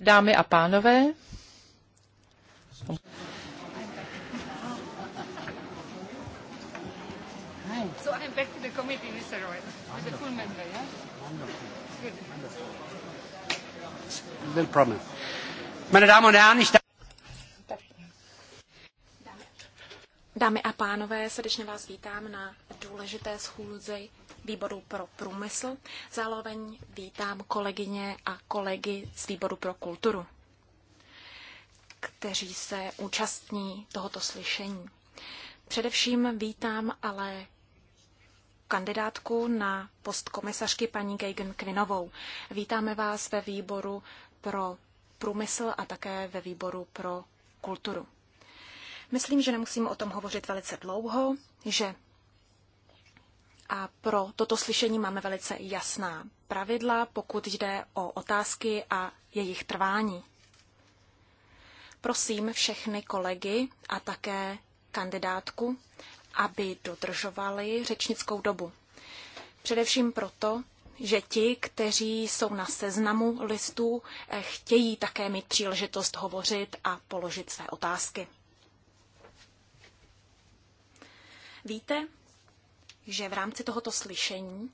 Dámy a pánové. So I'm back to the committee, Mr. Roy, as a full member, Dámy a pánové, srdečně vás vítám na důležité schůzi výboru pro průmysl. Zároveň vítám kolegyně a kolegy z výboru pro kulturu, kteří se účastní tohoto slyšení. Především vítám ale kandidátku na post komisařky paní Geigen Kvinovou. Vítáme vás ve výboru pro průmysl a také ve výboru pro kulturu. Myslím, že nemusím o tom hovořit velice dlouho, že a pro toto slyšení máme velice jasná pravidla, pokud jde o otázky a jejich trvání. Prosím všechny kolegy a také kandidátku, aby dodržovali řečnickou dobu. Především proto, že ti, kteří jsou na seznamu listů, eh, chtějí také mít příležitost hovořit a položit své otázky. Víte, že v rámci tohoto slyšení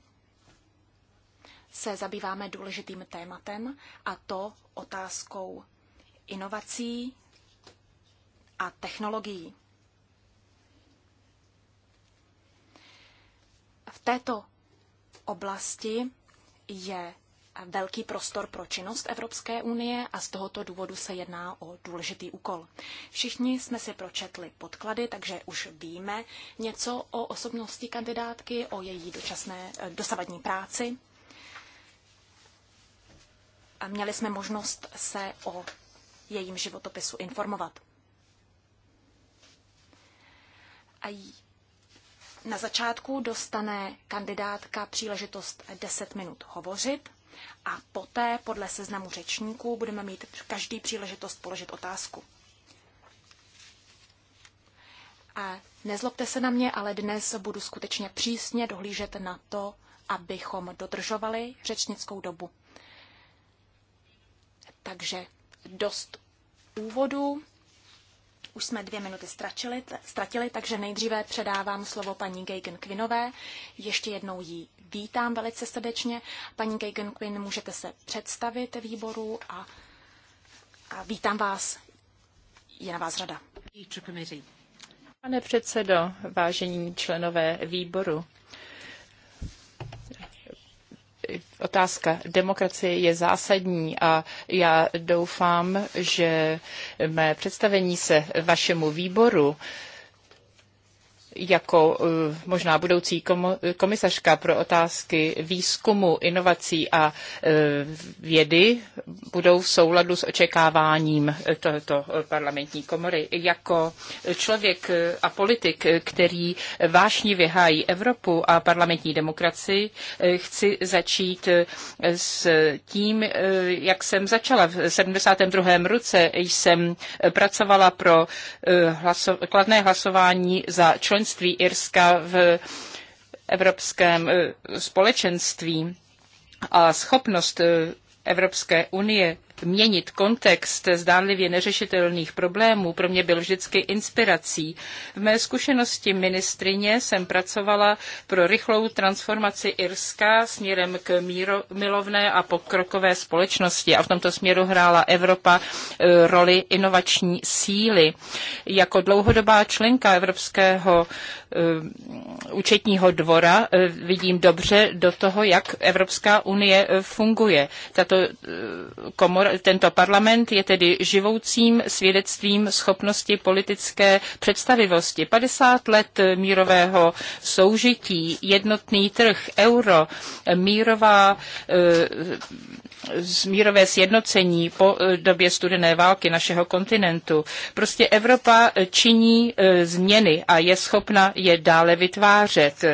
se zabýváme důležitým tématem a to otázkou inovací a technologií. V této oblasti je velký prostor pro činnost Evropské unie a z tohoto důvodu se jedná o důležitý úkol. Všichni jsme si pročetli podklady, takže už víme něco o osobnosti kandidátky, o její dočasné eh, dosavadní práci. A měli jsme možnost se o jejím životopisu informovat. A na začátku dostane kandidátka příležitost 10 minut hovořit a poté podle seznamu řečníků budeme mít každý příležitost položit otázku. A nezlobte se na mě, ale dnes budu skutečně přísně dohlížet na to, abychom dodržovali řečnickou dobu. Takže dost úvodu. Už jsme dvě minuty ztratili, ztratili takže nejdříve předávám slovo paní Geigen Kvinové. Ještě jednou jí vítám velice srdečně. Paní Gagan Quinn, můžete se představit výboru a, a vítám vás. Je na vás řada. Pane předsedo, vážení členové výboru, otázka demokracie je zásadní a já doufám, že mé představení se vašemu výboru jako eh, možná budoucí komisařka pro otázky výzkumu, inovací a eh, vědy budou v souladu s očekáváním eh, tohoto parlamentní komory. Jako člověk a politik, který vášně vyhájí Evropu a parlamentní demokracii, chci začít s tím, jak jsem začala. V 72. roce jsem pracovala pro hlaso- kladné hlasování za členství členství Irska v Evropském eh, společenství a schopnost eh, Evropské unie měnit kontext zdánlivě neřešitelných problémů pro mě byl vždycky inspirací. V mé zkušenosti ministrině jsem pracovala pro rychlou transformaci Irska směrem k míro, milovné a pokrokové společnosti a v tomto směru hrála Evropa e, roli inovační síly. Jako dlouhodobá členka Evropského e, účetního dvora e, vidím dobře do toho, jak Evropská unie funguje. Tato komora tento parlament je tedy živoucím svědectvím schopnosti politické představivosti. 50 let mírového soužití, jednotný trh, euro, mírová eh, mírové sjednocení po eh, době studené války našeho kontinentu. Prostě Evropa eh, činí eh, změny a je schopna je dále vytvářet.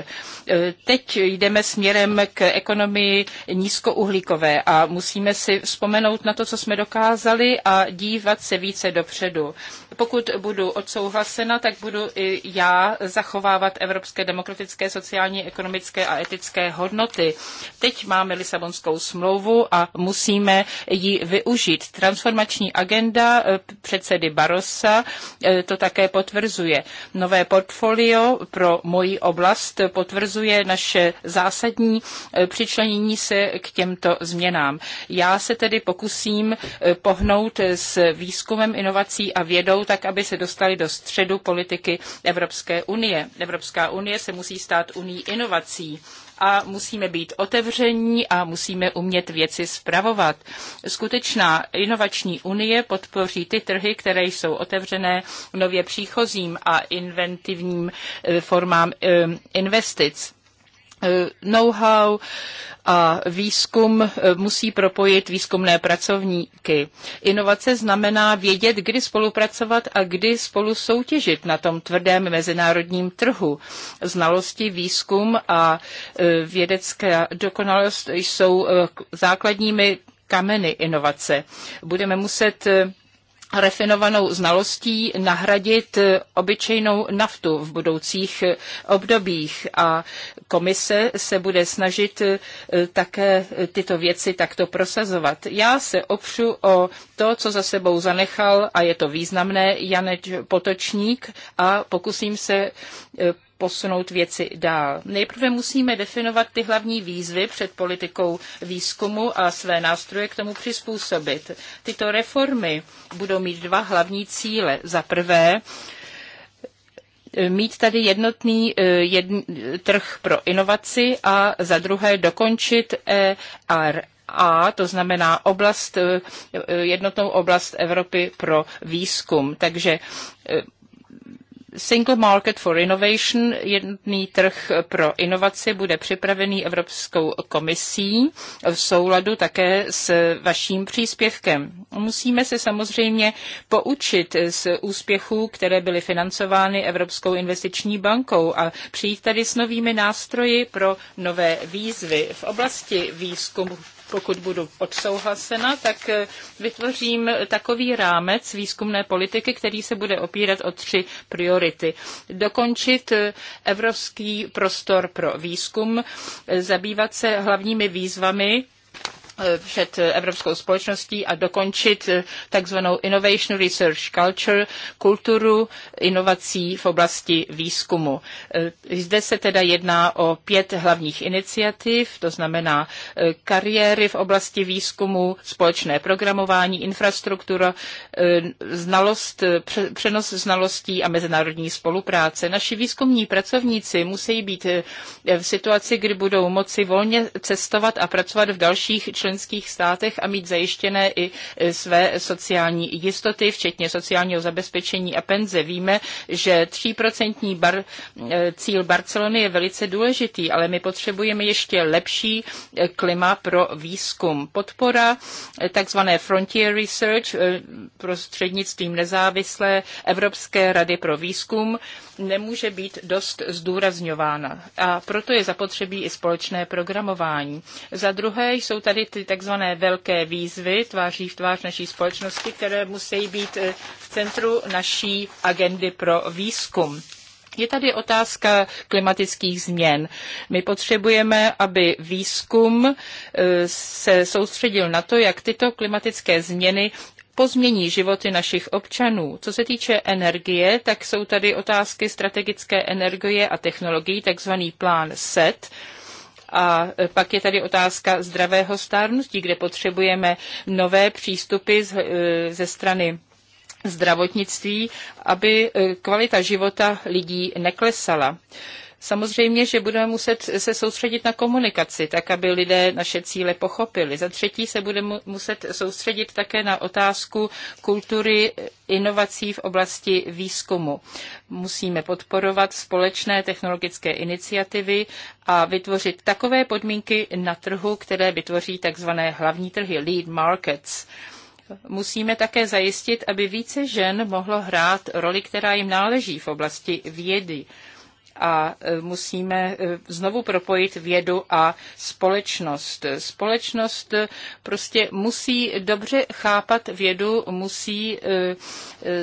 Teď jdeme směrem k ekonomii nízkouhlíkové a musíme si vzpomenout na to, co jsme dokázali a dívat se více dopředu pokud budu odsouhlasena, tak budu i já zachovávat evropské demokratické, sociální, ekonomické a etické hodnoty. Teď máme Lisabonskou smlouvu a musíme ji využít. Transformační agenda eh, předsedy Barossa eh, to také potvrzuje. Nové portfolio pro moji oblast potvrzuje naše zásadní eh, přičlenění se k těmto změnám. Já se tedy pokusím pohnout s výzkumem inovací a vědou cestou, tak aby se dostali do středu politiky Evropské unie. Evropská unie se musí stát unii inovací a musíme být otevření a musíme umět věci spravovat. Skutečná inovační unie podpoří ty trhy, které jsou otevřené nově příchozím a inventivním eh, formám eh, investic Eh, know-how a výzkum eh, musí propojit výzkumné pracovníky. Inovace znamená vědět, kdy spolupracovat a kdy spolu soutěžit na tom tvrdém mezinárodním trhu. Znalosti, výzkum a eh, vědecká dokonalost jsou základními kameny inovace. Budeme muset refinovanou znalostí nahradit obyčejnou naftu v budoucích obdobích a komise se bude snažit eh, také tyto věci takto prosazovat. Já se opřu o to, co za sebou zanechal a je to významné Janeč Potočník a pokusím se eh, posunout věci dál. Nejprve musíme definovat ty hlavní výzvy před politikou výzkumu a své nástroje k tomu přizpůsobit. Tyto reformy budou mít dva hlavní cíle. Za prvé, eh, mít tady jednotný eh, jedn, trh pro inovaci a za druhé dokončit ERA, a, to znamená oblast, eh, jednotnou oblast Evropy pro výzkum. Takže Single Market for Innovation, jedný trh pro inovaci, bude připravený Evropskou komisí v souladu také s vaším příspěvkem. Musíme se samozřejmě poučit z úspěchů, které byly financovány Evropskou investiční bankou a přijít tady s novými nástroji pro nové výzvy. V oblasti výzkumu pokud budu odsouhlasena, tak eh, vytvořím takový rámec výzkumné politiky, který se bude opírat o tři priority. Dokončit eh, evropský prostor pro výzkum, eh, zabývat se hlavními výzvami Eh, před Evropskou společností a dokončit eh, takzvanou Innovation Research Culture, kulturu inovací v oblasti výzkumu. Eh, zde se teda jedná o pět hlavních iniciativ, to znamená kariéry v oblasti výzkumu, společné programování, infrastruktura, znalost, přenos znalostí a mezinárodní spolupráce. Naši výzkumní pracovníci musí být v situaci, kdy budou moci volně cestovat a pracovat v dalších členských státech a mít zajištěné i e, své sociální jistoty, včetně sociálního zabezpečení a penze. Víme, že 3% bar, e, cíl Barcelony je velice důležitý, ale my potřebujeme ještě lepší e, klima pro výzkum. Podpora takzvané Frontier Research prostřednictvím nezávislé Evropské rady pro výzkum nemůže být dost zdůrazňována. A proto je zapotřebí i společné programování. Za druhé jsou tady ty takzvané velké výzvy tváří v tvář naší společnosti, které musí být eh, v centru naší agendy pro výzkum. Je tady otázka klimatických změn. My potřebujeme, aby výzkum eh, se soustředil na to, jak tyto klimatické změny pozmění životy našich občanů. Co se týče energie, tak jsou tady otázky strategické energie a technologií, takzvaný plán SET. A pak je tady otázka zdravého stárnutí, kde potřebujeme nové přístupy eh, ze strany zdravotnictví, aby eh, kvalita života lidí neklesala. Samozřejmě, že budeme muset se soustředit na komunikaci, tak aby lidé naše cíle pochopili. Za třetí se budeme muset soustředit také na otázku kultury inovací v oblasti výzkumu. Musíme podporovat společné technologické iniciativy a vytvořit takové podmínky na trhu, které vytvoří tzv. hlavní trhy, lead markets. Musíme také zajistit, aby více žen mohlo hrát roli, která jim náleží v oblasti vědy a e, musíme e, znovu propojit vědu a společnost. Společnost e, prostě musí dobře chápat vědu, musí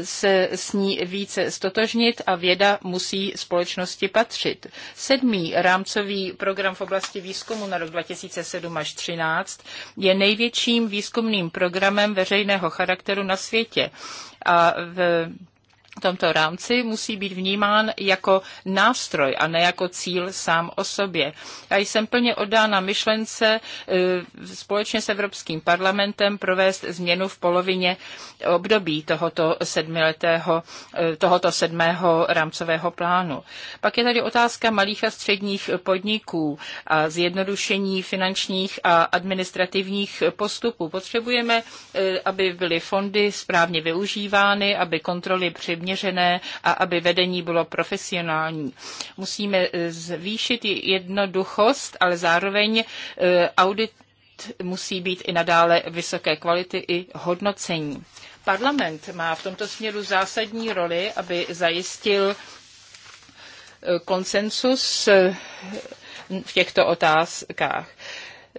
se s ní více stotožnit a věda musí společnosti patřit. Sedmý rámcový program v oblasti výzkumu na rok 2007 až 2013 je největším výzkumným programem veřejného charakteru na světě. A v tomto rámci musí být vnímán jako nástroj a ne jako cíl sám o sobě. Já jsem plně oddána myšlence e, společně s Evropským parlamentem provést změnu v polovině období tohoto, sedmiletého, e, tohoto sedmého rámcového plánu. Pak je tady otázka malých a středních podniků a zjednodušení finančních a administrativních postupů. Potřebujeme, e, aby byly fondy správně využívány, aby kontroly při přiměřené a aby vedení bylo profesionální. Musíme eh, zvýšit jednoduchost, ale zároveň eh, audit musí být i nadále vysoké kvality i hodnocení. Parlament má v tomto směru zásadní roli, aby zajistil eh, konsensus v těchto otázkách.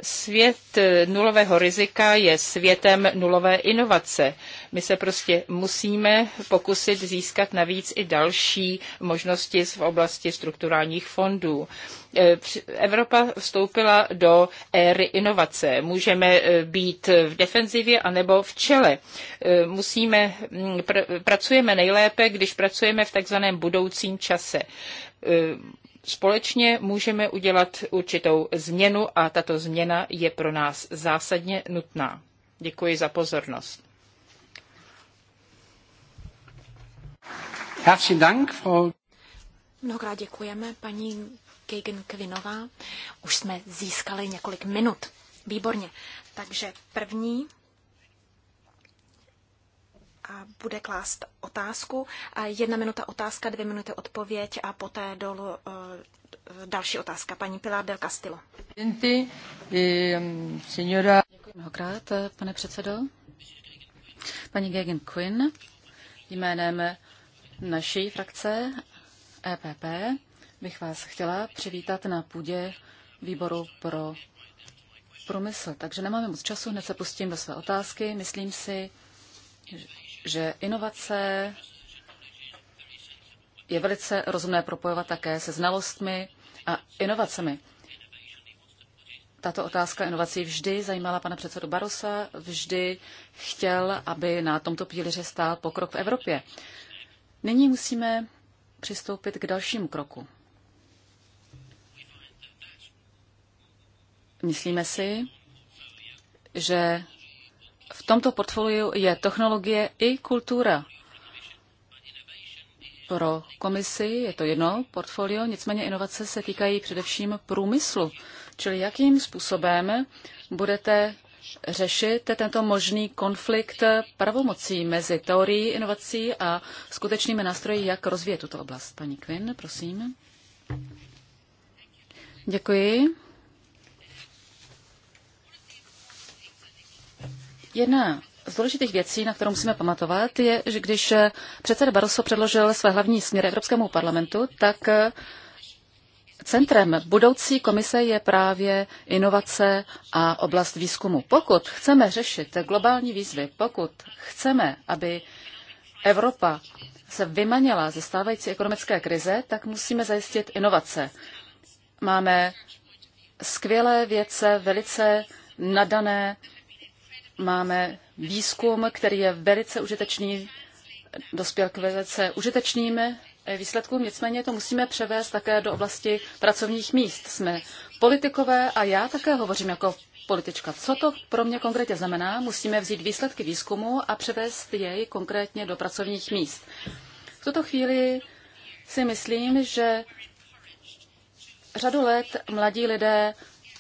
Svět nulového rizika je světem nulové inovace. My se prostě musíme pokusit získat navíc i další možnosti v oblasti strukturálních fondů. E, Evropa vstoupila do éry inovace. Můžeme e, být v defenzivě anebo v čele. E, musíme, pr- pracujeme nejlépe, když pracujeme v takzvaném budoucím čase společně můžeme udělat určitou změnu a tato změna je pro nás zásadně nutná. Děkuji za pozornost. Herzlichen Dank, Frau Mnohokrát děkujeme, paní Gegen Kvinová. Už jsme získali několik minut. Výborně. Takže první bude klást otázku. Jedna minuta otázka, dvě minuty odpověď a poté dolů eh, další otázka. Paní Pilar del Castillo. Eh, Děkuji mnohokrát, pane předsedo. Paní Gagan Quinn jménem naší frakce EPP bych vás chtěla přivítat na půdě výboru pro průmysl. Takže nemáme moc času, hned se pustím do své otázky. Myslím si, že inovace je velice rozumné propojovat také se znalostmi a inovacemi. Tato otázka inovací vždy zajímala pana předsedu Barosa, vždy chtěl, aby na tomto pilíři stál pokrok v Evropě. Nyní musíme přistoupit k dalšímu kroku. Myslíme si, že v tomto portfoliu je technologie i kultura. Pro komisi je to jedno portfolio, nicméně inovace se týkají především průmyslu. Čili jakým způsobem budete řešit tento možný konflikt pravomocí mezi teorií inovací a skutečnými nástroji, jak rozvíjet tuto oblast. Paní Quinn, prosím. Děkuji. Jedna z důležitých věcí, na kterou musíme pamatovat, je, že když eh, předseda Barroso předložil své hlavní směry Evropskému parlamentu, tak eh, centrem budoucí komise je právě inovace a oblast výzkumu. Pokud chceme řešit globální výzvy, pokud chceme, aby Evropa se vymanila ze stávající ekonomické krize, tak musíme zajistit inovace. Máme skvělé vědce, velice nadané máme výzkum, který je velice užitečný, dospěl k velice užitečným eh, výsledkům, nicméně to musíme převést také do oblasti pracovních míst. Jsme politikové a já také hovořím jako politička. Co to pro mě konkrétně znamená? Musíme vzít výsledky výzkumu a převést jej konkrétně do pracovních míst. V tuto chvíli si myslím, že řadu let mladí lidé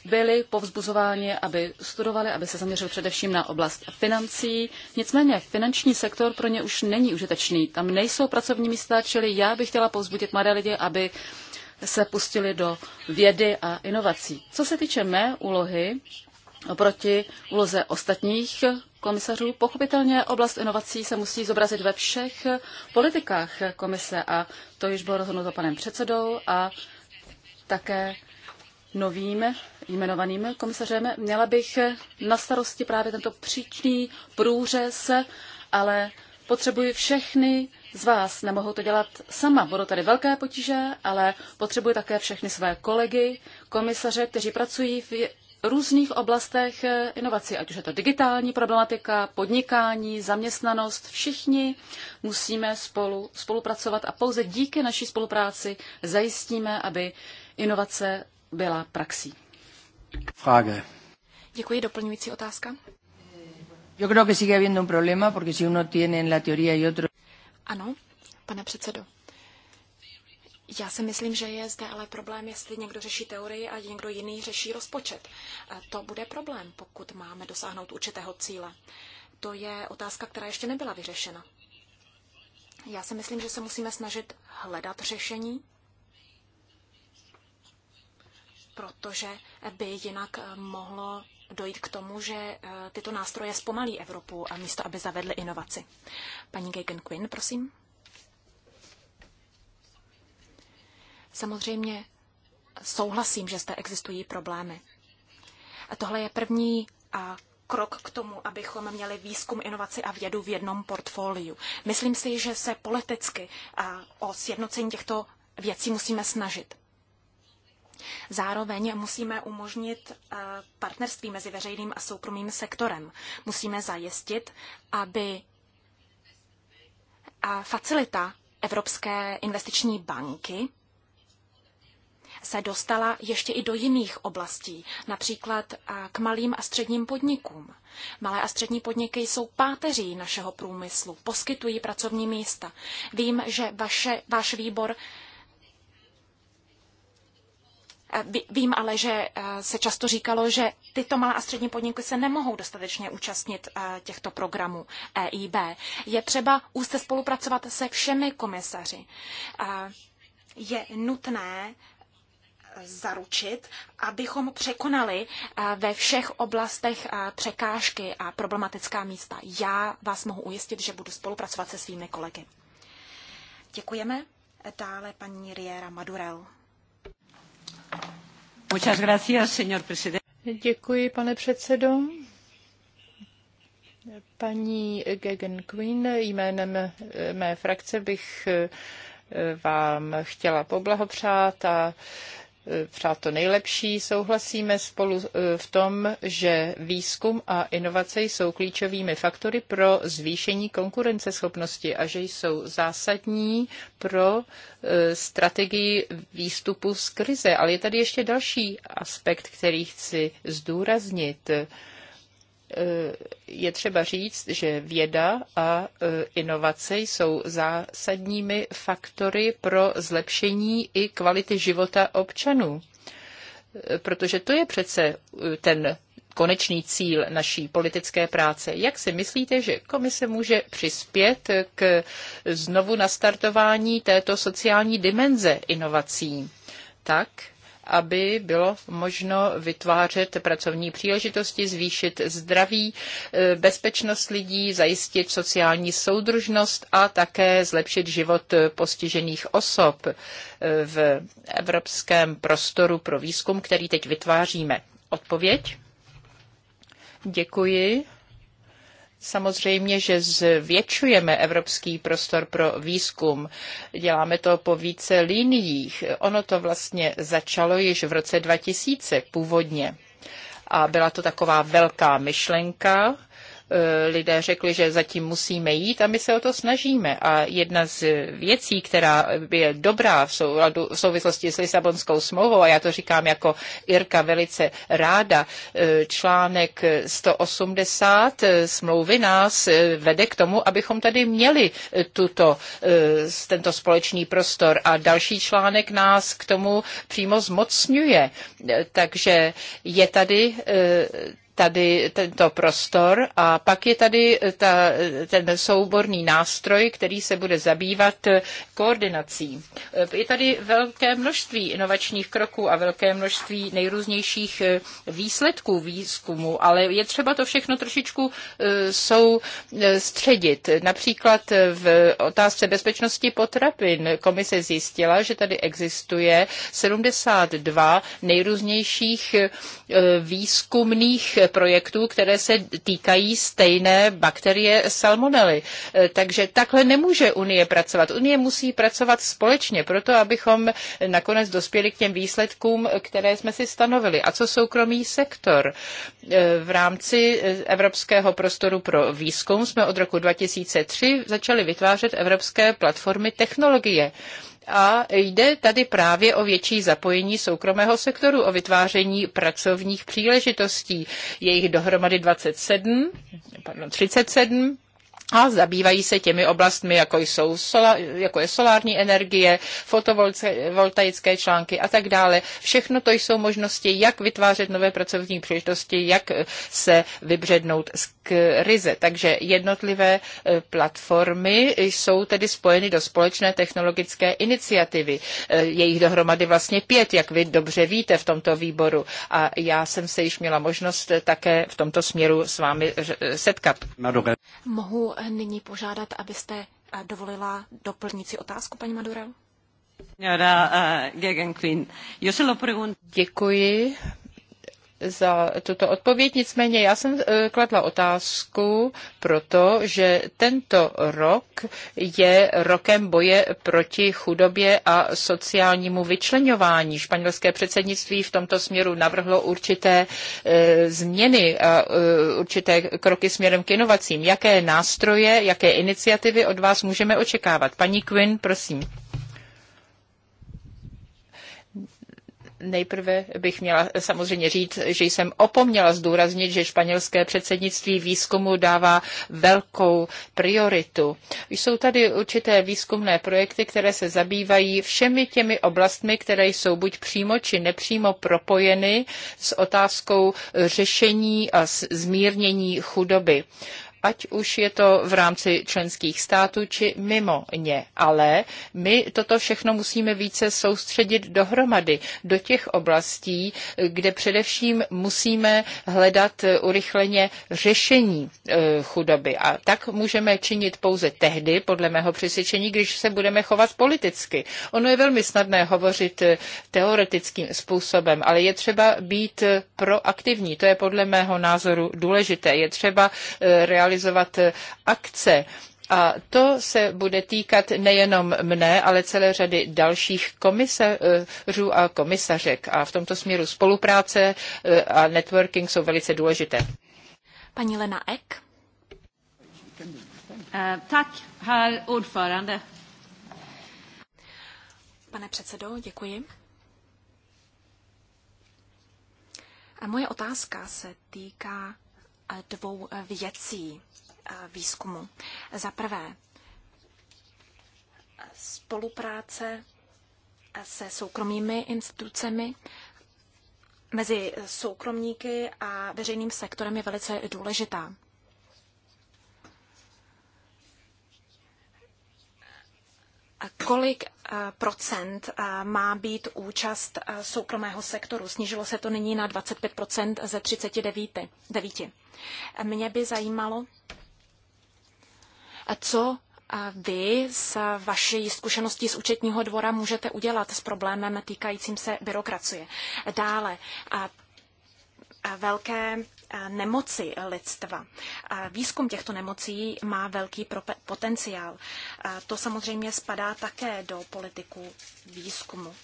byli povzbuzováni, aby studovali, aby se zaměřili především na oblast financí. Nicméně finanční sektor pro ně už není užitečný. Tam nejsou pracovní místa, čili já bych chtěla povzbudit mladé lidi, aby se pustili do vědy a inovací. Co se týče mé úlohy, oproti úloze ostatních komisařů. Pochopitelně oblast inovací se musí zobrazit ve všech politikách komise a to již bylo rozhodnuto panem předsedou a také novým jmenovaným komisařem. Měla bych na starosti právě tento příčný průřez, ale potřebuji všechny z vás. Nemohu to dělat sama, budou tady velké potíže, ale potřebuji také všechny své kolegy, komisaře, kteří pracují v různých oblastech inovací, ať už je to digitální problematika, podnikání, zaměstnanost. Všichni musíme spolu spolupracovat a pouze díky naší spolupráci zajistíme, aby inovace byla praxí. Frage. Děkuji, doplňující otázka. Yo creo que sigue habiendo un problema porque si uno tiene en la teoría y otro... Ano, pane předsedo. Já si myslím, že je zde ale problém, jestli někdo řeší teorii a někdo jiný řeší rozpočet. To bude problém, pokud máme dosáhnout určitého cíle. To je otázka, která ještě nebyla vyřešena. Já si myslím, že se musíme snažit hledat řešení protože by jinak eh, mohlo dojít k tomu, že eh, tyto nástroje zpomalí Evropu a místo, aby zavedly inovaci. Paní Gagan Quinn, prosím. Samozřejmě souhlasím, že zde existují problémy. A tohle je první a eh, krok k tomu, abychom měli výzkum, inovaci a vědu v jednom portfoliu. Myslím si, že se politicky a o sjednocení těchto věcí musíme snažit. Zároveň musíme umožnit eh, partnerství mezi veřejným a soukromým sektorem. Musíme zajistit, aby facilita Evropské investiční banky se dostala ještě i do jiných oblastí, například eh, k malým a středním podnikům. Malé a střední podniky jsou páteří našeho průmyslu, poskytují pracovní místa. Vím, že vaše, váš výbor Vím ale, že eh, se často říkalo, že tyto malé a střední podniky se nemohou dostatečně účastnit eh, těchto programů EIB. Je třeba úzce spolupracovat se všemi komisaři. Eh, je nutné zaručit, abychom překonali ve všech oblastech překážky a problematická místa. Já vás mohu ujistit, že budu spolupracovat se svými kolegy. Děkujeme. Dále paní Riera Madurel. Děkuji, pane předsedo. Paní Gegen Queen, jménem mé frakce bych eh, vám chtěla poblahopřát a přát to nejlepší. Souhlasíme spolu eh, v tom, že výzkum a inovace jsou klíčovými faktory pro zvýšení konkurenceschopnosti a že jsou zásadní pro eh, strategii výstupu z krize. Ale je tady ještě další aspekt, který chci zdůraznit je třeba říct, že věda a e, inovace jsou zásadními faktory pro zlepšení i kvality života občanů. E, protože to je přece e, ten konečný cíl naší politické práce. Jak si myslíte, že komise může přispět k znovu nastartování této sociální dimenze inovací tak, aby bylo možno vytvářet pracovní příležitosti, zvýšit zdraví, eh, bezpečnost lidí, zajistit sociální soudržnost a také zlepšit život postižených osob eh, v evropském prostoru pro výzkum, který teď vytváříme. Odpověď? Děkuji Samozřejmě, že zvětšujeme evropský prostor pro výzkum. Děláme to po více liniích. Ono to vlastně začalo již v roce 2000 původně. A byla to taková velká myšlenka, Eh, lidé řekli, že zatím musíme jít a my se o to snažíme. A jedna z věcí, která je dobrá v, souladu, v souvislosti s Lisabonskou smlouvou, a já to říkám jako Irka velice ráda, eh, článek 180 eh, smlouvy nás vede k tomu, abychom tady měli tuto, tento společný prostor a další článek nás k tomu přímo zmocňuje. Takže je tady tady tento prostor a pak je tady ta, ten souborný nástroj, který se bude zabývat koordinací. Je tady velké množství inovačních kroků a velké množství nejrůznějších eh, výsledků výzkumu, ale je třeba to všechno trošičku eh, sou eh, středit. Například v otázce bezpečnosti potravin komise zjistila, že tady existuje 72 nejrůznějších výzkumných projektů, které se týkají stejné bakterie salmonely. E, takže takhle nemůže Unie pracovat. Unie musí pracovat společně proto, abychom nakonec dospěli k těm výsledkům, které jsme si stanovili. A co soukromý sektor? E, v rámci e, Evropského prostoru pro výzkum jsme od roku 2003 začali vytvářet Evropské platformy technologie. A jde tady právě o větší zapojení soukromého sektoru, o vytváření pracovních příležitostí. Je jich dohromady 27, pardon, 37 a zabývají se těmi oblastmi, jako, jsou sola, jako je solární energie, fotovoltaické články a tak dále. Všechno to jsou možnosti, jak vytvářet nové pracovní příležitosti, jak se vybřednout z krize. Takže jednotlivé e, platformy jsou tedy spojeny do společné technologické iniciativy. E, je jich dohromady vlastně pět, jak vy dobře víte v tomto výboru. A já jsem se již měla možnost také v tomto směru s vámi e, setkat. Mohu nyní požádat, abyste eh, dovolila doplnící otázku, paní Madura. Eh, Děkuji za tuto odpověď. Nicméně já jsem eh, kladla otázku, protože tento rok je rokem boje proti chudobě a sociálnímu vyčlenování. Španělské předsednictví v tomto směru navrhlo určité eh, změny a eh, určité kroky směrem k inovacím. Jaké nástroje, jaké iniciativy od vás můžeme očekávat? Paní Quinn, prosím. Nejprve bych měla samozřejmě říct, že jsem opomněla zdůraznit, že španělské předsednictví výzkumu dává velkou prioritu. Jsou tady určité výzkumné projekty, které se zabývají všemi těmi oblastmi, které jsou buď přímo či nepřímo propojeny s otázkou řešení a zmírnění chudoby ať už je to v rámci členských států či mimo ně. Ale my toto všechno musíme více soustředit dohromady do těch oblastí, kde především musíme hledat urychleně řešení eh, chudoby. A tak můžeme činit pouze tehdy, podle mého přesvědčení, když se budeme chovat politicky. Ono je velmi snadné hovořit eh, teoretickým způsobem, ale je třeba být eh, proaktivní. To je podle mého názoru důležité. Je třeba realizovat realizovat eh, akce. A to se bude týkat nejenom mne, ale celé řady dalších komisařů a komisařek. A v tomto směru spolupráce eh, a networking jsou velice důležité. Paní Lena Ek. Eh, tak, herr ordförande. Pane předsedo, děkuji. A moje otázka se týká dvou věcí eh, výzkumu. Za prvé, spolupráce se soukromými institucemi mezi soukromníky a veřejným sektorem je velice důležitá. kolik eh, procent eh, má být účast eh, soukromého sektoru. Snížilo se to nyní na 25 ze 39. 9. Mě by zajímalo, co vy s vaší zkušeností z účetního dvora můžete udělat s problémem týkajícím se byrokracie. Dále, velké nemoci lidstva. Výzkum těchto nemocí má velký potenciál. To samozřejmě spadá také do politiku výzkumu.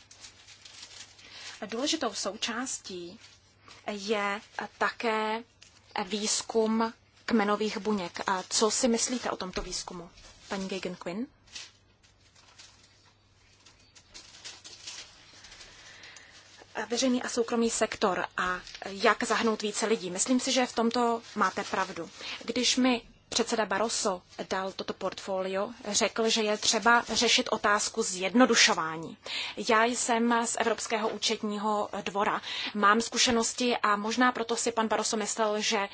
Důležitou součástí je také výzkum kmenových buněk. A Co si myslíte o tomto výzkumu, paní Gagan Quinn? veřejný a soukromý sektor a jak zahnout více lidí. Myslím si, že v tomto máte pravdu. Když mi předseda Barroso dal toto portfolio, řekl, že je třeba řešit otázku zjednodušování. Já jsem z Evropského účetního dvora, mám zkušenosti a možná proto si pan Barroso myslel, že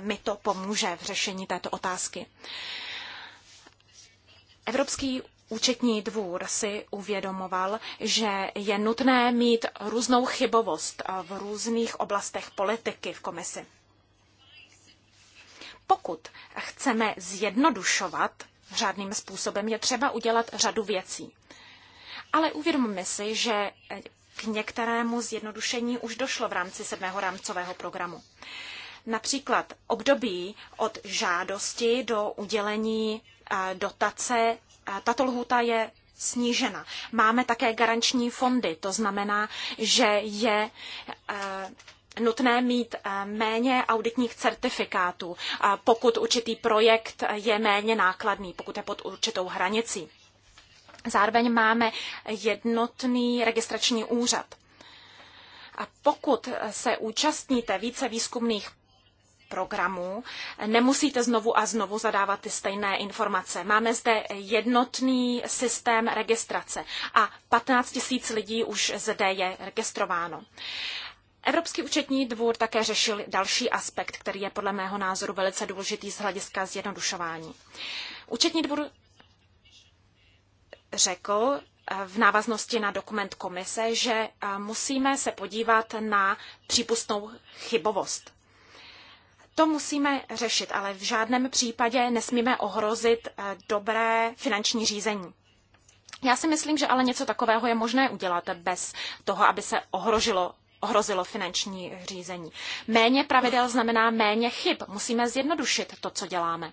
mi to pomůže v řešení této otázky. Evropský Účetní dvůr si uvědomoval, že je nutné mít různou chybovost v různých oblastech politiky v komisi. Pokud chceme zjednodušovat řádným způsobem, je třeba udělat řadu věcí. Ale uvědomme si, že k některému zjednodušení už došlo v rámci sedmého rámcového programu. Například období od žádosti do udělení eh, dotace tato lhůta je snížena. Máme také garanční fondy, to znamená, že je eh, nutné mít eh, méně auditních certifikátů, pokud určitý projekt je méně nákladný, pokud je pod určitou hranicí. Zároveň máme jednotný registrační úřad. A pokud se účastníte více výzkumných programů. Nemusíte znovu a znovu zadávat ty stejné informace. Máme zde jednotný systém registrace a 15 tisíc lidí už zde je registrováno. Evropský účetní dvůr také řešil další aspekt, který je podle mého názoru velice důležitý z hlediska zjednodušování. Účetní dvůr řekl eh, v návaznosti na dokument komise, že eh, musíme se podívat na přípustnou chybovost. To musíme řešit, ale v žádném případě nesmíme ohrozit eh, dobré finanční řízení. Já si myslím, že ale něco takového je možné udělat bez toho, aby se ohrožilo ohrozilo finanční řízení. Méně pravidel znamená méně chyb. Musíme zjednodušit to, co děláme.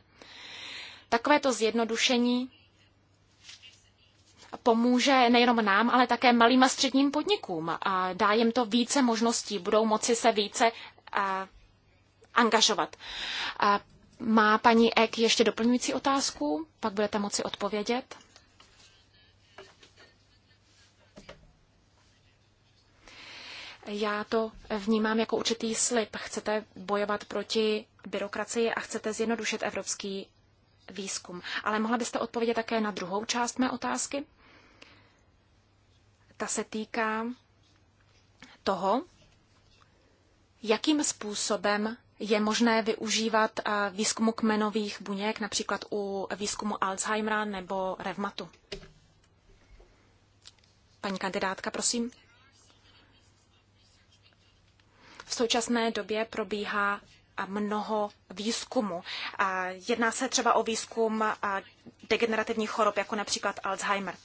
Takové to zjednodušení pomůže nejenom nám, ale také malým a středním podnikům. A dá jim to více možností, budou moci se více eh, angažovat. A má paní Ek ještě doplňující otázku? Pak budete moci odpovědět. Já to vnímám jako určitý slib. Chcete bojovat proti byrokracii a chcete zjednodušit evropský výzkum. Ale mohla byste odpovědět také na druhou část mé otázky? Ta se týká toho, jakým způsobem je možné využívat eh, výzkumu kmenových buněk, například u výzkumu Alzheimera nebo revmatu. Paní kandidátka, prosím. V současné době probíhá eh, mnoho výzkumu. Eh, jedná se třeba o výzkum degenerativních chorob, jako například Alzheimer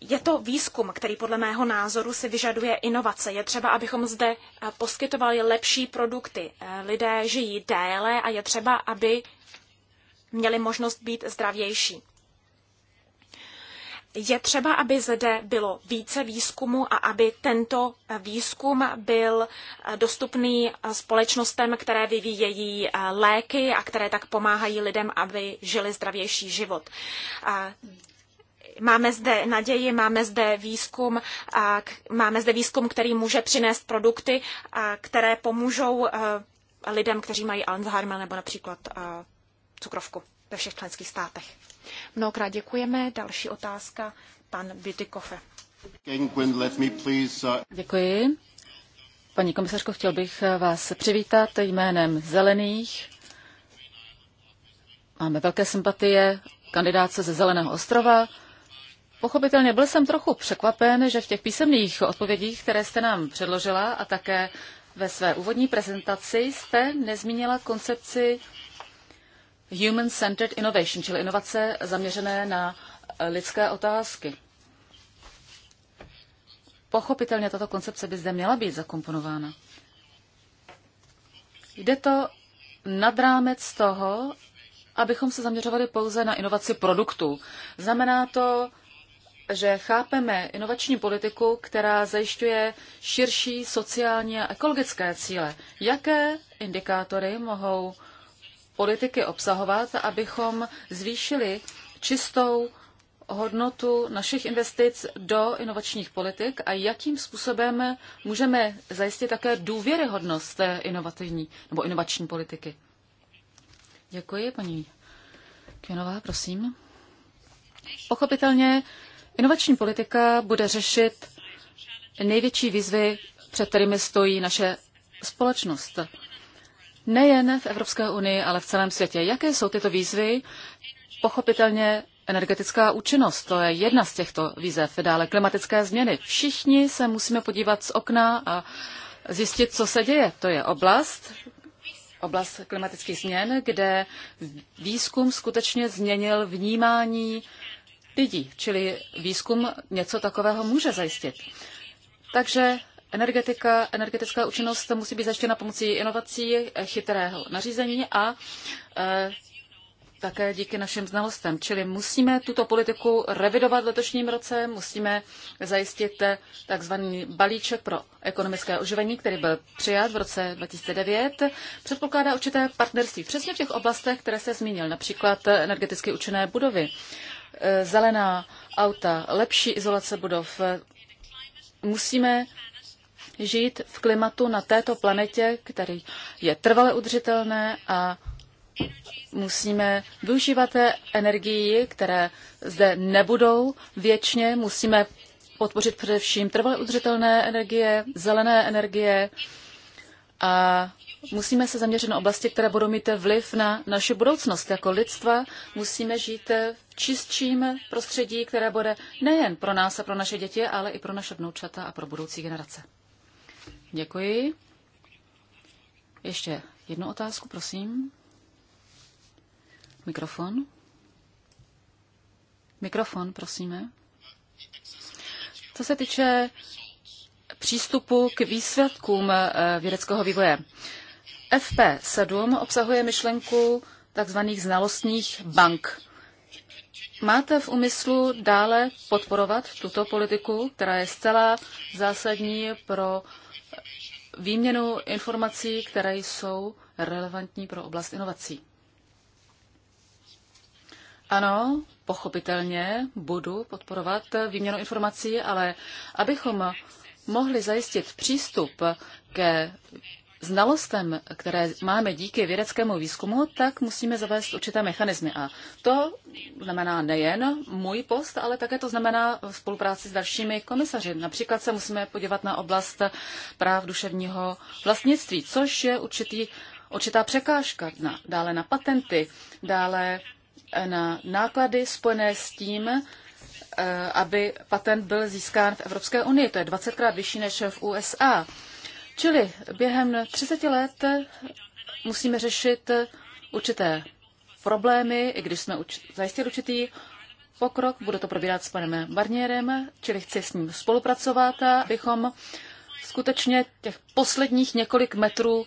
je to výzkum, který podle mého názoru si vyžaduje inovace. Je třeba, abychom zde eh, poskytovali lepší produkty. Eh, lidé žijí déle a je třeba, aby měli možnost být zdravější. Je třeba, aby zde bylo více výzkumu a aby tento eh, výzkum byl dostupný společnostem, které vyvíjejí léky a které tak pomáhají lidem, aby žili zdravější život. Máme zde naději, máme zde výzkum, máme zde výzkum, který může přinést produkty, které pomůžou eh, lidem, kteří mají Alzheimer nebo například eh, cukrovku ve všech členských státech. Mnohokrát děkujeme. Další otázka, pan Bytykofe. Uh, Děkuji. Paní komisařko, chtěl bych eh, vás přivítat jménem Zelených. Máme velké sympatie kandidáce ze Zeleného ostrova. Pochopitelně byl jsem trochu překvapen, že v těch písemných odpovědích, které jste nám předložila a také ve své úvodní prezentaci jste nezmínila koncepci Human-Centered Innovation, čili inovace zaměřené na eh, lidské otázky. Pochopitelně tato koncepce by zde měla být zakomponována. Jde to nad rámec toho, abychom se zaměřovali pouze na inovaci produktů. Znamená to že chápeme inovační politiku, která zajišťuje širší sociální a ekologické cíle. Jaké indikátory mohou politiky obsahovat, abychom zvýšili čistou hodnotu našich investic do inovačních politik a jakým způsobem můžeme zajistit také důvěryhodnost té inovativní nebo inovační politiky. Děkuji, paní Kvinová, prosím. Pochopitelně Inovační politika bude řešit největší výzvy, před kterými stojí naše společnost. Nejen v Evropské unii, ale v celém světě. Jaké jsou tyto výzvy? Pochopitelně energetická účinnost, to je jedna z těchto výzev. Dále klimatické změny. Všichni se musíme podívat z okna a zjistit, co se děje. To je oblast, oblast klimatických změn, kde výzkum skutečně změnil vnímání lidí, čili výzkum něco takového může zajistit. Takže energetika, energetická účinnost musí být zajištěna pomocí inovací, eh, chytrého nařízení a e, také díky našim znalostem. Čili musíme tuto politiku revidovat v letošním roce, musíme zajistit eh, takzvaný balíček pro ekonomické oživení, který byl přijat v roce 2009. Předpokládá určité partnerství přesně v těch oblastech, které se zmínil, například energeticky účinné budovy. Eh, zelená auta, lepší izolace budov. Eh, musíme žít v klimatu na této planetě, který je trvale udržitelné a musíme využívat energii, které zde nebudou věčně. Musíme podpořit především trvale udržitelné energie, zelené energie a Musíme se zaměřit na oblasti, které budou mít vliv na naši budoucnost. Jako lidstva musíme žít v čistším prostředí, které bude nejen pro nás a pro naše děti, ale i pro naše vnoučata a pro budoucí generace. Děkuji. Ještě jednu otázku, prosím. Mikrofon. Mikrofon, prosíme. Co se týče přístupu k výsledkům eh, vědeckého vývoje. FP7 obsahuje myšlenku tzv. znalostních bank. Máte v úmyslu dále podporovat tuto politiku, která je zcela zásadní pro výměnu informací, které jsou relevantní pro oblast inovací? Ano, pochopitelně budu podporovat výměnu informací, ale abychom mohli zajistit přístup ke znalostem, které máme díky vědeckému výzkumu, tak musíme zavést určité mechanismy. A to znamená nejen můj post, ale také to znamená spolupráci s dalšími komisaři. Například se musíme podívat na oblast práv duševního vlastnictví, což je určitý, určitá překážka. Na, dále na patenty, dále na náklady spojené s tím, eh, aby patent byl získán v Evropské unii. To je 20krát vyšší než v USA. Čili během 30 let musíme řešit určité problémy, i když jsme zajistili určitý pokrok. bude to probírat s panem Barnierem, čili chci s ním spolupracovat, abychom skutečně těch posledních několik metrů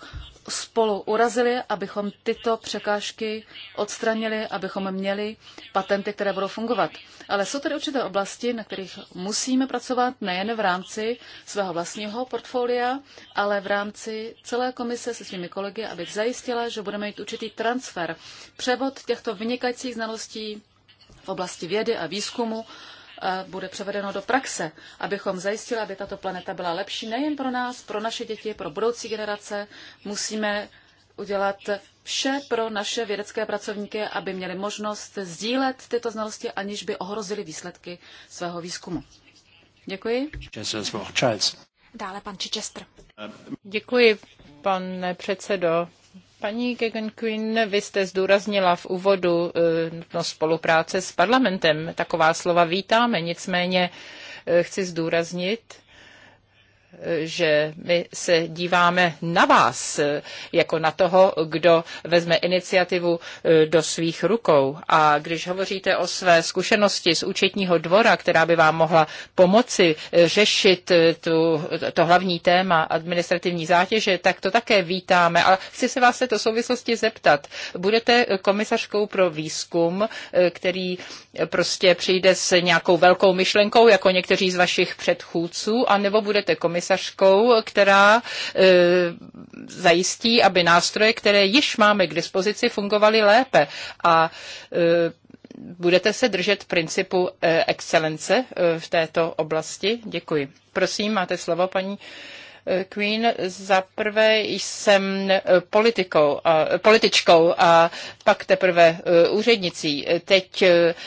spolu urazili, abychom tyto překážky odstranili, abychom měli patenty, které budou fungovat. Ale jsou tady určité oblasti, na kterých musíme pracovat nejen v rámci svého vlastního portfolia, ale v rámci celé komise se svými kolegy, aby zajistila, že budeme mít určitý transfer, převod těchto vynikajících znalostí v oblasti vědy a výzkumu bude převedeno do praxe, abychom zajistili, aby tato planeta byla lepší nejen pro nás, pro naše děti, pro budoucí generace. Musíme udělat vše pro naše vědecké pracovníky, aby měli možnost sdílet tyto znalosti, aniž by ohrozili výsledky svého výzkumu. Děkuji. Dále pan Čičestr. Děkuji, pane předsedo. Paní Gegenquin, vy jste zdůraznila v úvodu eh, nutnost spolupráce s parlamentem. Taková slova vítáme, nicméně eh, chci zdůraznit, že my se díváme na vás jako na toho, kdo vezme iniciativu e, do svých rukou. A když hovoříte o své zkušenosti z účetního dvora, která by vám mohla pomoci e, řešit e, tu, to hlavní téma administrativní zátěže, tak to také vítáme. A chci se vás v této souvislosti zeptat. Budete komisařkou pro výzkum, který prostě přijde s nějakou velkou myšlenkou, jako někteří z vašich předchůdců, anebo budete komisařkou komisařkou, která e, zajistí, aby nástroje, které již máme k dispozici, fungovaly lépe. A e, budete se držet principu e, excelence v této oblasti? Děkuji. Prosím, máte slovo, paní Queen. Za prvé jsem politikou, političkou a pak teprve úřednicí. Teď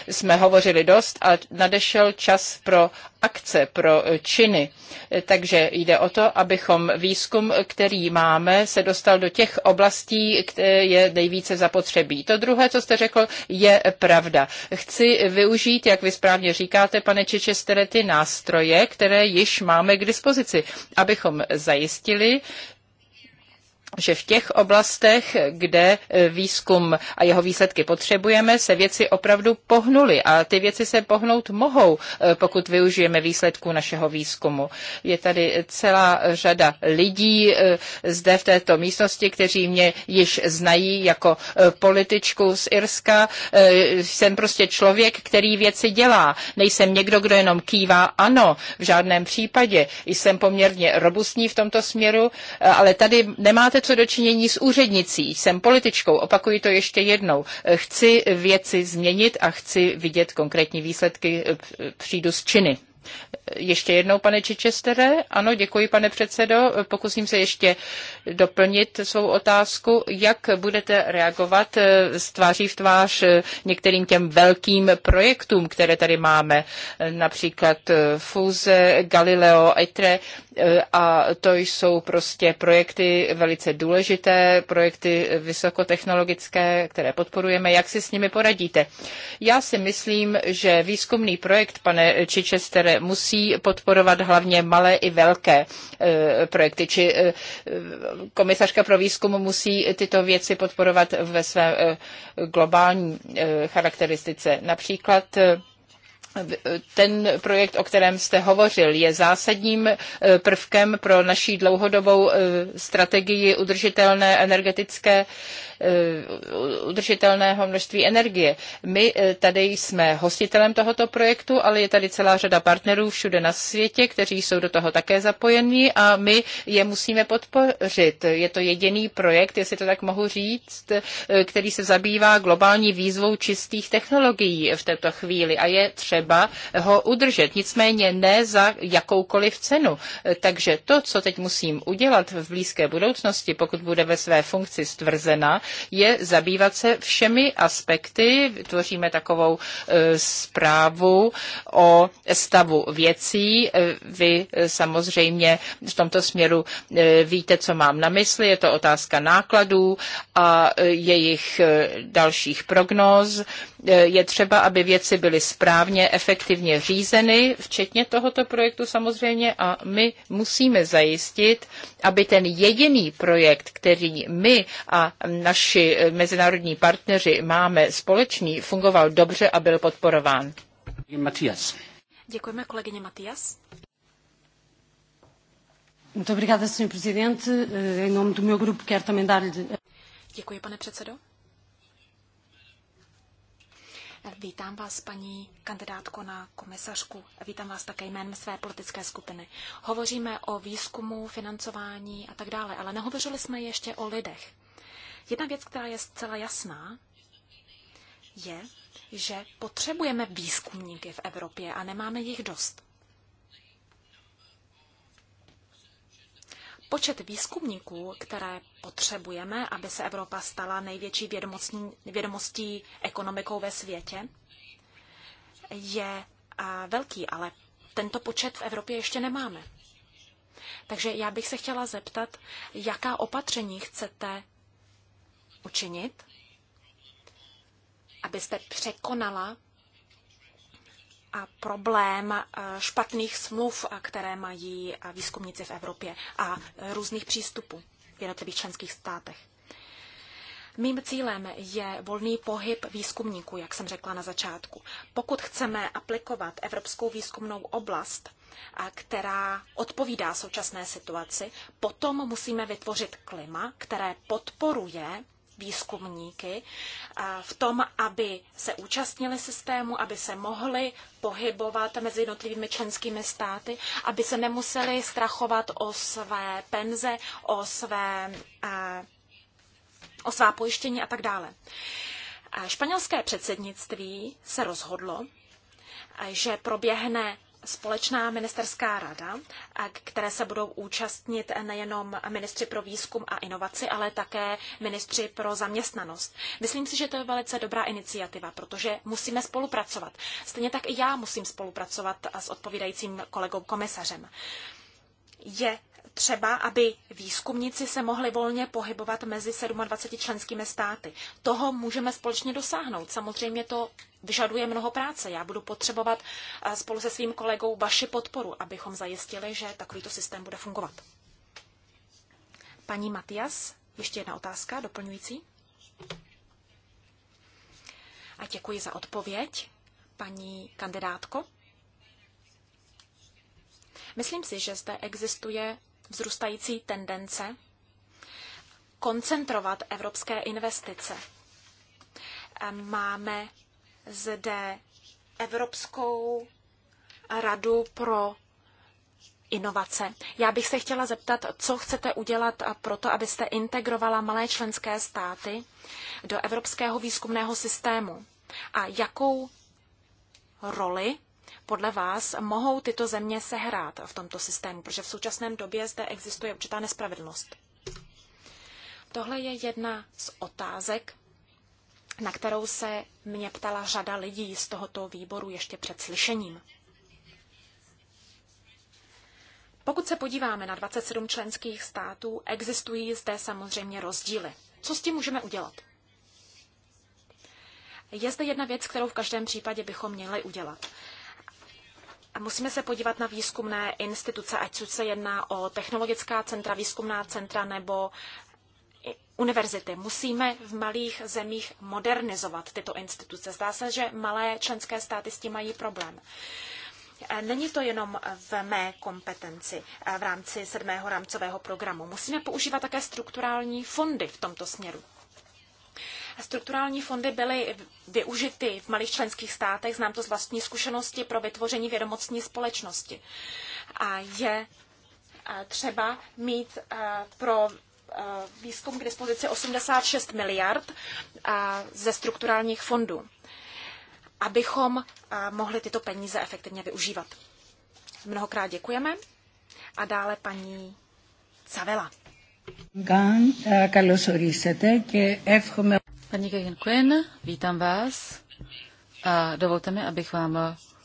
jsme hovořili dost a nadešel čas pro akce, pro činy. Takže jde o to, abychom výzkum, který máme, se dostal do těch oblastí, které je nejvíce zapotřebí. To druhé, co jste řekl, je pravda. Chci využít, jak vy správně říkáte, pane Čečestere, ty nástroje, které již máme k dispozici, abychom zajistili, že v těch oblastech, kde e, výzkum a jeho výsledky potřebujeme, se věci opravdu pohnuly a ty věci se pohnout mohou, e, pokud využijeme výsledků našeho výzkumu. Je tady celá řada lidí e, zde v této místnosti, kteří mě již znají jako političku z Irska. Jsem prostě člověk, který věci dělá. Nejsem někdo, kdo jenom kývá ano, v žádném případě. Jsem poměrně robustní v tomto směru, ale tady nemáte co dočinění s úřednicí. Jsem političkou, opakuji to ještě jednou. Eh, chci věci změnit a chci vidět konkrétní výsledky, eh, přijdu z činy. Eh, ještě jednou, pane Čičestere. Ano, děkuji, pane předsedo. Pokusím se ještě doplnit svou otázku. Jak budete reagovat z tváří v tvář některým těm velkým projektům, které tady máme, například Fuse, Galileo, ETRE? E, a to jsou prostě projekty velice důležité, projekty vysokotechnologické, které podporujeme. Jak si s nimi poradíte? Já si myslím, že výzkumný projekt, pane Chichestere, musí podporovat hlavně malé i velké e, projekty, či e, komisařka pro výzkum musí tyto věci podporovat ve své globální charakteristice. Například ten projekt, o kterém jste hovořil, je zásadním eh, prvkem pro naší dlouhodobou eh, strategii udržitelné energetické eh, udržitelného množství energie. My tady jsme hostitelem tohoto projektu, ale je tady celá řada partnerů všude na světě, kteří jsou do toho také zapojeni a my je musíme podpořit. Je to jediný projekt, jestli to tak mohu říct, který se zabývá globální výzvou čistých technologií v této chvíli a je třeba třeba ho udržet, nicméně ne za jakoukoliv cenu. Takže to, co teď musím udělat v blízké budoucnosti, pokud bude ve své funkci stvrzena, je zabývat se všemi aspekty. Tvoříme takovou e, zprávu o stavu věcí. E, vy e, samozřejmě v tomto směru víte, co mám na mysli. Je to otázka nákladů a jejich dalších prognóz. Je třeba, aby věci byly správně efektivně řízeny, včetně tohoto projektu samozřejmě, a my musíme zajistit, aby ten jediný projekt, který my a naši mezinárodní partneři máme společný, fungoval dobře a byl podporován. Matias. Děkujeme kolegyně Matias. Muito obrigada, Sr. Presidente. Em nome do meu grupo, quero também dar-lhe. Děkuji, pane předsedo. Vítám vás, paní kandidátko na komisařku. Vítám vás také jménem své politické skupiny. Hovoříme o výzkumu, financování a tak dále, ale nehovořili jsme ještě o lidech. Jedna věc, která je zcela jasná, je, že potřebujeme výzkumníky v Evropě a nemáme jich dost. Počet výzkumníků, které potřebujeme, aby se Evropa stala největší vědomostní, vědomostí ekonomikou ve světě, je velký, ale tento počet v Evropě ještě nemáme. Takže já bych se chtěla zeptat, jaká opatření chcete učinit, abyste překonala problém eh, špatných smluv, eh, které mají eh, výzkumníci v Evropě a různých přístupů v jednotlivých členských státech. Mým cílem je volný pohyb výzkumníků, jak jsem řekla na začátku. Pokud chceme aplikovat evropskou výzkumnou oblast, která odpovídá současné situaci, potom musíme vytvořit klima, které podporuje výzkumníky v tom, aby se účastnili systému, aby se mohli pohybovat mezi jednotlivými členskými státy, aby se nemuseli strachovat o své penze, o své o svá pojištění a tak dále. Španělské předsednictví se rozhodlo, že proběhne společná ministerská rada, které se budou účastnit nejenom ministři pro výzkum a inovaci, ale také ministři pro zaměstnanost. Myslím si, že to je velice dobrá iniciativa, protože musíme spolupracovat. Stejně tak i já musím spolupracovat s odpovídajícím kolegou komisařem. Je třeba, aby výzkumníci se mohli volně pohybovat mezi 27 členskými státy. Toho můžeme společně dosáhnout. Samozřejmě to vyžaduje mnoho práce. Já budu potřebovat eh, spolu se svým kolegou vaši podporu, abychom zajistili, že takovýto systém bude fungovat. Paní Matias, ještě jedna otázka, doplňující. A děkuji za odpověď, paní kandidátko. Myslím si, že zde existuje vzrůstající tendence koncentrovat evropské investice. Máme zde Evropskou radu pro inovace. Já bych se chtěla zeptat, co chcete udělat pro to, abyste integrovala malé členské státy do evropského výzkumného systému a jakou roli podle vás mohou tyto země sehrát v tomto systému? Protože v současném době zde existuje určitá nespravedlnost. Tohle je jedna z otázek, na kterou se mě ptala řada lidí z tohoto výboru ještě před slyšením. Pokud se podíváme na 27 členských států, existují zde samozřejmě rozdíly. Co s tím můžeme udělat? Je zde jedna věc, kterou v každém případě bychom měli udělat. Musíme se podívat na výzkumné instituce, ať se jedná o technologická centra, výzkumná centra nebo univerzity. Musíme v malých zemích modernizovat tyto instituce. Zdá se, že malé členské státy s tím mají problém. E, není to jenom v mé kompetenci e, v rámci sedmého rámcového programu. Musíme používat také strukturální fondy v tomto směru. Strukturální fondy byly využity v malých členských státech, znám to z vlastní zkušenosti, pro vytvoření vědomostní společnosti. A je eh, třeba mít eh, pro eh, výzkum k dispozici 86 miliard ze strukturálních fondů, abychom mohli tyto peníze efektivně využívat. Mnohokrát děkujeme. A dále paní Zavela. Καλώς ορίσατε και εύχομαι Paní Gagan Quinn, vítám vás a dovolte mi, abych vám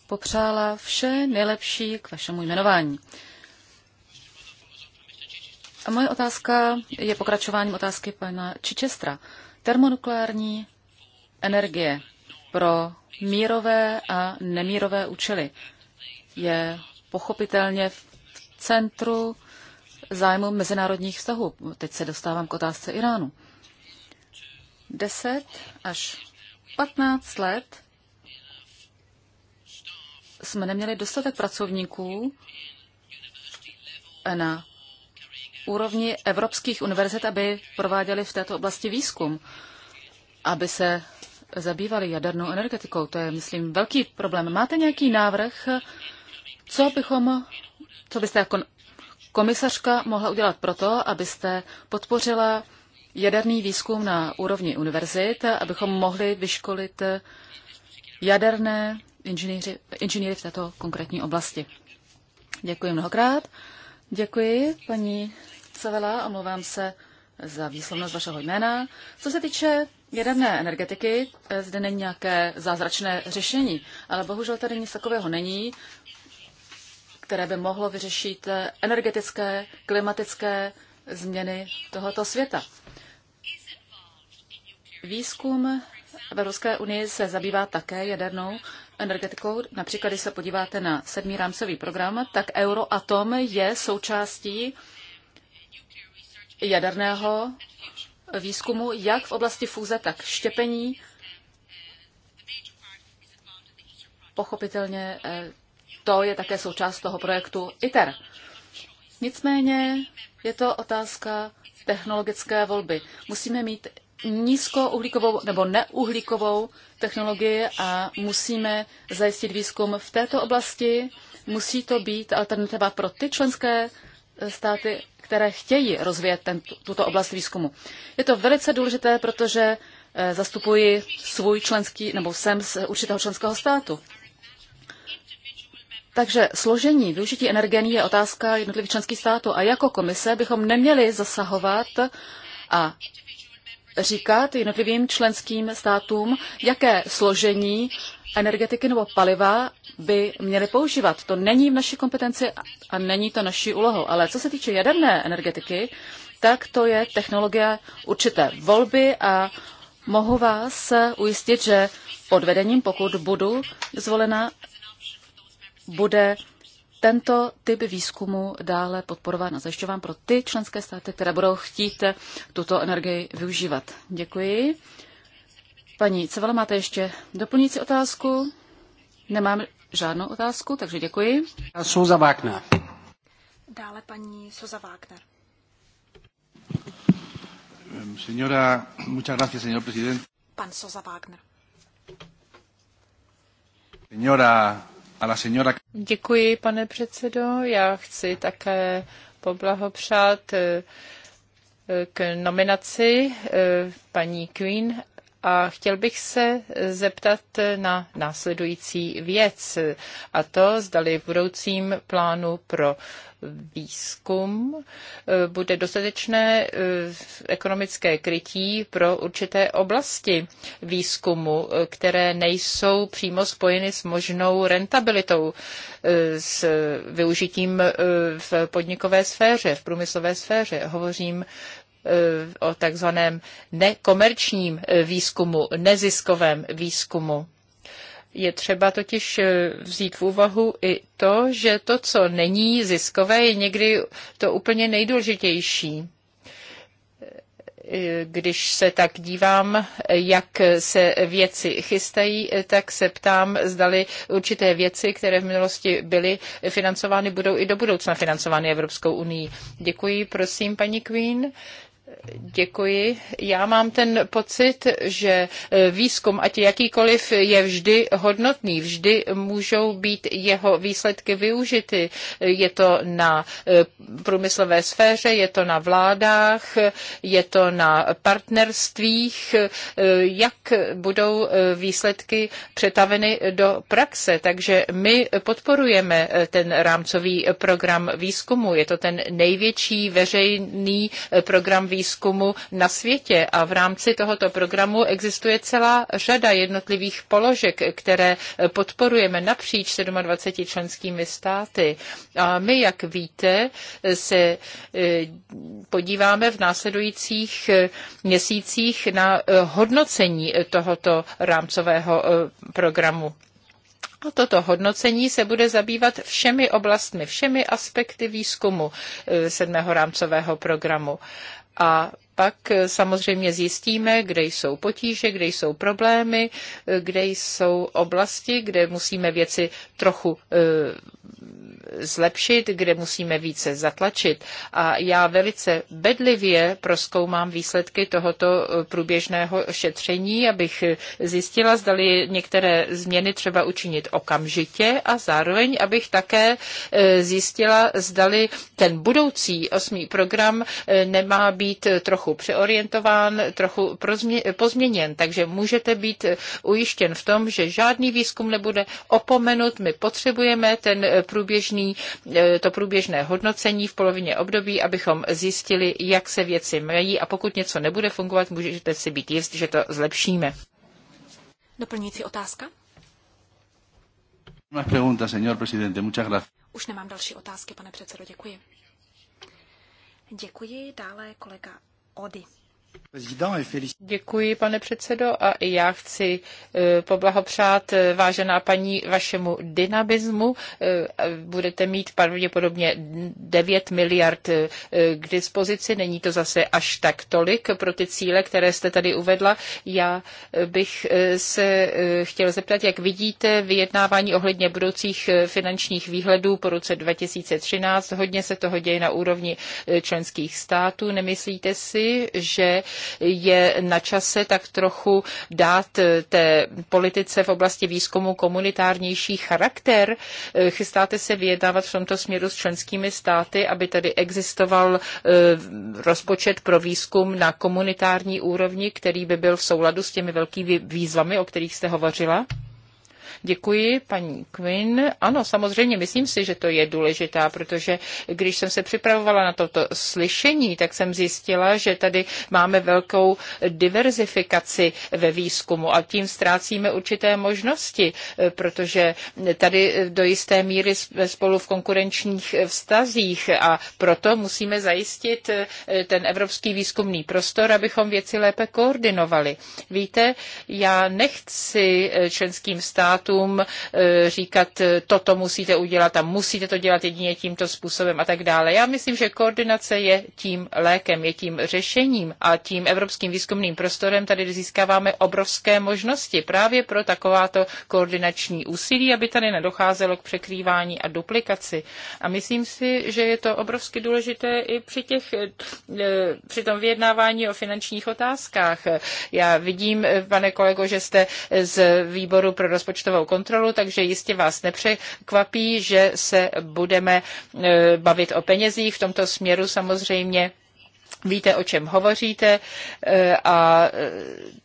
popřála vše nejlepší k vašemu jmenování. A moje otázka je pokračováním otázky pana Čičestra. Termonukleární energie pro mírové a nemírové účely je pochopitelně v centru zájmu mezinárodních vztahů. Teď se dostávám k otázce Iránu. 10 až 15 let jsme neměli dostatek pracovníků na úrovni evropských univerzit, aby prováděli v této oblasti výzkum, aby se zabývali jadernou energetikou. To je, myslím, velký problém. Máte nějaký návrh, co bychom, co byste jako komisařka mohla udělat proto, abyste podpořila jaderný výzkum na úrovni univerzit, abychom mohli vyškolit jaderné inženýři, inženýry v této konkrétní oblasti. Děkuji mnohokrát. Děkuji, paní Cavela, omlouvám se za výslovnost vašeho jména. Co se týče jaderné energetiky, zde není nějaké zázračné řešení, ale bohužel tady nic takového není, které by mohlo vyřešit energetické, klimatické změny tohoto světa. Výzkum v Evropské unii se zabývá také jadernou energetikou. Například, když se podíváte na sedmý rámcový program, tak Euroatom je součástí jaderného výzkumu jak v oblasti fúze, tak štěpení. Pochopitelně eh, to je také součást toho projektu ITER. Nicméně je to otázka technologické volby. Musíme mít nízkouhlíkovou nebo neuhlíkovou technologii a musíme zajistit výzkum v této oblasti. Musí to být alternativa pro ty členské státy, které chtějí rozvíjet ten, tuto oblast výzkumu. Je to velice důležité, protože eh, zastupuji svůj členský, nebo jsem z určitého členského státu. Takže složení využití energie je otázka jednotlivých členských států a jako komise bychom neměli zasahovat a říkat jednotlivým členským státům, jaké složení energetiky nebo paliva by měly používat. To není v naší kompetenci a není to naší úlohou. Ale co se týče jaderné energetiky, tak to je technologie určité volby a mohu vás ujistit, že pod vedením, pokud budu zvolena, bude tento typ výzkumu dále podporován a zajišťován pro ty členské státy, které budou chtít tuto energii využívat. Děkuji. Paní Cevala, máte ještě doplňující otázku? Nemám žádnou otázku, takže děkuji. Souza Wagner. Dále paní Souza Wagner. Señora, muchas gracias, señor presidente. Pan Sosa Wagner. Señora Děkuji, pane předsedo. Já chci také poblahopřát eh, k nominaci eh, paní Queen a chtěl bych se zeptat na následující věc, a to zdali v budoucím plánu pro výzkum e, bude dostatečné e, ekonomické krytí pro určité oblasti výzkumu, e, které nejsou přímo spojeny s možnou rentabilitou, s využitím v podnikové sféře, v průmyslové sféře. Hovořím Eh, o takzvaném nekomerčním eh, výzkumu, neziskovém výzkumu. Je třeba totiž eh, vzít v úvahu i to, že to, co není ziskové, je někdy to úplně nejdůležitější když se tak dívám, jak se věci chystají, tak se ptám, zdali určité věci, které v minulosti byly financovány, budou i do budoucna financovány Evropskou unii. Děkuji, prosím, paní Queen. Děkuji. Já mám ten pocit, že e, výzkum, ať jakýkoliv, je vždy hodnotný, vždy můžou být jeho výsledky využity. Je to na e, průmyslové sféře, je to na vládách, je to na partnerstvích, e, jak budou výsledky přetaveny do praxe. Takže my podporujeme ten rámcový program výzkumu. Je to ten největší veřejný program výzkumu výzkumu na světě a v rámci tohoto programu existuje celá řada jednotlivých položek, které eh, podporujeme napříč 27 členskými státy. A my, jak víte, se eh, podíváme v následujících eh, měsících na hodnocení tohoto rámcového programu. A toto hodnocení se bude zabývat všemi oblastmi, všemi aspekty výzkumu sedmého rámcového programu a pak samozřejmě zjistíme, kde jsou potíže, kde jsou problémy, kde jsou oblasti, kde musíme věci trochu eh, zlepšit, kde musíme více zatlačit. A já velice bedlivě proskoumám výsledky tohoto eh, průběžného šetření, abych zjistila, zdali některé změny třeba učinit okamžitě a zároveň, abych také eh, zjistila, zdali ten budoucí osmý program eh, nemá být trochu přeorientován, trochu pozměněn. Takže můžete být ujištěn v tom, že žádný výzkum nebude opomenut. My potřebujeme ten průběžný průběžný, e, to průběžné hodnocení v polovině období, abychom zjistili, jak se věci mají a pokud něco nebude fungovat, můžete si být jist, že to zlepšíme. Doplňující otázka? Už nemám další otázky, pane předsedo, děkuji. Děkuji. Dále kolega Ody. Děkuji, pane předsedo, a i já chci e, poblahopřát e, vážená paní vašemu dynamismu. E, budete mít pravděpodobně 9 miliard k dispozici, není to zase až tak tolik pro ty cíle, které jste tady uvedla. Já bych se chtěl zeptat, jak vidíte vyjednávání ohledně budoucích finančních výhledů po roce 2013. Hodně se toho děje na úrovni členských států. Nemyslíte si, že je na čase tak trochu dát eh, té politice v oblasti výzkumu komunitárnější charakter. Eh, chystáte se vyjednávat v tomto směru s členskými státy, aby tady existoval eh, rozpočet pro výzkum na komunitární úrovni, který by byl v souladu s těmi velkými výzvami, o kterých jste hovořila? Děkuji, paní Quinn. Ano, samozřejmě, myslím si, že to je důležitá, protože když jsem se připravovala na toto slyšení, tak jsem zjistila, že tady máme velkou diverzifikaci ve výzkumu a tím ztrácíme určité možnosti, protože tady do jisté míry jsme spolu v konkurenčních vztazích a proto musíme zajistit ten evropský výzkumný prostor, abychom věci lépe koordinovali. Víte, já nechci členským státům státům eh, říkat, eh, toto musíte udělat a musíte to dělat jedině tímto způsobem a tak dále. Já myslím, že koordinace je tím lékem, je tím řešením a tím evropským výzkumným prostorem tady získáváme obrovské možnosti právě pro takováto koordinační úsilí, aby tady nedocházelo k překrývání a duplikaci. A myslím si, že je to obrovsky důležité i při, těch, eh, při tom vyjednávání o finančních otázkách. Já vidím, pane kolego, že jste z výboru pro rozpočtovou politickou kontrolu, takže jistě vás nepřekvapí, že se budeme e, bavit o penězích. V tomto směru samozřejmě víte, o čem hovoříte e, a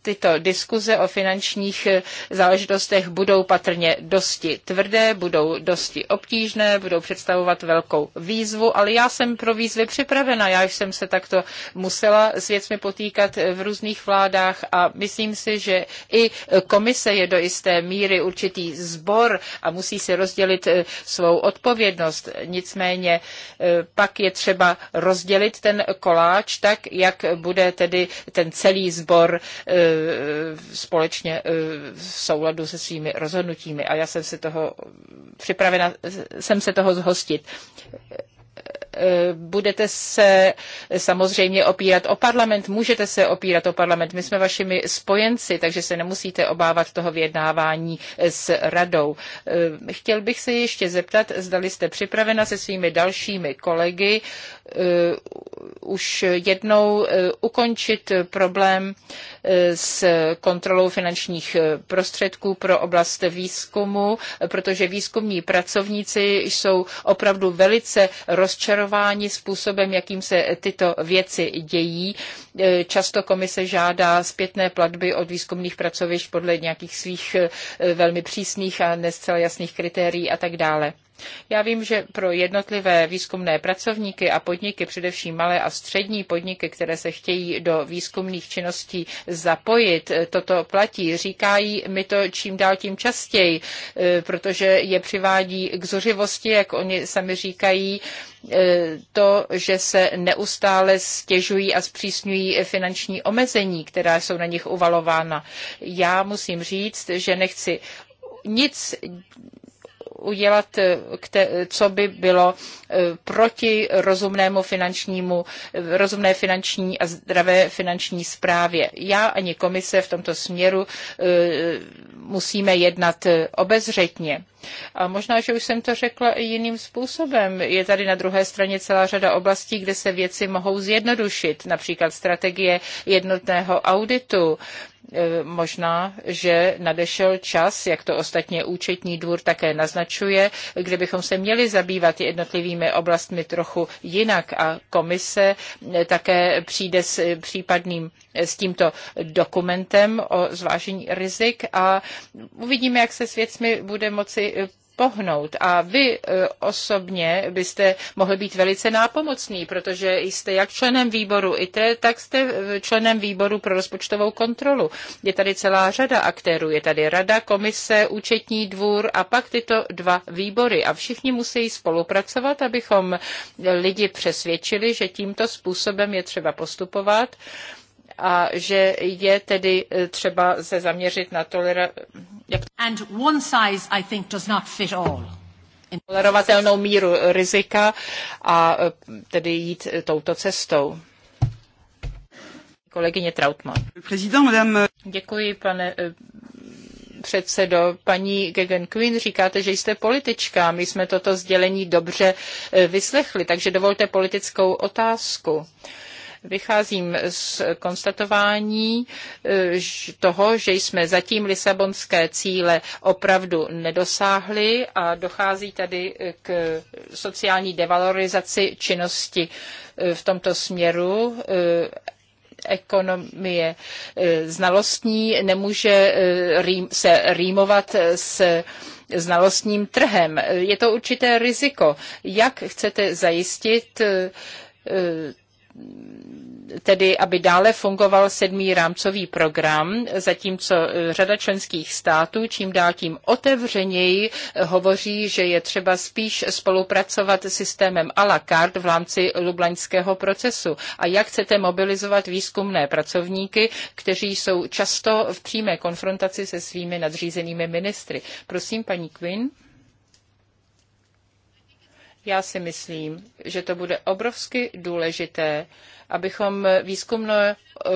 tyto diskuze o finančních záležitostech budou patrně dosti tvrdé, budou dosti obtížné, budou představovat velkou výzvu, ale já jsem pro výzvy připravena. Já jsem se takto musela s věcmi potýkat v různých vládách a myslím si, že i komise je do jisté míry určitý zbor a musí si rozdělit e, svou odpovědnost. Nicméně e, pak je třeba rozdělit ten koláč hráč, tak jak bude tedy ten celý sbor eh, společně eh, v souladu se svými rozhodnutími. A já jsem se toho připravena, jsem se toho zhostit. Eh, budete se samozřejmě opírat o parlament, můžete se opírat o parlament. My jsme vašimi spojenci, takže se nemusíte obávat toho vyjednávání eh, s radou. Eh, chtěl bych se ještě zeptat, zdali jste připravena se svými dalšími kolegy už jednou ukončit problém s kontrolou finančních prostředků pro oblast výzkumu, protože výzkumní pracovníci jsou opravdu velice rozčarovaní inspirováni způsobem, jakým se tyto věci dějí. E, často komise žádá zpětné platby od výzkumných pracovišť podle nějakých svých e, velmi přísných a nescela jasných kritérií a tak dále. Já vím, že pro jednotlivé výzkumné pracovníky a podniky, především malé a střední podniky, které se chtějí do výzkumných činností zapojit, toto platí. Říkají mi to čím dál tím častěji, e, protože je přivádí k zuřivosti, jak oni sami říkají, e, to, že se neustále stěžují a zpřísňují finanční omezení, která jsou na nich uvalována. Já musím říct, že nechci nic udělat, eh, co by bylo eh, proti rozumnému finančnímu, eh, rozumné finanční a zdravé finanční správě. Já ani komise v tomto směru musíme jednat obezřetně. A možná, že už jsem to řekla i jiným způsobem. Je tady na druhé straně celá řada oblastí, kde se věci mohou zjednodušit, například strategie jednotného auditu, E, možná, že nadešel čas, jak to ostatně účetní dvůr také naznačuje, kdybychom se měli zabývat jednotlivými oblastmi trochu jinak a komise e, také přijde s e, případným s tímto dokumentem o zvážení rizik a uvidíme, jak se s věcmi bude moci pohnout. A vy eh, osobně byste mohl být velice nápomocný, protože jste jak členem výboru ITRE, tak jste eh, členem výboru pro rozpočtovou kontrolu. Je tady celá řada aktérů. Je tady rada, komise, účetní dvůr a pak tyto dva výbory. A všichni musí spolupracovat, abychom lidi přesvědčili, že tímto způsobem je třeba postupovat a že je tedy eh, třeba se zaměřit na tolerovatelnou míru rizika a eh, tedy jít eh, touto cestou kolegyně Trautmann. Děkuji, pane předsedo, paní Gegen Quinn, říkáte, že jste politička. My jsme toto sdělení dobře vyslechli, takže dovolte politickou otázku. Vycházím z konstatování eh, toho, že jsme zatím lisabonské cíle opravdu nedosáhli a dochází tady eh, k sociální devalorizaci činnosti eh, v tomto směru ekonomie znalostní nemůže se rýmovat s znalostním trhem. Je to určité riziko. Jak chcete zajistit tedy aby dále fungoval sedmý rámcový program, zatímco řada členských států čím dál tím otevřeněji hovoří, že je třeba spíš spolupracovat s systémem à la carte v rámci lublaňského procesu. A jak chcete mobilizovat výzkumné pracovníky, kteří jsou často v přímé konfrontaci se svými nadřízenými ministry. Prosím, paní Quinn. Já si myslím, že to bude obrovsky důležité, abychom výzkumnou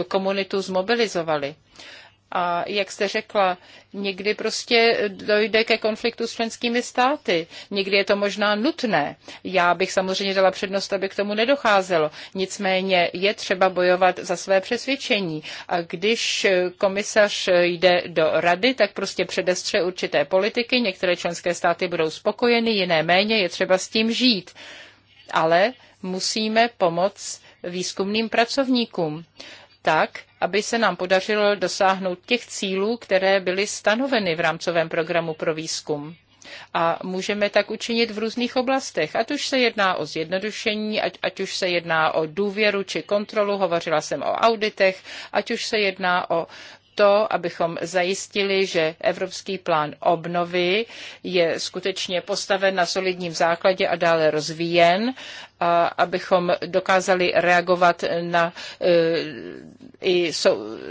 komunitu zmobilizovali. A jak jste řekla, někdy prostě dojde ke konfliktu s členskými státy. Někdy je to možná nutné. Já bych samozřejmě dala přednost, aby k tomu nedocházelo. Nicméně je třeba bojovat za své přesvědčení. A když komisař jde do rady, tak prostě předestře určité politiky. Některé členské státy budou spokojeny, jiné méně. Je třeba s tím žít. Ale musíme pomoct výzkumným pracovníkům tak, aby se nám podařilo dosáhnout těch cílů, které byly stanoveny v rámcovém programu pro výzkum. A můžeme tak učinit v různých oblastech, ať už se jedná o zjednodušení, ať, ať už se jedná o důvěru či kontrolu, hovořila jsem o auditech, ať už se jedná o to, abychom zajistili, že Evropský plán obnovy je skutečně postaven na solidním základě a dále rozvíjen a abychom dokázali reagovat na e, i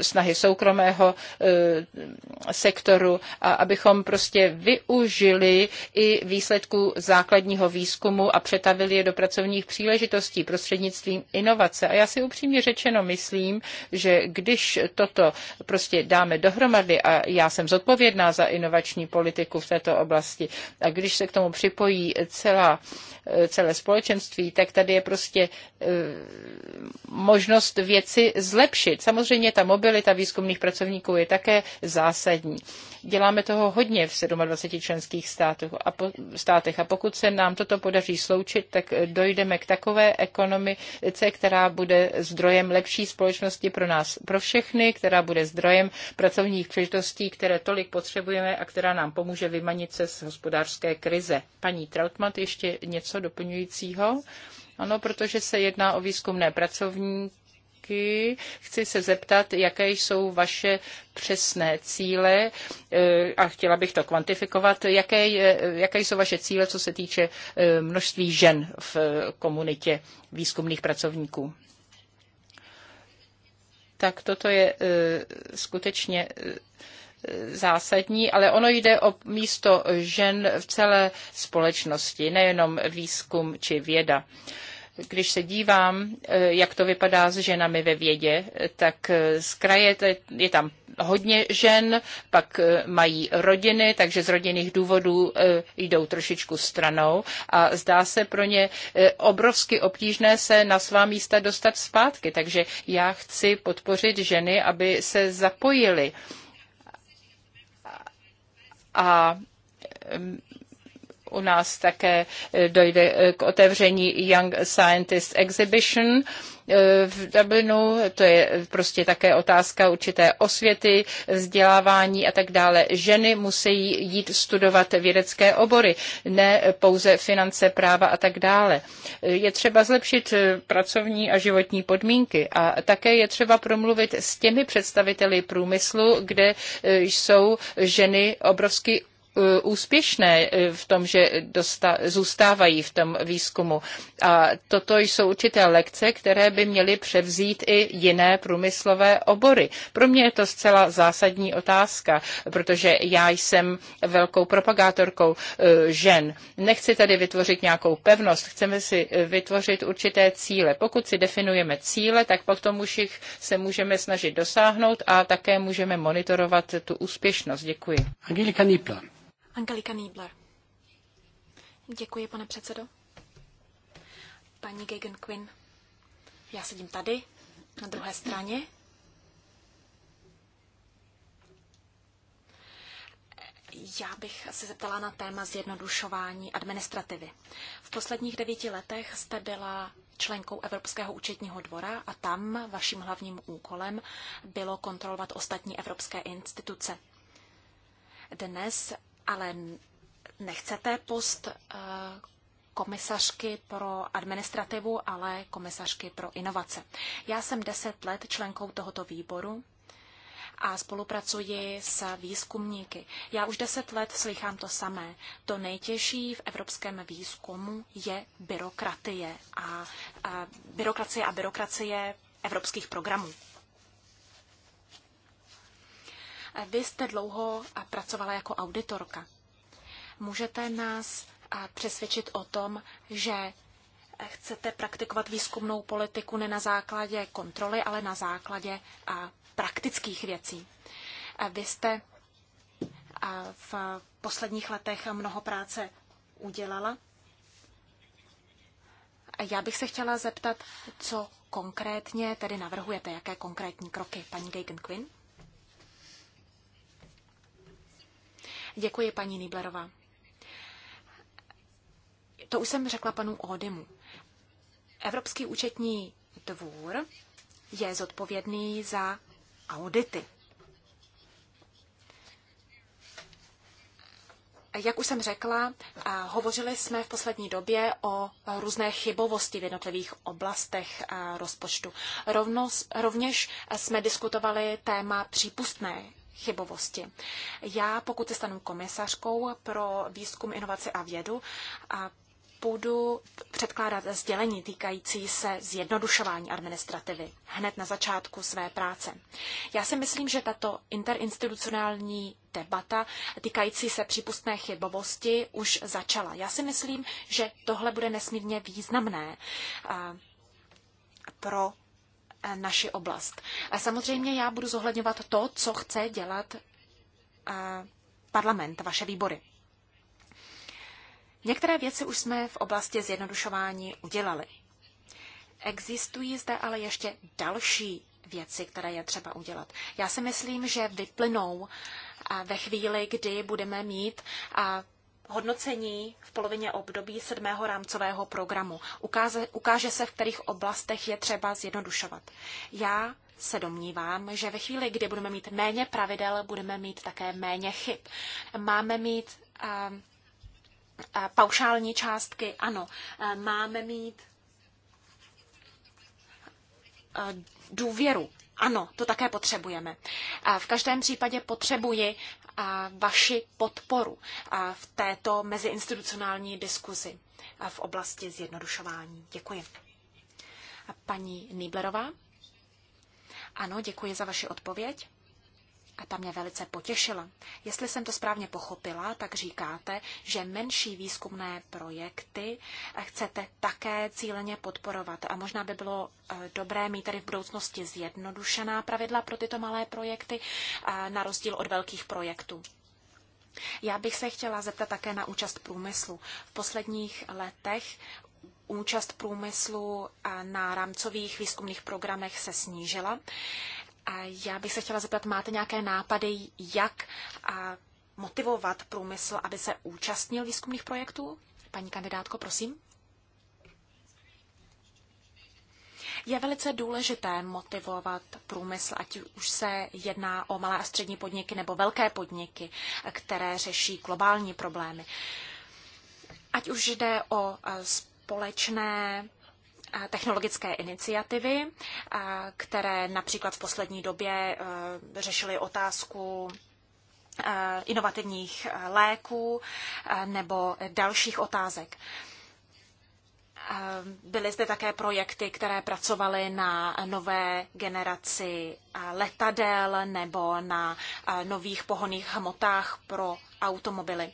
snahy soukromého e, sektoru a abychom prostě využili i výsledků základního výzkumu a přetavili je do pracovních příležitostí prostřednictvím inovace. A já si upřímně řečeno myslím, že když toto prostě dáme dohromady a já jsem zodpovědná za inovační politiku v této oblasti a když se k tomu připojí celá, e, celé společenství, tak tady je prostě eh, možnost věci zlepšit. Samozřejmě ta mobilita výzkumných pracovníků je také zásadní. Děláme toho hodně v 27 členských státech a, po, státech a pokud se nám toto podaří sloučit, tak dojdeme k takové ekonomice, která bude zdrojem lepší společnosti pro nás, pro všechny, která bude zdrojem pracovních příležitostí, které tolik potřebujeme a která nám pomůže vymanit se z hospodářské krize. Paní Trautmann, ještě něco doplňujícího? Ano, protože se jedná o výzkumné pracovníky. Chci se zeptat, jaké jsou vaše přesné cíle eh, a chtěla bych to kvantifikovat. Jaké, je, jaké jsou vaše cíle, co se týče eh, množství žen v eh, komunitě výzkumných pracovníků? Tak toto je skutečně zásadní, ale ono jde o místo žen v celé společnosti, nejenom výzkum či věda když se dívám, eh, jak to vypadá s ženami ve vědě, tak eh, z kraje je tam hodně žen, pak eh, mají rodiny, takže z rodinných důvodů jdou trošičku stranou a zdá se pro ně obrovsky obtížné se na svá místa dostat zpátky. Takže já chci podpořit ženy, aby se zapojily a u nás také eh, dojde eh, k otevření Young Scientist Exhibition eh, v Dublinu, to je prostě také otázka určité osvěty, vzdělávání a tak dále. Ženy musí jít studovat vědecké obory, ne pouze finance, práva a tak dále. Je třeba zlepšit pracovní a životní podmínky a také je třeba promluvit s těmi představiteli průmyslu, kde jsou ženy obrovsky Eh, úspěšné eh, v tom, že dosta, zůstávají v tom výzkumu. A toto jsou určité lekce, které by měly převzít i jiné průmyslové obory. Pro mě je to zcela zásadní otázka, protože já jsem velkou propagátorkou eh, žen. Nechci tady vytvořit nějakou pevnost, chceme si vytvořit určité cíle. Pokud si definujeme cíle, tak potom už jich se můžeme snažit dosáhnout a také můžeme monitorovat tu úspěšnost. Děkuji. Angelika Nipla. Angelika Niebler. Děkuji, pane předsedo. Paní Gagan Quinn, já sedím tady, na druhé straně. Já bych se zeptala na téma zjednodušování administrativy. V posledních devíti letech jste byla členkou Evropského účetního dvora a tam vaším hlavním úkolem bylo kontrolovat ostatní evropské instituce. Dnes ale nechcete post eh, komisařky pro administrativu, ale komisařky pro inovace. Já jsem deset let členkou tohoto výboru a spolupracuji s výzkumníky. Já už deset let slychám to samé. To nejtěžší v evropském výzkumu je byrokratie a, a byrokracie a byrokracie evropských programů. Vy jste dlouho pracovala jako auditorka. Můžete nás přesvědčit o tom, že chcete praktikovat výzkumnou politiku ne na základě kontroly, ale na základě praktických věcí. Vy jste v posledních letech mnoho práce udělala. Já bych se chtěla zeptat, co konkrétně tedy navrhujete, jaké konkrétní kroky, paní Gagan Quinn? Děkuji, paní Nýblerová. To už jsem řekla panu Odemu. Evropský účetní dvůr je zodpovědný za audity. Jak už jsem řekla, hovořili jsme v poslední době o různé chybovosti v jednotlivých oblastech rozpočtu. Rovnos, rovněž jsme diskutovali téma přípustné chybovosti. Já, pokud se stanu komisařkou pro výzkum, inovace a vědu, a budu předkládat sdělení týkající se zjednodušování administrativy hned na začátku své práce. Já si myslím, že tato interinstitucionální debata týkající se přípustné chybovosti už začala. Já si myslím, že tohle bude nesmírně významné pro Eh, naši oblast. A samozřejmě já budu zohledňovat to, co chce dělat eh, parlament, vaše výbory. Některé věci už jsme v oblasti zjednodušování udělali. Existují zde ale ještě další věci, které je třeba udělat. Já si myslím, že vyplynou eh, ve chvíli, kdy budeme mít hodnocení v polovině období sedmého rámcového programu. Ukáze, ukáže se, v kterých oblastech je třeba zjednodušovat. Já se domnívám, že ve chvíli, kdy budeme mít méně pravidel, budeme mít také méně chyb. Máme mít a, ehm, a, paušální částky, ano. A e, máme mít a, e, důvěru ano, to také potřebujeme. V každém případě potřebuji vaši podporu v této meziinstitucionální diskuzi v oblasti zjednodušování. Děkuji. Paní Nýblerová? Ano, děkuji za vaši odpověď a ta mě velice potěšila. Jestli jsem to správně pochopila, tak říkáte, že menší výzkumné projekty eh, chcete také cíleně podporovat. A možná by bylo eh, dobré mít tady v budoucnosti zjednodušená pravidla pro tyto malé projekty, eh, na rozdíl od velkých projektů. Já bych se chtěla zeptat také na účast průmyslu. V posledních letech účast průmyslu na rámcových výzkumných programech se snížila. A Já bych se chtěla zeptat, máte nějaké nápady, jak motivovat průmysl, aby se účastnil výzkumných projektů? Paní kandidátko, prosím. Je velice důležité motivovat průmysl, ať už se jedná o malé a střední podniky nebo velké podniky, které řeší globální problémy. Ať už jde o společné technologické iniciativy, které například v poslední době e, řešily otázku e, inovativních e, léků nebo dalších otázek. Byly zde také projekty, které pracovaly na nové generaci letadel nebo na nových pohoných hmotách pro automobily.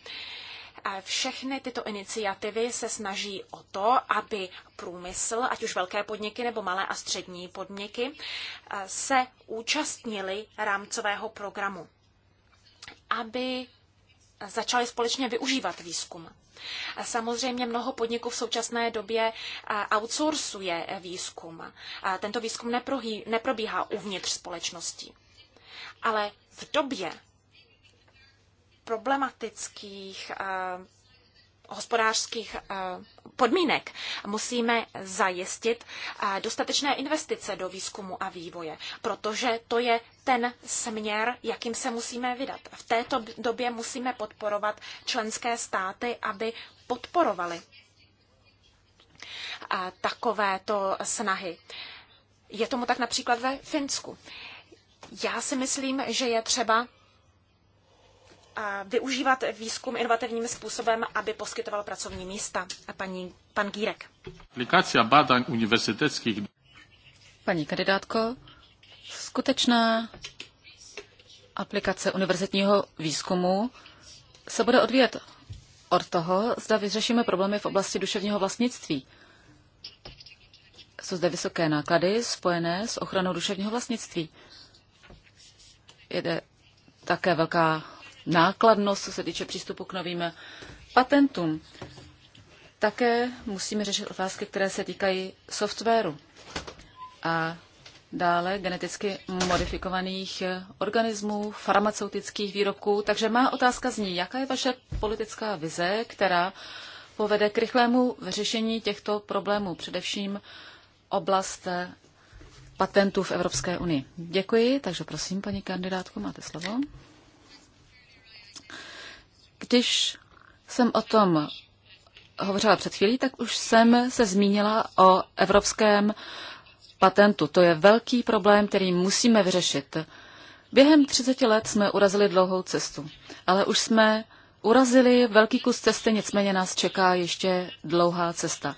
Všechny tyto iniciativy se snaží o to, aby průmysl, ať už velké podniky nebo malé a střední podniky, eh, se účastnili rámcového programu, aby začali společně využívat výzkum. Samozřejmě mnoho podniků v současné době eh, outsourcuje eh, výzkum. Tento výzkum neprobíhá uvnitř společnosti, Ale v době, problematických eh, hospodářských eh, podmínek. Musíme zajistit eh, dostatečné investice do výzkumu a vývoje, protože to je ten směr, jakým se musíme vydat. V této době musíme podporovat členské státy, aby podporovali takovéto snahy. Je tomu tak například ve Finsku. Já si myslím, že je třeba využívat výzkum inovativním způsobem, aby poskytoval pracovní místa. A paní, pan Gírek. Aplikace bádán univerziteckých. Paní kandidátko, skutečná aplikace univerzitního výzkumu se bude odvíjet od toho, zda vyřešíme problémy v oblasti duševního vlastnictví. Jsou zde vysoké náklady spojené s ochranou duševního vlastnictví. Jede také velká nákladnost, co se týče přístupu k novým patentům. Také musíme řešit otázky, které se týkají softwaru a dále geneticky modifikovaných organismů, farmaceutických výrobků. Takže má otázka zní, jaká je vaše politická vize, která povede k rychlému vyřešení těchto problémů, především oblast patentů v Evropské unii. Děkuji, takže prosím, paní kandidátko, máte slovo. Když jsem o tom hovořila před chvílí, tak už jsem se zmínila o evropském patentu. To je velký problém, který musíme vyřešit. Během 30 let jsme urazili dlouhou cestu, ale už jsme urazili velký kus cesty, nicméně nás čeká ještě dlouhá cesta.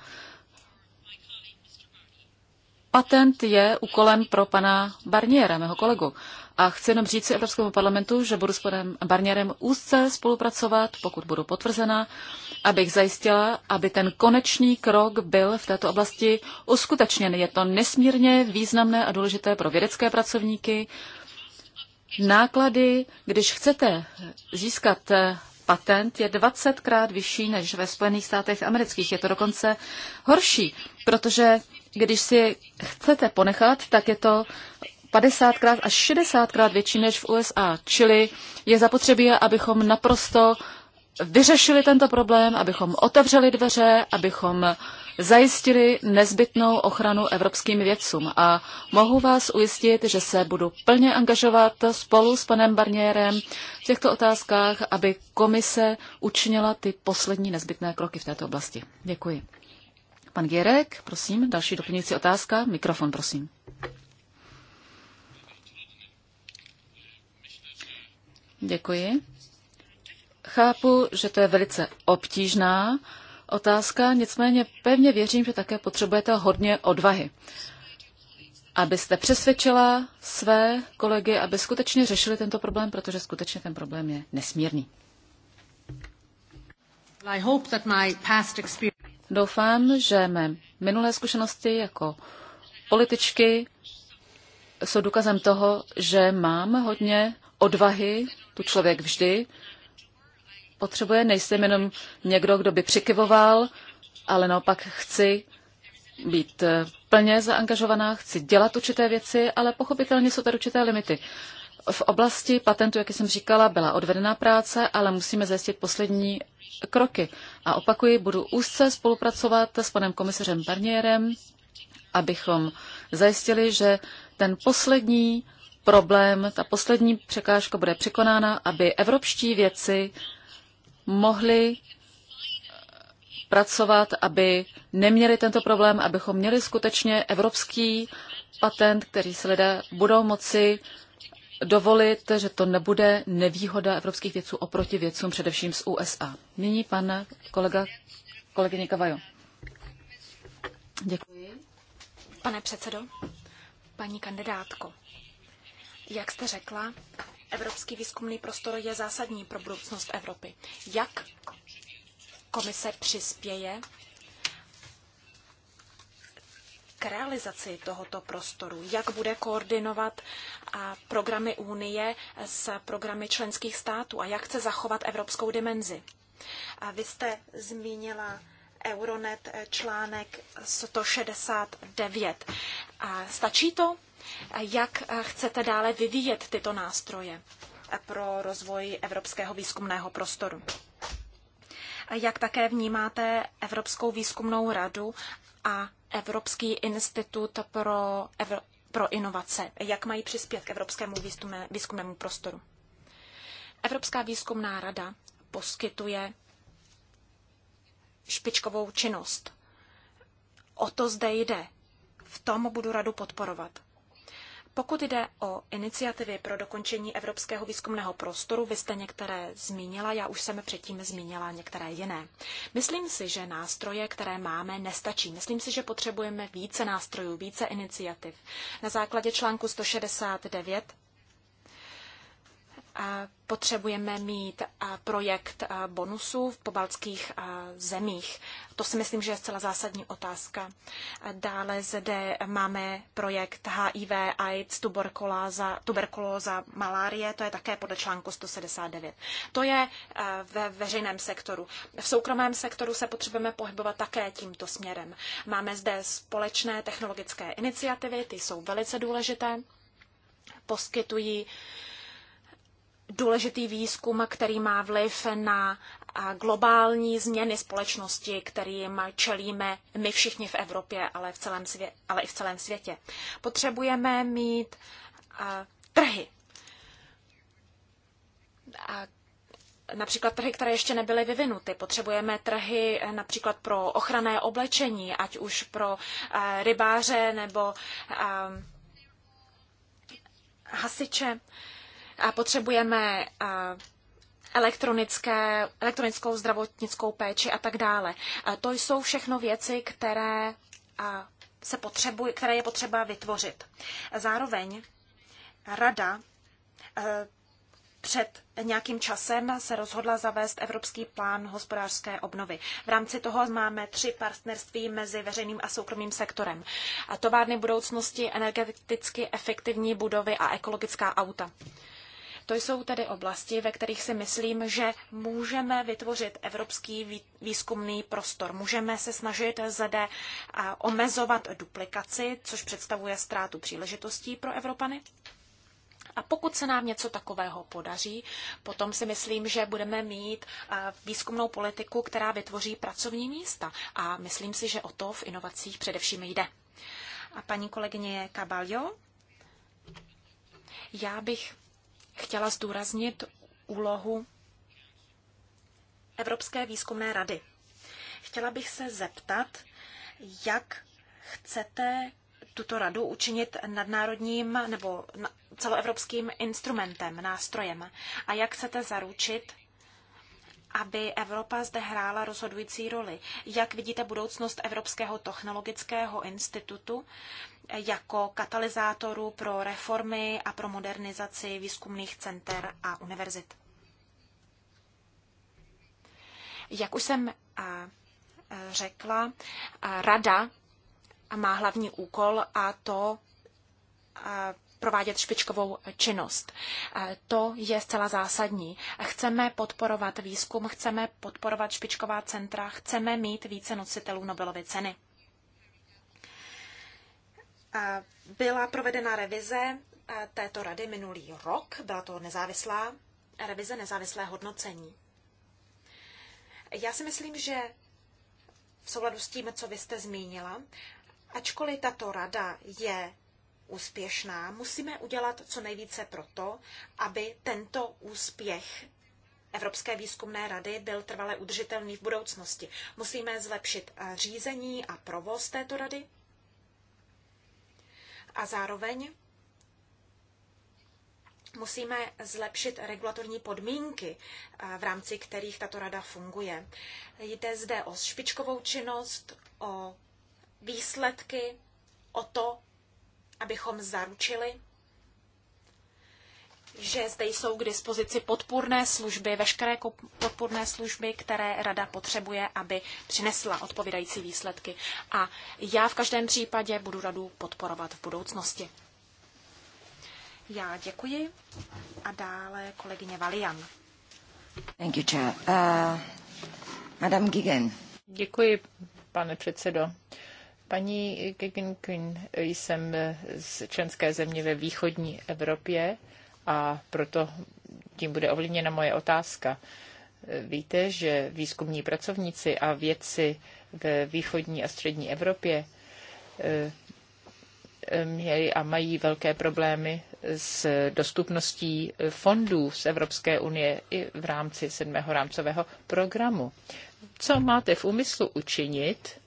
Patent je úkolem pro pana Barniera, mého kolegu. A chci jenom říct si Evropskému parlamentu, že budu s panem Barnierem úzce spolupracovat, pokud budu potvrzena, abych zajistila, aby ten konečný krok byl v této oblasti uskutečněn. Je to nesmírně významné a důležité pro vědecké pracovníky. Náklady, když chcete získat patent je 20 krát vyšší než ve Spojených státech amerických. Je to dokonce horší, protože když si chcete ponechat, tak je to 50krát až 60krát větší než v USA. Čili je zapotřebí, abychom naprosto vyřešili tento problém, abychom otevřeli dveře, abychom zajistili nezbytnou ochranu evropským vědcům. A mohu vás ujistit, že se budu plně angažovat spolu s panem Barnierem v těchto otázkách, aby komise učinila ty poslední nezbytné kroky v této oblasti. Děkuji. Pan Gierek, prosím, další doplňující otázka. Mikrofon, prosím. Děkuji. Chápu, že to je velice obtížná otázka, nicméně pevně věřím, že také potřebujete hodně odvahy, abyste přesvědčila své kolegy, aby skutečně řešili tento problém, protože skutečně ten problém je nesmírný. Doufám, že mé minulé zkušenosti jako političky jsou důkazem toho, že mám hodně odvahy tu člověk vždy potřebuje. Nejsem jenom někdo, kdo by přikyvoval, ale naopak chci být eh, plně zaangažovaná, chci dělat určité věci, ale pochopitelně jsou tady určité limity. V oblasti patentu, jak jsem říkala, byla odvedená práce, ale musíme zajistit poslední kroky. A opakuji, budu úzce spolupracovat s panem komisařem Barnierem, abychom zajistili, že ten poslední problém, ta poslední překážka bude překonána, aby evropští věci mohli pracovat, aby neměli tento problém, abychom měli skutečně evropský patent, který se lidé budou moci dovolit, že to nebude nevýhoda evropských věců oproti věcům především z USA. Nyní pan kolega, kolegyně Kavajo. Děkuji. Pane předsedo, paní kandidátko, jak jste řekla, evropský výzkumný prostor je zásadní pro budoucnost Evropy. Jak komise přispěje k realizaci tohoto prostoru? Jak bude koordinovat programy Unie s programy členských států a jak chce zachovat evropskou dimenzi? A vy jste zmínila Euronet eh, článek 169. A stačí to? jak eh, chcete dále vyvíjet tyto nástroje eh, pro rozvoj evropského výzkumného prostoru. Jak také vnímáte Evropskou výzkumnou radu a Evropský institut pro, Evr- pro inovace? Jak mají přispět k evropskému výzkumné, výzkumnému prostoru? Evropská výzkumná rada poskytuje špičkovou činnost. O to zde jde. V tom budu radu podporovat. Pokud jde o iniciativy pro dokončení evropského výzkumného prostoru, vy jste některé zmínila, já už jsem předtím zmínila některé jiné. Myslím si, že nástroje, které máme, nestačí. Myslím si, že potřebujeme více nástrojů, více iniciativ. Na základě článku 169 potřebujeme mít projekt bonusů v pobaltských zemích. To si myslím, že je zcela zásadní otázka. Dále zde máme projekt HIV, AIDS, tuberkulóza, tuberkulóza malárie, to je také podle článku 179. To je ve veřejném sektoru. V soukromém sektoru se potřebujeme pohybovat také tímto směrem. Máme zde společné technologické iniciativy, ty jsou velice důležité, poskytují uh, důležitý výzkum, který má vliv na globální změny společnosti, kterým čelíme my všichni v Evropě, ale, v celém svě- ale i v celém světě. Potřebujeme mít uh, trhy. A například trhy, které ještě nebyly vyvinuty. Potřebujeme trhy e, například pro ochranné oblečení, ať už pro uh, rybáře nebo uh, hasiče. Uh, potřebujeme elektronické, elektronickou zdravotnickou péči a tak dále. To jsou všechno věci, které, se potřebuj, které je potřeba vytvořit. Zároveň rada před nějakým časem se rozhodla zavést Evropský plán hospodářské obnovy. V rámci toho máme tři partnerství mezi veřejným a soukromým sektorem. A továrny budoucnosti, energeticky efektivní budovy a ekologická auta. To jsou tedy oblasti, ve kterých si myslím, že můžeme vytvořit evropský výzkumný prostor. Můžeme se snažit zde omezovat duplikaci, což představuje ztrátu příležitostí pro Evropany. A pokud se nám něco takového podaří, potom si myslím, že budeme mít výzkumnou politiku, která vytvoří pracovní místa. A myslím si, že o to v inovacích především jde. A paní kolegyně Kabaljo, já bych chtěla zdůraznit úlohu Evropské výzkumné rady. Chtěla bych se zeptat, jak chcete tuto radu učinit nadnárodním nebo celoevropským instrumentem, nástrojem a jak chcete zaručit, aby Evropa zde hrála rozhodující roli. Jak vidíte budoucnost Evropského technologického institutu jako katalyzátoru pro reformy a pro modernizaci výzkumných center a univerzit? Jak už jsem řekla, rada má hlavní úkol a to provádět špičkovou činnost. E, to je zcela zásadní. Chceme podporovat výzkum, chceme podporovat špičková centra, chceme mít více nositelů Nobelovy ceny. E, byla provedena revize e, této rady minulý rok, byla to nezávislá revize, nezávislé hodnocení. Já si myslím, že v souladu s tím, co vy jste zmínila, ačkoliv tato rada je úspěšná, musíme udělat co nejvíce proto, aby tento úspěch Evropské výzkumné rady byl trvale udržitelný v budoucnosti. Musíme zlepšit eh, řízení a provoz této rady a zároveň musíme zlepšit regulatorní podmínky, eh, v rámci kterých tato rada funguje. Jde zde o špičkovou činnost, o výsledky, o to, abychom zaručili, že zde jsou k dispozici podpůrné služby, veškeré podpůrné služby, které rada potřebuje, aby přinesla odpovídající výsledky. A já v každém případě budu radu podporovat v budoucnosti. Já děkuji. A dále kolegyně Valian. Thank you, Chair. Uh, Madame Gigen. Děkuji, pane předsedo. Paní Gegenkin, jsem z členské země ve východní Evropě a proto tím bude ovlivněna moje otázka. Víte, že výzkumní pracovníci a vědci ve východní a střední Evropě eh, měli a mají velké problémy s dostupností fondů z Evropské unie i v rámci sedmého rámcového programu. Co máte v úmyslu učinit,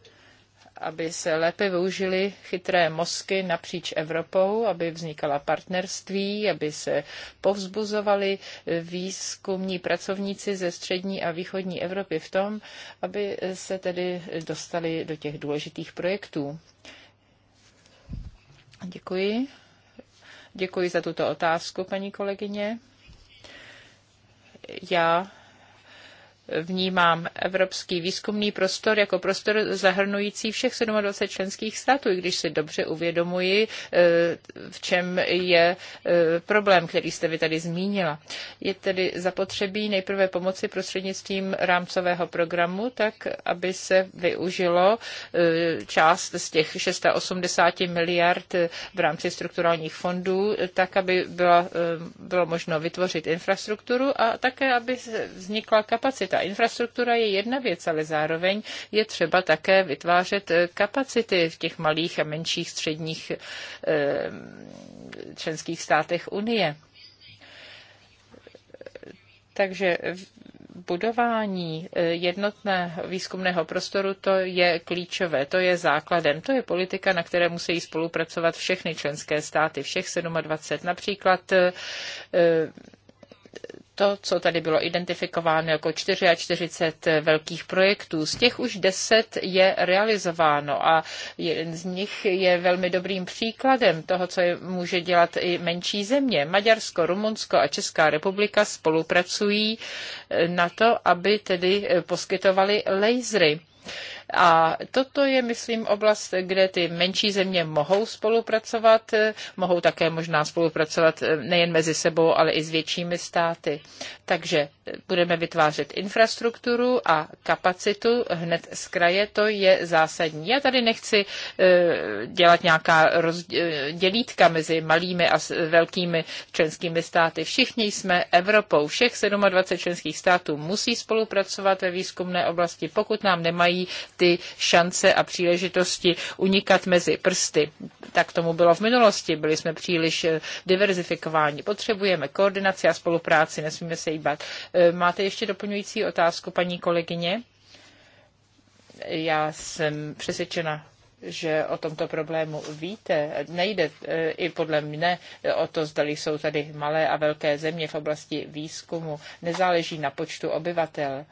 aby se lépe využily chytré mozky napříč Evropou, aby vznikala partnerství, aby se povzbuzovali výzkumní pracovníci ze střední a východní Evropy v tom, aby se tedy dostali do těch důležitých projektů. Děkuji. Děkuji za tuto otázku, paní kolegyně. Já vnímám evropský výzkumný prostor jako prostor zahrnující všech 27 členských států, i když si dobře uvědomuji, eh, v čem je eh, problém, který jste vy tady zmínila. Je tedy zapotřebí nejprve pomoci prostřednictvím rámcového programu, tak aby se využilo eh, část z těch 680 miliard v rámci strukturálních fondů, tak aby byla, bylo možno vytvořit infrastrukturu a také, aby vznikla kapacita infrastruktura. je jedna věc, ale zároveň je třeba také vytvářet eh, kapacity v těch malých a menších středních eh, členských státech Unie. Takže budování eh, jednotného výzkumného prostoru, to je klíčové, to je základem, to je politika, na které musí spolupracovat všechny členské státy, všech 27, například to, co tady bylo identifikováno jako 44 velkých projektů. Z těch už 10 je realizováno a jeden z nich je velmi dobrým příkladem toho, co je, může dělat i menší země. Maďarsko, Rumunsko a Česká republika spolupracují na to, aby tedy poskytovali lasery a toto je, myslím, oblast, kde ty menší země mohou spolupracovat, mohou také možná spolupracovat eh, nejen mezi sebou, ale i s většími státy. Takže eh, budeme vytvářet infrastrukturu a kapacitu hned z kraje, to je zásadní. Já tady nechci eh, dělat nějaká dělítka mezi malými a velkými členskými státy. Všichni jsme Evropou. Všech 27 členských států musí spolupracovat ve výzkumné oblasti, pokud nám nemají ty šance a příležitosti unikat mezi prsty. Tak tomu bylo v minulosti, byli jsme příliš eh, diverzifikováni. Potřebujeme koordinaci a spolupráci, nesmíme se jíbat. Eh, máte ještě doplňující otázku, paní kolegyně? Já jsem přesvědčena že o tomto problému víte. Nejde eh, i podle mne o to, zdali jsou tady malé a velké země v oblasti výzkumu. Nezáleží na počtu obyvatel.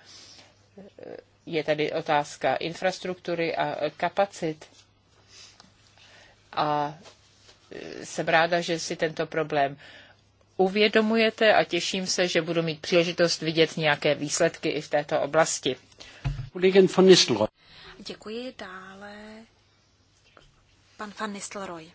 Je tady otázka infrastruktury a kapacit. A jsem ráda, že si tento problém uvědomujete a těším se, že budu mít příležitost vidět nějaké výsledky i v této oblasti. Děkuji dále. Pan van Nistelrooy.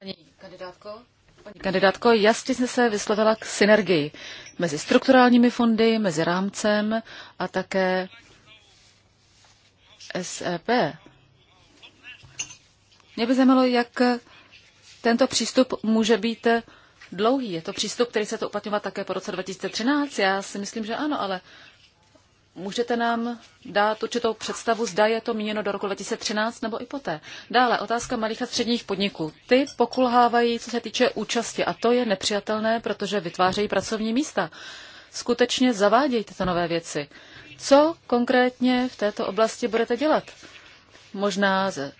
Paní kandidátko, paní kandidátko, jasně jste se vyslovila k synergii mezi strukturálními fondy, mezi rámcem a také SEP. Mě by zajímalo, jak tento přístup může být dlouhý. Je to přístup, který se to uplatňovat také po roce 2013? Já si myslím, že ano, ale můžete nám dát určitou představu, zda je to míněno do roku 2013 nebo i poté. Dále otázka malých a středních podniků. Ty pokulhávají, co se týče účasti a to je nepřijatelné, protože vytvářejí pracovní místa. Skutečně zavádějte to nové věci. Co konkrétně v této oblasti budete dělat? Možná ze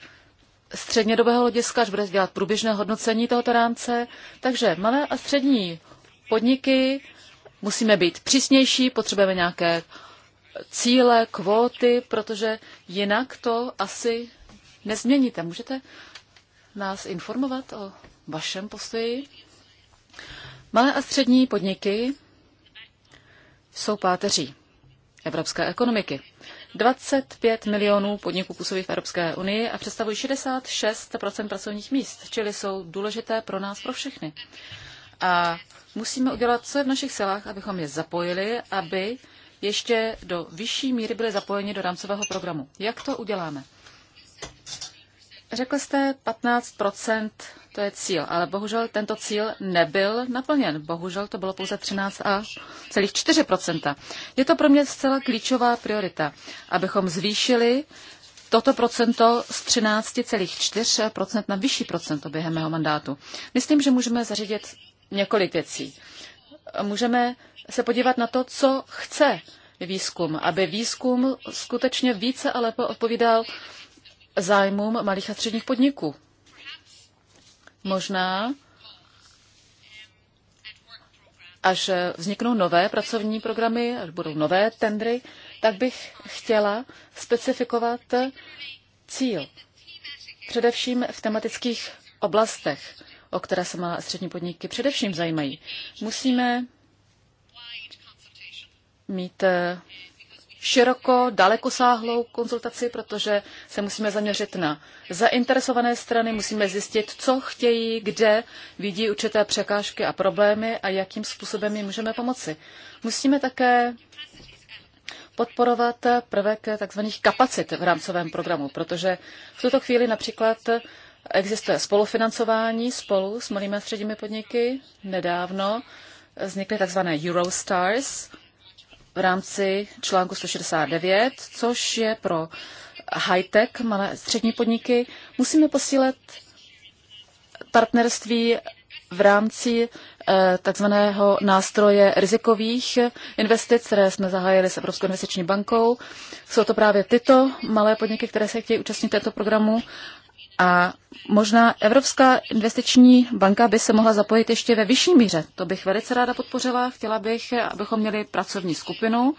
střednědobého hlediska, až budete dělat průběžné hodnocení tohoto rámce. Takže malé a střední podniky musíme být přísnější, potřebujeme nějaké cíle, kvóty, protože jinak to asi nezměníte. Můžete nás informovat o vašem postoji? Malé a střední podniky jsou páteří evropské ekonomiky. 25 milionů podniků působí v Evropské unii a představují 66 pracovních míst, čili jsou důležité pro nás, pro všechny. A musíme udělat, co je v našich silách, abychom je zapojili, aby ještě do vyšší míry byly zapojeni do rámcového programu. Jak to uděláme? Řekl jste 15 to je cíl, ale bohužel tento cíl nebyl naplněn. Bohužel to bylo pouze 13 a celých 4 Je to pro mě zcela klíčová priorita, abychom zvýšili toto procento z 13,4% na vyšší procento během mého mandátu. Myslím, že můžeme zařídit několik věcí. Můžeme se podívat na to, co chce výzkum, aby výzkum skutečně více a lépe odpovídal zájmům malých a středních podniků. Možná až vzniknou nové pracovní programy, až budou nové tendry, tak bych chtěla specifikovat cíl. Především v tematických oblastech, o které se má střední podniky především zajímají. Musíme mít eh, široko, dalekosáhlou konzultaci, protože se musíme zaměřit na zainteresované strany, musíme zjistit, co chtějí, kde vidí určité překážky a problémy a jakým způsobem jim můžeme pomoci. Musíme také podporovat prvek tzv. kapacit v rámcovém programu, protože v tuto chvíli například existuje spolufinancování spolu s malými a středními podniky. Nedávno vznikly tzv. Eurostars, v rámci článku 169, což je pro high-tech, malé střední podniky. Musíme posílit partnerství v rámci eh, takzvaného nástroje rizikových investic, které jsme zahájili s Evropskou investiční bankou. Jsou to právě tyto malé podniky, které se chtějí účastnit této programu a možná Evropská investiční banka by se mohla zapojit ještě ve vyšší míře. To bych velice ráda podpořila. Chtěla bych, abychom měli pracovní skupinu,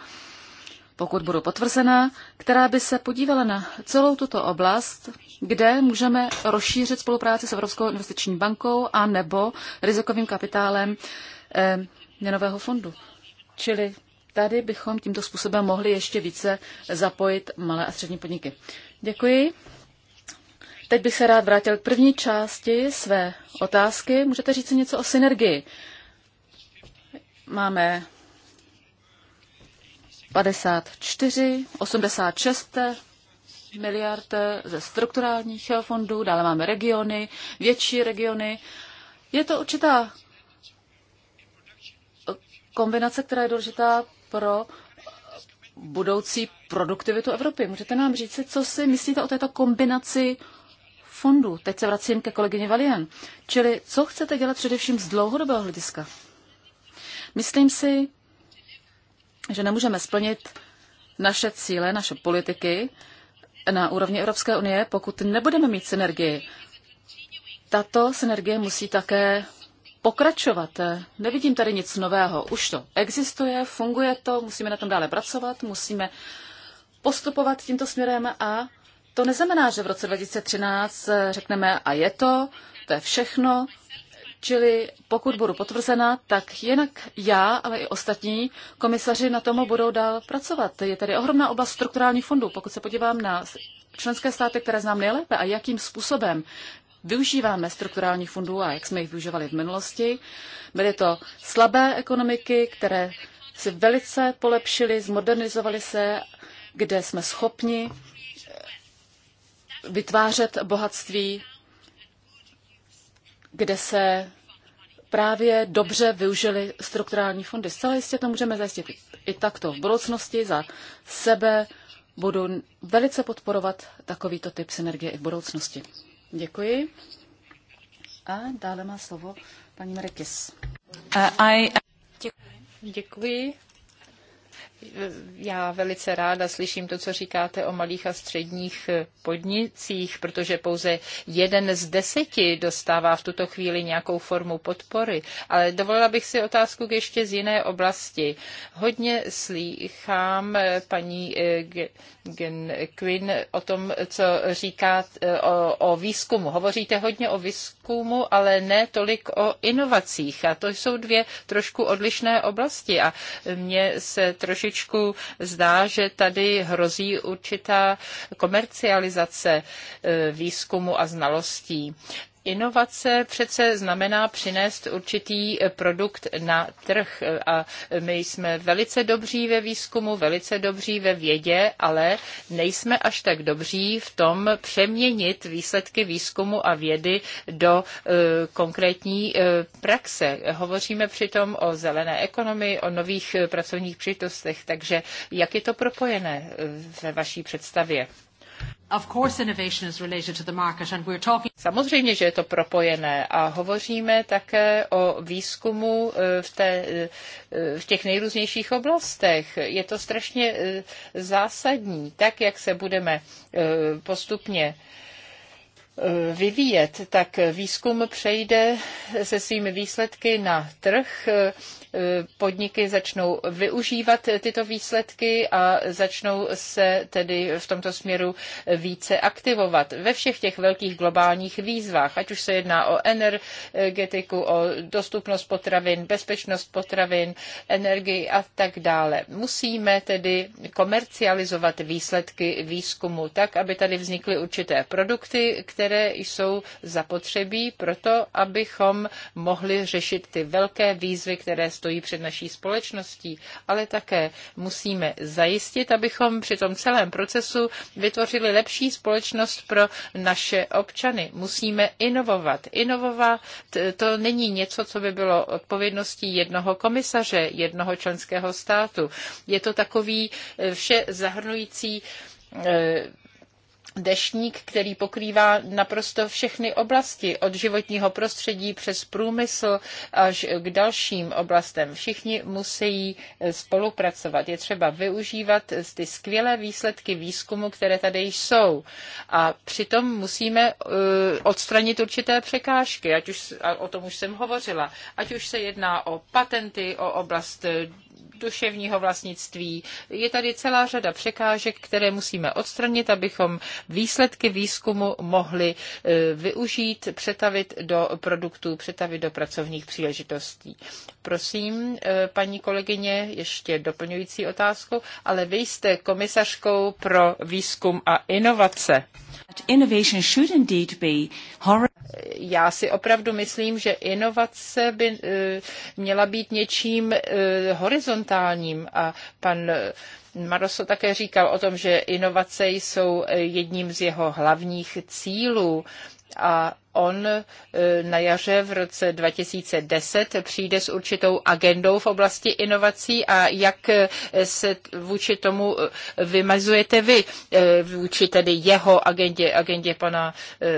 pokud budu potvrzená, která by se podívala na celou tuto oblast, kde můžeme rozšířit spolupráci s Evropskou investiční bankou a nebo rizikovým kapitálem eh, měnového fondu. Čili tady bychom tímto způsobem mohli ještě více zapojit malé a střední podniky. Děkuji. Teď bych se rád vrátil k první části své otázky. Můžete říct něco o synergii? Máme 54, 86 miliard ze strukturálních fondů, dále máme regiony, větší regiony. Je to určitá kombinace, která je důležitá pro budoucí produktivitu Evropy. Můžete nám říct, co si myslíte o této kombinaci fondů. Teď se vracím ke kolegyně Valien. Čili co chcete dělat především z dlouhodobého hlediska? Myslím si, že nemůžeme splnit naše cíle, naše politiky na úrovni Evropské unie, pokud nebudeme mít synergii. Tato synergie musí také pokračovat. Nevidím tady nic nového. Už to existuje, funguje to, musíme na tom dále pracovat, musíme postupovat tímto směrem a to neznamená, že v roce 2013 eh, řekneme a je to, to je všechno, čili pokud budu potvrzena, tak jinak já, ale i ostatní komisaři na tom budou dál pracovat. Je tady ohromná oblast strukturálních fondů. Pokud se podívám na členské státy, které znám nejlépe a jakým způsobem využíváme strukturální fondů a jak jsme jich využívali v minulosti, byly to slabé ekonomiky, které si velice polepšily, zmodernizovali se, kde jsme schopni vytvářet bohatství, kde se právě dobře využili strukturální fondy. Zcela jistě to můžeme zajistit i takto v budoucnosti za sebe. Budu velice podporovat takovýto typ synergie i v budoucnosti. Děkuji. A dále má slovo paní Marikis. Uh, I... Děkuji. Děkuji. Já velice ráda slyším to, co říkáte o malých a středních podnicích, protože pouze jeden z deseti dostává v tuto chvíli nějakou formu podpory. Ale dovolila bych si otázku ještě z jiné oblasti. Hodně slýchám eh, paní eh, Gen Quinn o tom, co říká eh, o, o výzkumu. Hovoříte hodně o výzkumu, ale ne tolik o inovacích. A to jsou dvě trošku odlišné oblasti. A mě se trošku trošičku zdá, že tady hrozí určitá komercializace eh, výzkumu a znalostí. Inovace přece znamená přinést určitý produkt na trh a my jsme velice dobří ve výzkumu, velice dobří ve vědě, ale nejsme až tak dobří v tom přeměnit výsledky výzkumu a vědy do e, konkrétní e, praxe. Hovoříme přitom o zelené ekonomii, o nových e, pracovních příležitostech, takže jak je to propojené ve vaší představě? Samozřejmě, že je to propojené a hovoříme také o výzkumu eh, v, té, eh, v těch nejrůznějších oblastech. Je to strašně eh, zásadní, tak jak se budeme postupně vyvíjet, tak výzkum přejde se svými výsledky na trh, podniky začnou využívat tyto výsledky a začnou se tedy v tomto směru více aktivovat ve všech těch velkých globálních výzvách, ať už se jedná o energetiku, o dostupnost potravin, bezpečnost potravin, energii a tak dále. Musíme tedy komercializovat výsledky výzkumu tak, aby tady vznikly určité produkty, které jsou zapotřebí proto, abychom mohli řešit ty velké výzvy, které stojí stojí před naší společností, ale také musíme zajistit, abychom při tom celém procesu vytvořili lepší společnost pro naše občany. Musíme inovovat. Inovovat to není něco, co by bylo odpovědností jednoho komisaře, jednoho členského státu. Je to takový eh, vše zahrnující eh, Deštník, který pokrývá naprosto všechny oblasti, od životního prostředí přes průmysl až k dalším oblastem. Všichni musí eh, spolupracovat. Je třeba využívat eh, ty skvělé výsledky výzkumu, které tady jsou. A přitom musíme eh, odstranit určité překážky, ať už, o tom už jsem hovořila, ať už se jedná o patenty, o oblast duševního vlastnictví. Je tady celá řada překážek, které musíme odstranit, abychom výsledky výzkumu mohli e, využít, přetavit do produktů, přetavit do pracovních příležitostí. Prosím, e, paní kolegyně, ještě doplňující otázku, ale vy jste komisařkou pro výzkum a inovace. Innovation should indeed be já si opravdu myslím, že inovace by eh, měla být něčím eh, horizontálním a pan eh, Maroso také říkal o tom, že inovace jsou jedním z jeho hlavních cílů a on e, na jaře v roce 2010 přijde s určitou agendou v oblasti inovací a jak e, se vůči tomu e, vymazujete vy, vůči tedy jeho agendě, agendě pana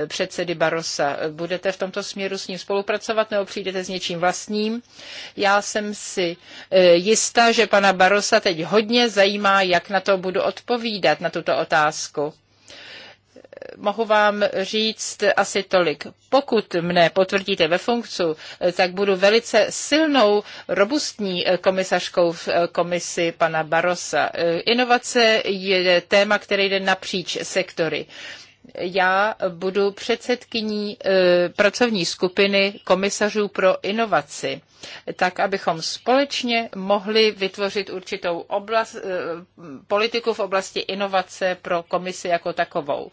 předsedy Barosa. Budete v tomto směru s ním spolupracovat nebo přijdete s něčím vlastním? Já jsem si jistá, že pana Barosa teď hodně zajímá, jak na to budu odpovídat, na tuto otázku mohu vám říct asi tolik. Pokud mne potvrdíte ve funkci, tak budu velice silnou, robustní komisařkou v komisi pana Barosa. Inovace je téma, které jde napříč sektory já budu předsedkyní e, pracovní skupiny komisařů pro inovaci, tak abychom společně mohli vytvořit určitou oblast, e, politiku v oblasti inovace pro komisi jako takovou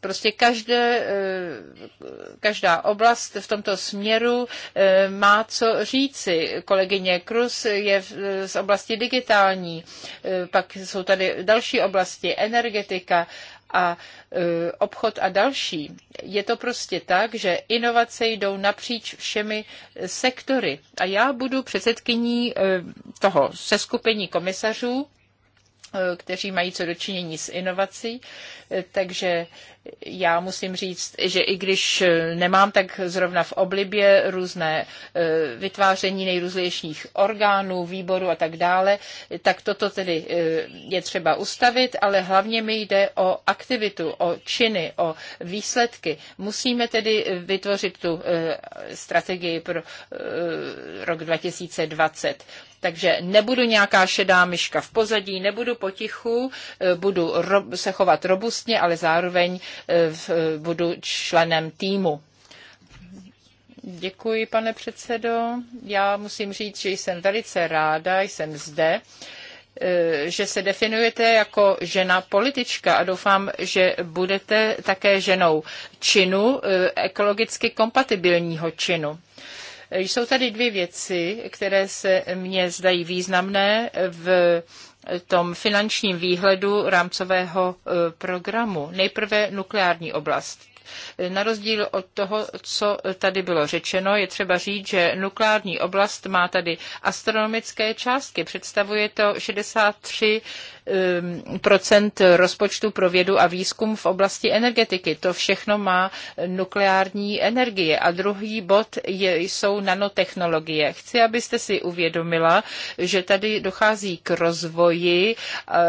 prostě každé, e, každá oblast v tomto směru má co říci. Kolegyně Krus je z oblasti digitální, pak jsou tady další oblasti, energetika a e, obchod a další. Je to prostě tak, že inovace jdou napříč všemi e, sektory. A já budu předsedkyní e, toho seskupení komisařů, kteří mají co dočinění s inovací, takže já musím říct, že i když nemám tak zrovna v oblibě různé eh, vytváření nejrůznějších orgánů, výborů a tak dále, tak toto tedy eh, je třeba ustavit, ale hlavně mi jde o aktivitu, o činy, o výsledky. Musíme tedy vytvořit tu eh, strategii pro rok 2020. Takže nebudu nějaká šedá myška v pozadí, nebudu potichu, eh, budu se chovat robustně, ale zároveň eh, eh, budu členem týmu. Děkuji, pane předsedo. Já musím říct, že jsem velice ráda, jsem zde že se definujete jako žena politička a doufám, že budete také ženou činu, ekologicky kompatibilního činu. Jsou tady dvě věci, které se mně zdají významné v tom finančním výhledu rámcového eh, programu. Nejprve nukleární oblast. Na rozdíl od toho, co tady bylo řečeno, je třeba říct, že nukleární oblast má tady astronomické částky. Představuje to 63 ehm, procent rozpočtu pro vědu a výzkum v oblasti energetiky. To všechno má nukleární energie. A druhý bod je, jsou nanotechnologie. Chci, abyste si uvědomila, že tady dochází k rozvoji,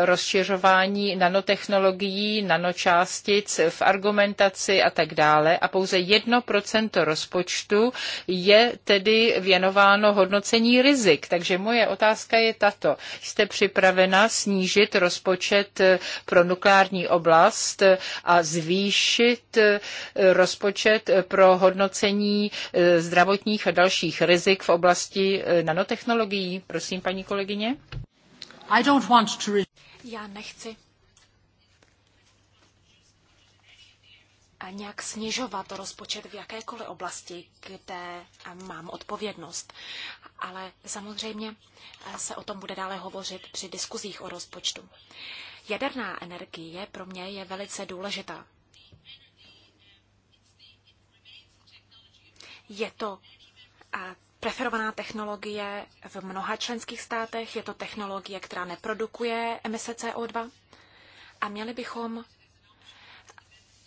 rozšiřování nanotechnologií, nanočástic v argumentaci a tak dále. A pouze 1% rozpočtu je tedy věnováno hodnocení rizik. Takže moje otázka je tato. Jste připravena snížit rozpočet eh, pro nukleární oblast eh, a zvýšit eh, rozpočet pro hodnocení zdravotních a dalších rizik v oblasti nanotechnologií? Prosím, paní kolegyně. I don't want to... Já nechci nějak snižovat rozpočet v jakékoliv oblasti, kde mám odpovědnost. Ale samozřejmě eh, se o tom bude dále hovořit při diskuzích o rozpočtu. Jaderná energie pro mě je velice důležitá. Je to eh, preferovaná technologie v mnoha členských státech, je to technologie, která neprodukuje emise CO2 a měli bychom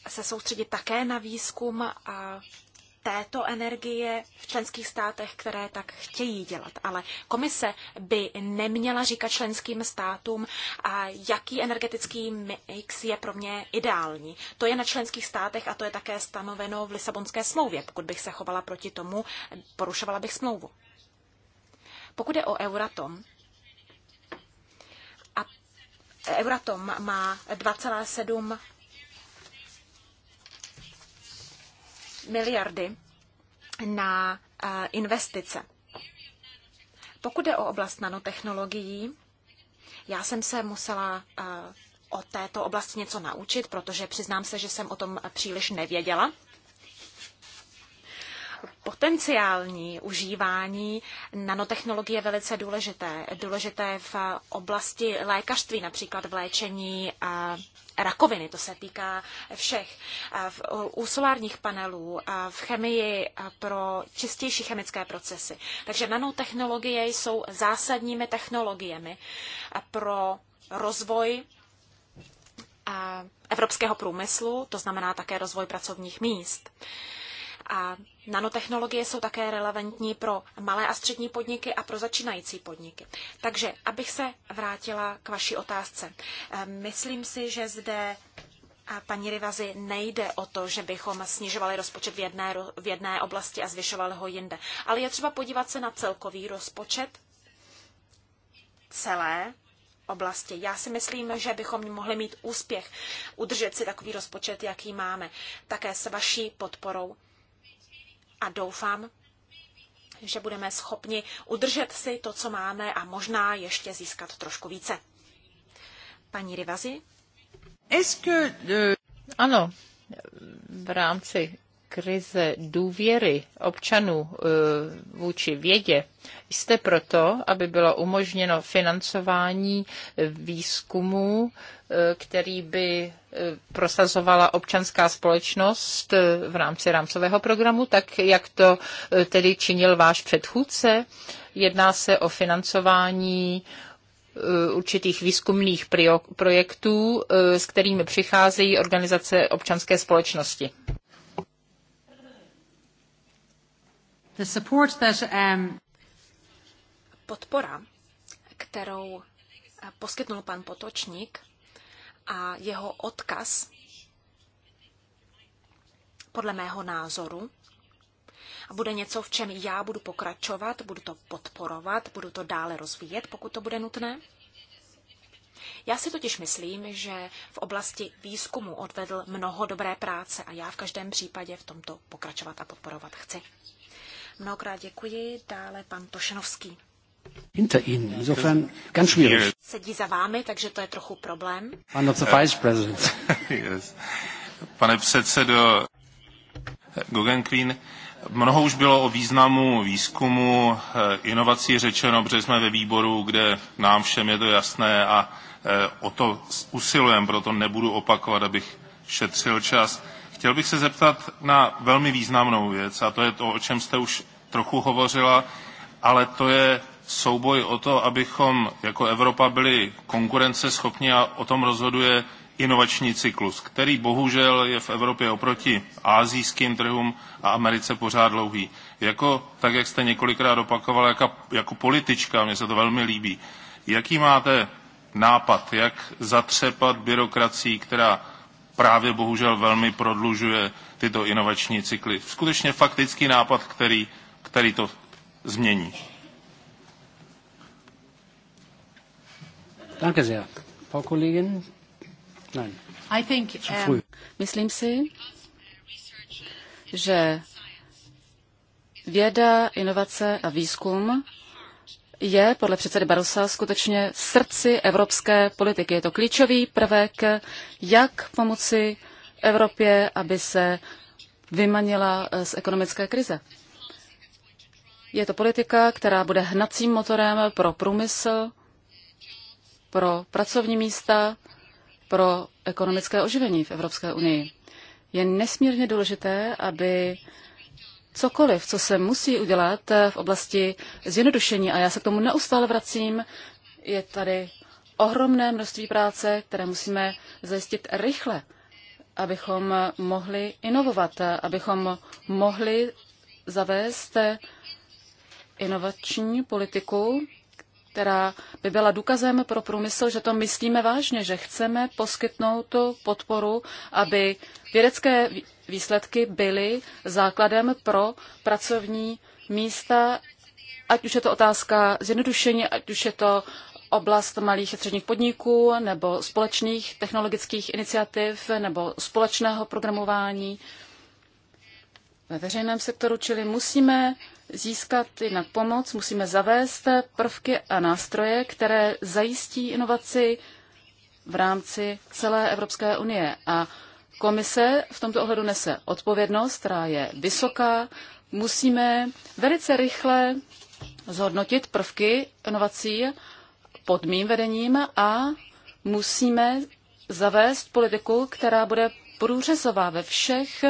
se soustředit také na výzkum a této energie v členských státech, které tak chtějí dělat. Ale komise by neměla říkat členským státům, a jaký energetický mix je pro mě ideální. To je na členských státech a to je také stanoveno v Lisabonské smlouvě. Pokud bych se chovala proti tomu, porušovala bych smlouvu. Pokud je o Euratom, a Euratom má 2,7 miliardy na eh, investice. Pokud jde o oblast nanotechnologií, já jsem se musela eh, o této oblasti něco naučit, protože přiznám se, že jsem o tom příliš nevěděla potenciální užívání nanotechnologie je velice důležité. Důležité v oblasti lékařství, například v léčení rakoviny, to se týká všech. U solárních panelů, v chemii pro čistější chemické procesy. Takže nanotechnologie jsou zásadními technologiemi pro rozvoj evropského průmyslu, to znamená také rozvoj pracovních míst. A nanotechnologie jsou také relevantní pro malé a střední podniky a pro začínající podniky. Takže, abych se vrátila k vaší otázce. Ehm, myslím si, že zde a paní Rivazi, nejde o to, že bychom snižovali rozpočet v jedné, v jedné oblasti a zvyšovali ho jinde, ale je třeba podívat se na celkový rozpočet celé oblasti. Já si myslím, že bychom mohli mít úspěch udržet si takový rozpočet, jaký máme, také s vaší podporou a doufám, že budeme schopni udržet si to, co máme a možná ještě získat trošku více. Paní Rivazi? Ano, v rámci krize důvěry občanů eh, vůči vědě, jste proto, aby bylo umožněno financování eh, výzkumu který by eh, prosazovala občanská společnost eh, v rámci rámcového programu, tak jak to eh, tedy činil váš předchůdce. Jedná se o financování určitých výzkumných projektů, s kterými přicházejí organizace občanské společnosti. Um, Podpora, kterou poskytnul pan Potočník, a jeho odkaz podle mého názoru bude něco, v čem já budu pokračovat, budu to podporovat, budu to dále rozvíjet, pokud to bude nutné. Já si totiž myslím, že v oblasti výzkumu odvedl mnoho dobré práce a já v každém případě v tomto pokračovat a podporovat chci. Mnohokrát děkuji. Dále pan Tošenovský. Hinter Ihnen. Insofern ganz schwierig. Sedí za vámi, takže to je trochu problém. Pan of the Vice President. yes. Pane předsedo Guggenqueen, Mnoho už bylo o významu výzkumu, eh, inovací řečeno, protože jsme ve výboru, kde nám všem je to jasné a eh, o to usilujeme, proto nebudu opakovat, abych šetřil čas. Chtěl bych se zeptat na velmi významnou věc a to je to, o čem jste už trochu hovořila, ale to je souboj o to, abychom jako Evropa byli konkurenceschopní a o tom rozhoduje inovační cyklus, který bohužel je v Evropě oproti asijským trhům a Americe pořád dlouhý. Jako, tak jak jste několikrát opakoval jako, jako politička, mně se to velmi líbí. Jaký máte nápad, jak zatřepat byrokracii, která právě bohužel velmi prodlužuje tyto inovační cykly? Skutečně faktický nápad, který, který to změní. Danke sehr. Frau Kollegin? Nein. I think, um, myslím si, že věda, inovace a výzkum je podle předsedy Barosa skutečně srdci evropské politiky. Je to klíčový prvek, jak pomoci Evropě, aby se vymanila eh, z ekonomické krize. Je to politika, která bude hnacím motorem pro průmysl, pro pracovní místa, pro ekonomické oživení v Evropské unii. Je nesmírně důležité, aby cokoliv, co se musí udělat v oblasti zjednodušení, a já se k tomu neustále vracím, je tady ohromné množství práce, které musíme zajistit rychle, abychom mohli inovovat, abychom mohli zavést inovační politiku která by byla důkazem pro průmysl, že to myslíme vážně, že chceme poskytnout tu podporu, aby vědecké výsledky byly základem pro pracovní místa, ať už je to otázka zjednodušení, ať už je to oblast malých a středních podniků nebo společných technologických iniciativ nebo společného programování ve veřejném sektoru, čili musíme získat jednak pomoc, musíme zavést prvky a nástroje, které zajistí inovaci v rámci celé Evropské unie. A komise v tomto ohledu nese odpovědnost, která je vysoká. Musíme velice rychle zhodnotit prvky inovací pod mým vedením a musíme zavést politiku, která bude průřezová ve všech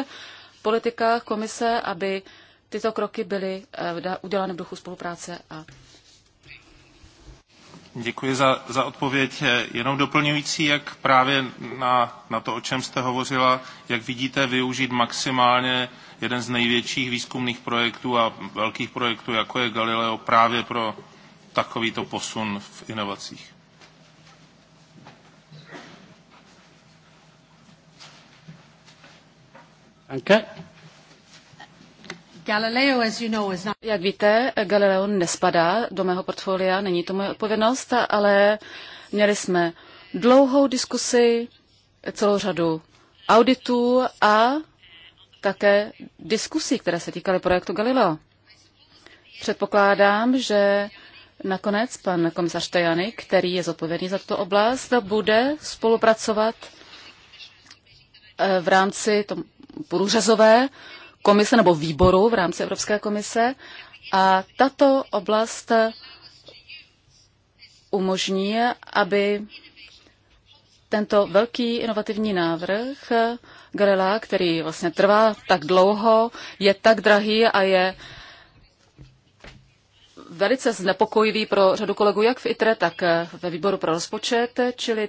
politikách komise, aby tyto kroky byly eh, udělány v duchu spolupráce a Děkuji za, za odpověď. Eh, jenom doplňující, jak právě na, na to, o čem jste hovořila, jak vidíte využít maximálně jeden z největších výzkumných projektů a velkých projektů, jako je Galileo, právě pro takovýto posun v inovacích. Okay. Jak víte, Galileo nespadá do mého portfolia, není to moje odpovědnost, ale měli jsme dlouhou diskusi, celou řadu auditů a také diskusí, které se týkaly projektu Galileo. Předpokládám, že nakonec pan komisař Tajany, který je zodpovědný za tuto oblast, bude spolupracovat eh, v rámci tom průřezové komise nebo výboru v rámci Evropské komise a tato oblast umožní, aby tento velký inovativní návrh Galila, který vlastně trvá tak dlouho, je tak drahý a je velice znepokojivý pro řadu kolegů, jak v ITRE, tak ve výboru pro rozpočet, čili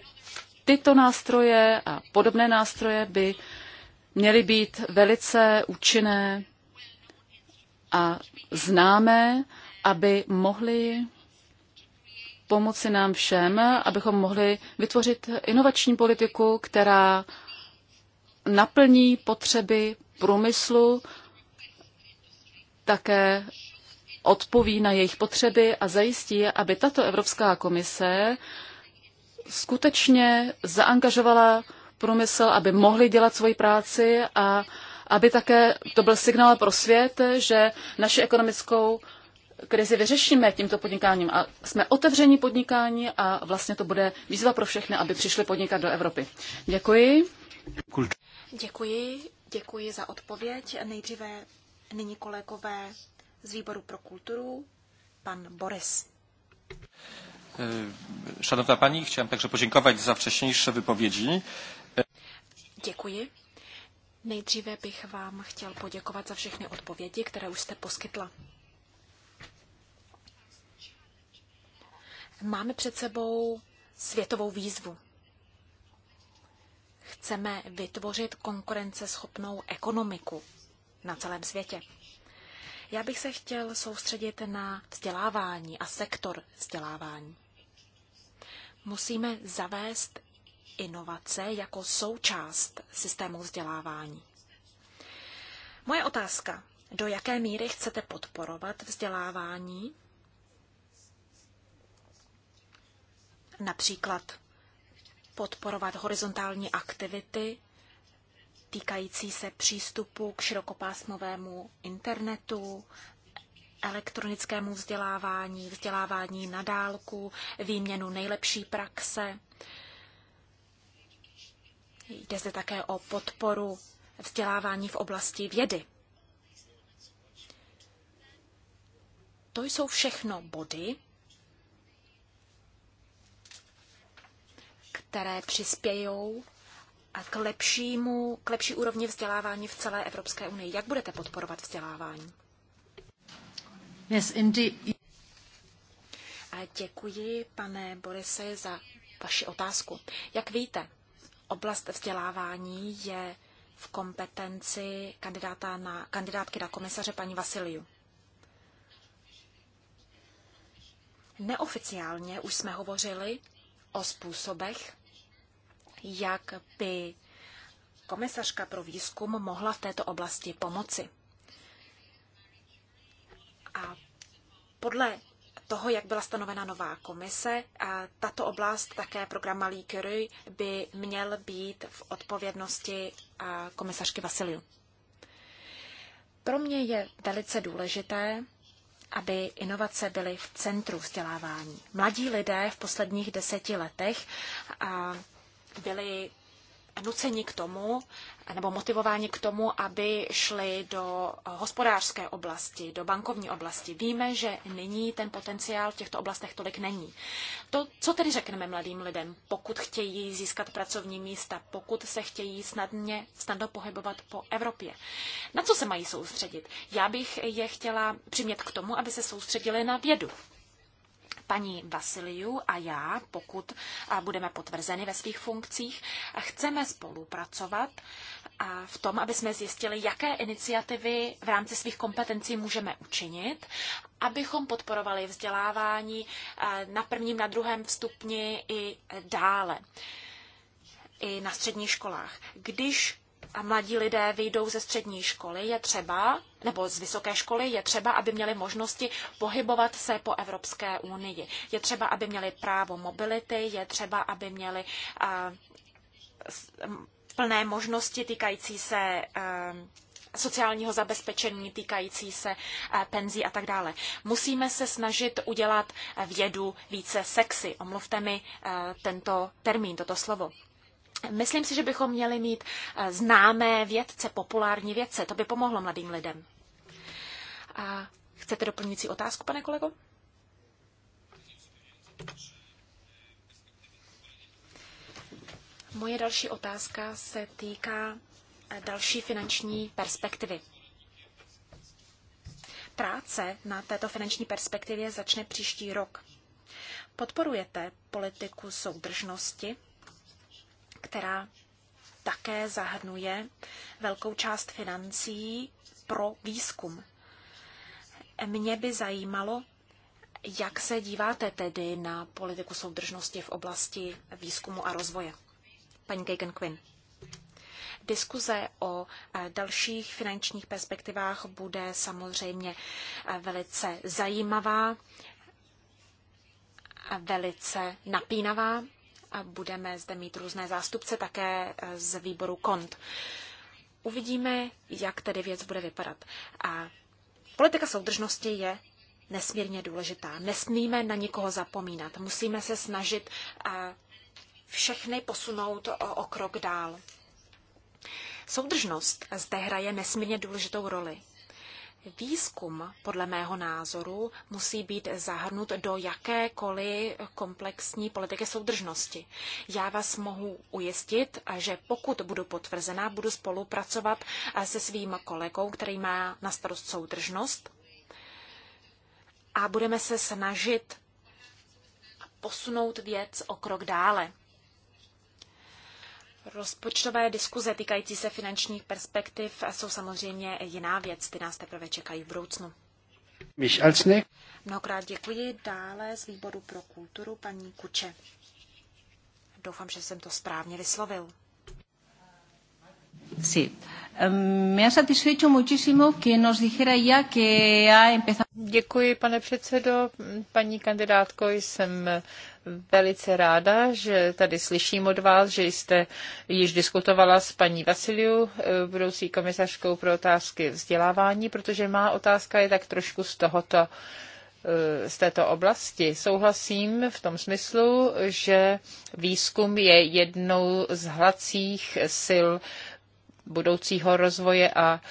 tyto nástroje a podobné nástroje by měly být velice účinné a známé, aby mohly pomoci nám všem, abychom mohli vytvořit inovační politiku, která naplní potřeby průmyslu, také odpoví na jejich potřeby a zajistí, aby tato Evropská komise skutečně zaangažovala průmysl, aby mohli dělat svoji práci a aby také to byl signál pro svět, že naši ekonomickou krizi vyřešíme tímto podnikáním. A jsme otevření podnikání a vlastně to bude výzva pro všechny, aby přišli podnikat do Evropy. Děkuji. Děkuji, děkuji za odpověď. Nejdříve nyní kolegové z výboru pro kulturu, pan Boris. Szanowna Pani, chciałem także podziękować za wcześniejsze wypowiedzi. Děkuji. Nejdříve bych vám chtěl poděkovat za všechny odpovědi, které už jste poskytla. Máme před sebou světovou výzvu. Chceme vytvořit konkurenceschopnou ekonomiku na celém světě. Já bych se chtěl soustředit na vzdělávání a sektor vzdělávání. Musíme zavést inovace jako součást systému vzdělávání. Moje otázka. Do jaké míry chcete podporovat vzdělávání? Například podporovat horizontální aktivity týkající se přístupu k širokopásmovému internetu, elektronickému vzdělávání, vzdělávání na dálku, výměnu nejlepší praxe, Jde se také o podporu vzdělávání v oblasti vědy. To jsou všechno body, které přispějou k, lepšímu, k lepší úrovni vzdělávání v celé Evropské unii. Jak budete podporovat vzdělávání? Yes, A děkuji, pane Borise, za vaši otázku. Jak víte, Oblast vzdělávání je v kompetenci kandidáta na, kandidátky na komisaře paní Vasiliu. Neoficiálně už jsme hovořili o způsobech, jak by komisařka pro výzkum mohla v této oblasti pomoci. A podle toho, jak byla stanovena nová komise, a tato oblast, také program Malý Curie, by měl být v odpovědnosti komisařky Vasiliu. Pro mě je velice důležité, aby inovace byly v centru vzdělávání. Mladí lidé v posledních deseti letech byli nuceni k tomu, nebo motivováni k tomu, aby šli do hospodářské oblasti, do bankovní oblasti. Víme, že nyní ten potenciál v těchto oblastech tolik není. To, co tedy řekneme mladým lidem, pokud chtějí získat pracovní místa, pokud se chtějí snadně, snadno pohybovat po Evropě? Na co se mají soustředit? Já bych je chtěla přimět k tomu, aby se soustředili na vědu paní Vasiliu a já, pokud budeme potvrzeni ve svých funkcích, chceme spolupracovat v tom, aby jsme zjistili, jaké iniciativy v rámci svých kompetencí můžeme učinit, abychom podporovali vzdělávání eh, na prvním, na druhém stupni i dále i na středních školách. Když a mladí lidé vyjdou ze střední školy, je třeba, nebo z vysoké školy, je třeba, aby měli možnosti pohybovat se po Evropské unii. Je třeba, aby měli právo mobility, je třeba, aby měli uh, plné možnosti týkající se Uh, sociálního zabezpečení, týkající se penzí a tak dále. Musíme se snažit udělat vědu více sexy. Omluvte mi tento termín, toto slovo. Myslím si, že bychom měli mít eh, známé vědce, populární vědce. To by pomohlo mladým lidem. A chcete doplňující otázku, pane kolego? Moje další otázka se týká eh, další finanční perspektivy. Práce na této finanční perspektivě začne příští rok. Podporujete politiku soudržnosti která také zahrnuje velkou část financí pro výzkum. Mě by zajímalo, jak se díváte tedy na politiku soudržnosti v oblasti výzkumu a rozvoje? Paní Kagan Quinn. Diskuze o e, dalších finančních perspektivách bude samozřejmě e, velice zajímavá, e, velice napínavá a budeme zde mít různé zástupce také eh, z výboru KONT. Uvidíme, jak tedy věc bude vypadat. A politika soudržnosti je nesmírně důležitá. Nesmíme na nikoho zapomínat. Musíme se snažit eh, všechny posunout o, o krok dál. Soudržnost zde hraje nesmírně důležitou roli. Výzkum, podle mého názoru, musí být zahrnut do jakékoliv komplexní politiky soudržnosti. Já vás mohu ujistit, že pokud budu potvrzená, budu spolupracovat se svým kolegou, který má na starost soudržnost a budeme se snažit posunout věc o krok dále. Rozpočtové diskuze týkající se finančních perspektiv jsou samozřejmě jiná věc, ty nás teprve čekají v budoucnu. Mnohokrát děkuji. Dále z výboru pro kulturu paní Kuče. Doufám, že jsem to správně vyslovil. Sí. Me ha satisfecho muchísimo que nos dijera ya que ha empezado. Děkuji, pane předsedo. Paní kandidátko, jsem velice ráda, že tady slyším od vás, že jste již diskutovala s paní Vasiliu, eh, budoucí komisařkou pro otázky vzdělávání, protože má otázka je tak trošku z tohoto eh, z této oblasti. Souhlasím v tom smyslu, že výzkum je jednou z hlacích sil budoucího rozvoje a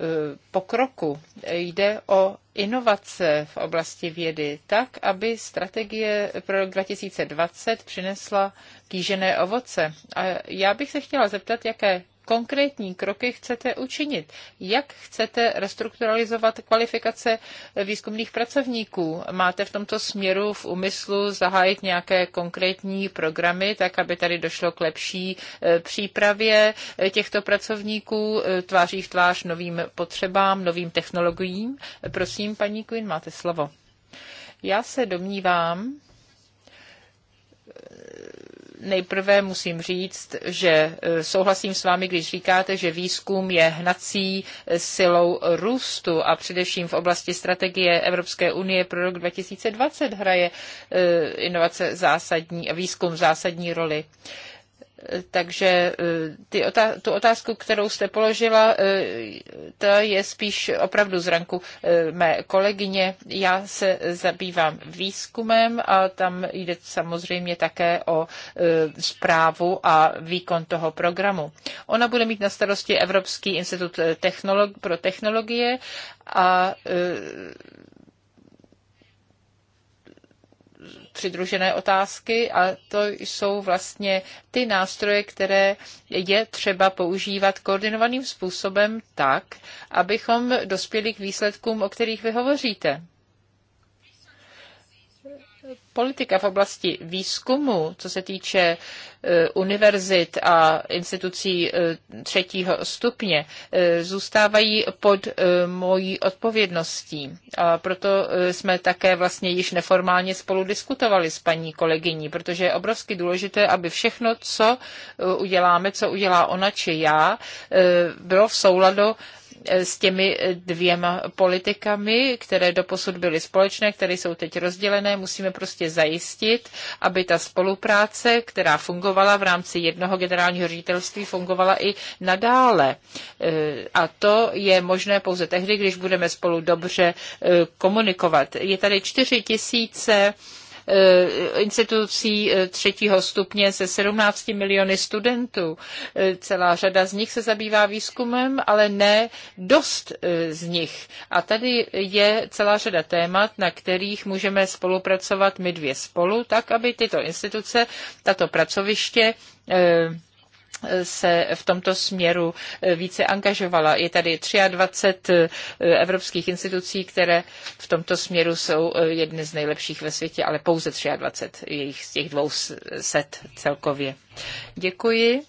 Eh, pokroku. Jde o inovace v oblasti vědy tak, aby strategie pro rok 2020 přinesla kýžené ovoce. A já bych se chtěla zeptat, jaké konkrétní kroky chcete učinit. Jak chcete restrukturalizovat kvalifikace výzkumných pracovníků? Máte v tomto směru v úmyslu zahájit nějaké konkrétní programy, tak aby tady došlo k lepší e, přípravě e, těchto pracovníků e, tváří v tvář novým potřebám, novým technologiím? Prosím, paní Quinn, máte slovo. Já se domnívám, nejprve musím říct, že e, souhlasím s vámi, když říkáte, že výzkum je hnací e, silou růstu a především v oblasti strategie Evropské unie pro rok 2020 hraje e, inovace zásadní, výzkum zásadní roli. Takže eh, ty otá- tu otázku, kterou jste položila, eh, ta je spíš opravdu z ranku eh, mé kolegyně. Já se zabývám výzkumem a tam jde samozřejmě také o zprávu a výkon toho programu. Ona bude mít na starosti Evropský institut technolog- pro technologie a přidružené otázky a to jsou vlastně ty nástroje, které je třeba používat koordinovaným způsobem tak, abychom dospěli k výsledkům, o kterých vy hovoříte politika v oblasti výzkumu, co se týče e, univerzit a institucí e, třetího stupně, e, zůstávají pod mojí odpovědností. A proto jsme také vlastně již neformálně spolu diskutovali s paní kolegyní, protože je obrovsky důležité, aby všechno, co uděláme, co udělá ona či já, bylo v souladu s těmi dvěma politikami, které doposud byly společné, které jsou teď rozdělené. Musíme prostě zajistit, aby ta spolupráce, která fungovala v rámci jednoho generálního ředitelství, fungovala i nadále. Eh, a to je možné pouze tehdy, když budeme spolu dobře eh, komunikovat. Je tady čtyři tisíce Eh, institucí eh, třetího stupně se 17 miliony studentů. Eh, celá řada z nich se zabývá výzkumem, ale ne dost z nich. A tady je celá řada témat, na kterých můžeme spolupracovat my dvě spolu, tak aby tyto instituce, tato pracoviště, se v tomto směru eh, více angažovala. Je tady 23 eh, evropských institucí, které v tomto směru jsou eh, jedny z nejlepších ve světě, ale pouze 23 jejich z těch dvou set celkově. Děkuji.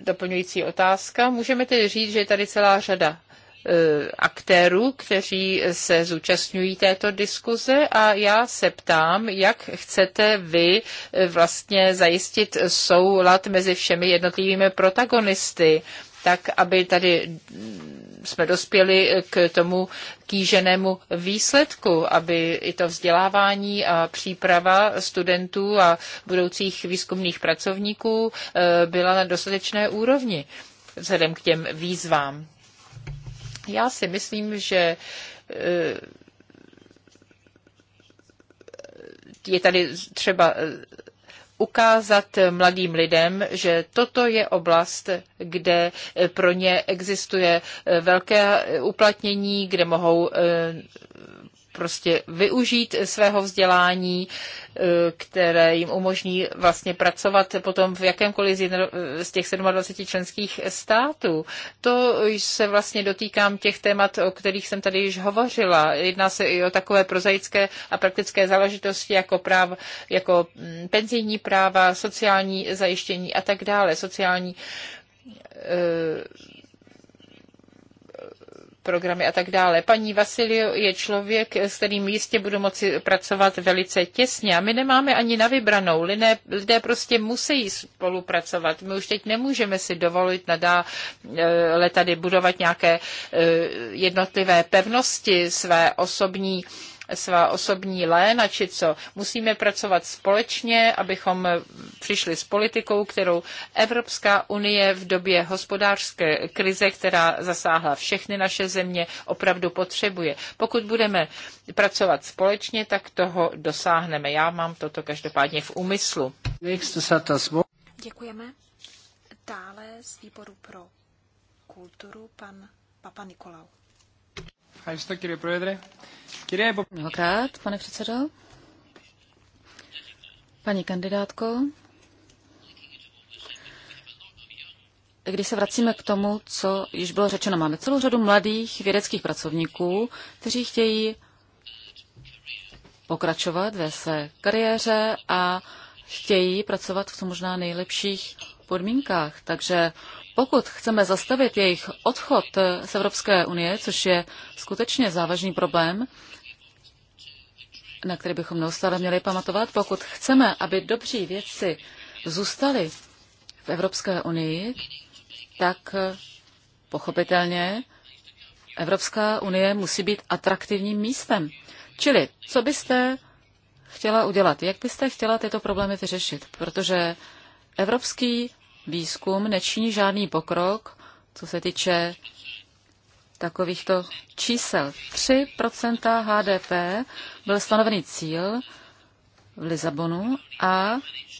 Doplňující otázka. Můžeme tedy říct, že je tady celá řada E, aktérů, kteří se zúčastňují této diskuze a já se ptám, jak chcete vy e, vlastně zajistit soulad mezi všemi jednotlivými protagonisty, tak aby tady jsme dospěli k tomu kýženému výsledku, aby i to vzdělávání a příprava studentů a budoucích výzkumných pracovníků e, byla na dostatečné úrovni vzhledem k těm výzvám. Já si myslím, že e, je tady třeba e, ukázat mladým lidem, že toto je oblast, kde e, pro ně existuje velké uplatnění, kde mohou prostě využít svého vzdělání, e, které jim umožní vlastně pracovat potom v jakémkoliv z těch 27 členských států. To se vlastně dotýkám těch témat, o kterých jsem tady již hovořila. Jedná se i o takové prozaické a praktické záležitosti jako, práv, jako mm, penzijní práva, sociální zajištění a tak dále, sociální e, programy a tak dále. Paní Vasilio je člověk, s kterým jistě budu moci pracovat velice těsně a my nemáme ani na vybranou. Lidé, lidé prostě musí spolupracovat. My už teď nemůžeme si dovolit nadá eh, tady budovat nějaké eh, jednotlivé pevnosti, své osobní svá osobní léna, či co. Musíme pracovat společně, abychom přišli s politikou, kterou Evropská unie v době hospodářské krize, která zasáhla všechny naše země, opravdu potřebuje. Pokud budeme pracovat společně, tak toho dosáhneme. Já mám toto každopádně v úmyslu. Děkujeme. Dále z výboru pro kulturu pan Papa Nikolau. Mnohokrát, pane předsedo. Paní kandidátko, když se vracíme k tomu, co již bylo řečeno, máme celou řadu mladých vědeckých pracovníků, kteří chtějí pokračovat ve své kariéře a chtějí pracovat v co možná nejlepších podmínkách. Takže pokud chceme zastavit jejich odchod z Evropské unie, což je skutečně závažný problém, na který bychom neustále měli pamatovat, pokud chceme, aby dobří věci zůstaly v Evropské unii, tak pochopitelně Evropská unie musí být atraktivním místem. Čili, co byste chtěla udělat? Jak byste chtěla tyto problémy vyřešit? Protože evropský výzkum nečiní žádný pokrok, co se týče takovýchto čísel. 3 HDP byl stanovený cíl v Lisabonu a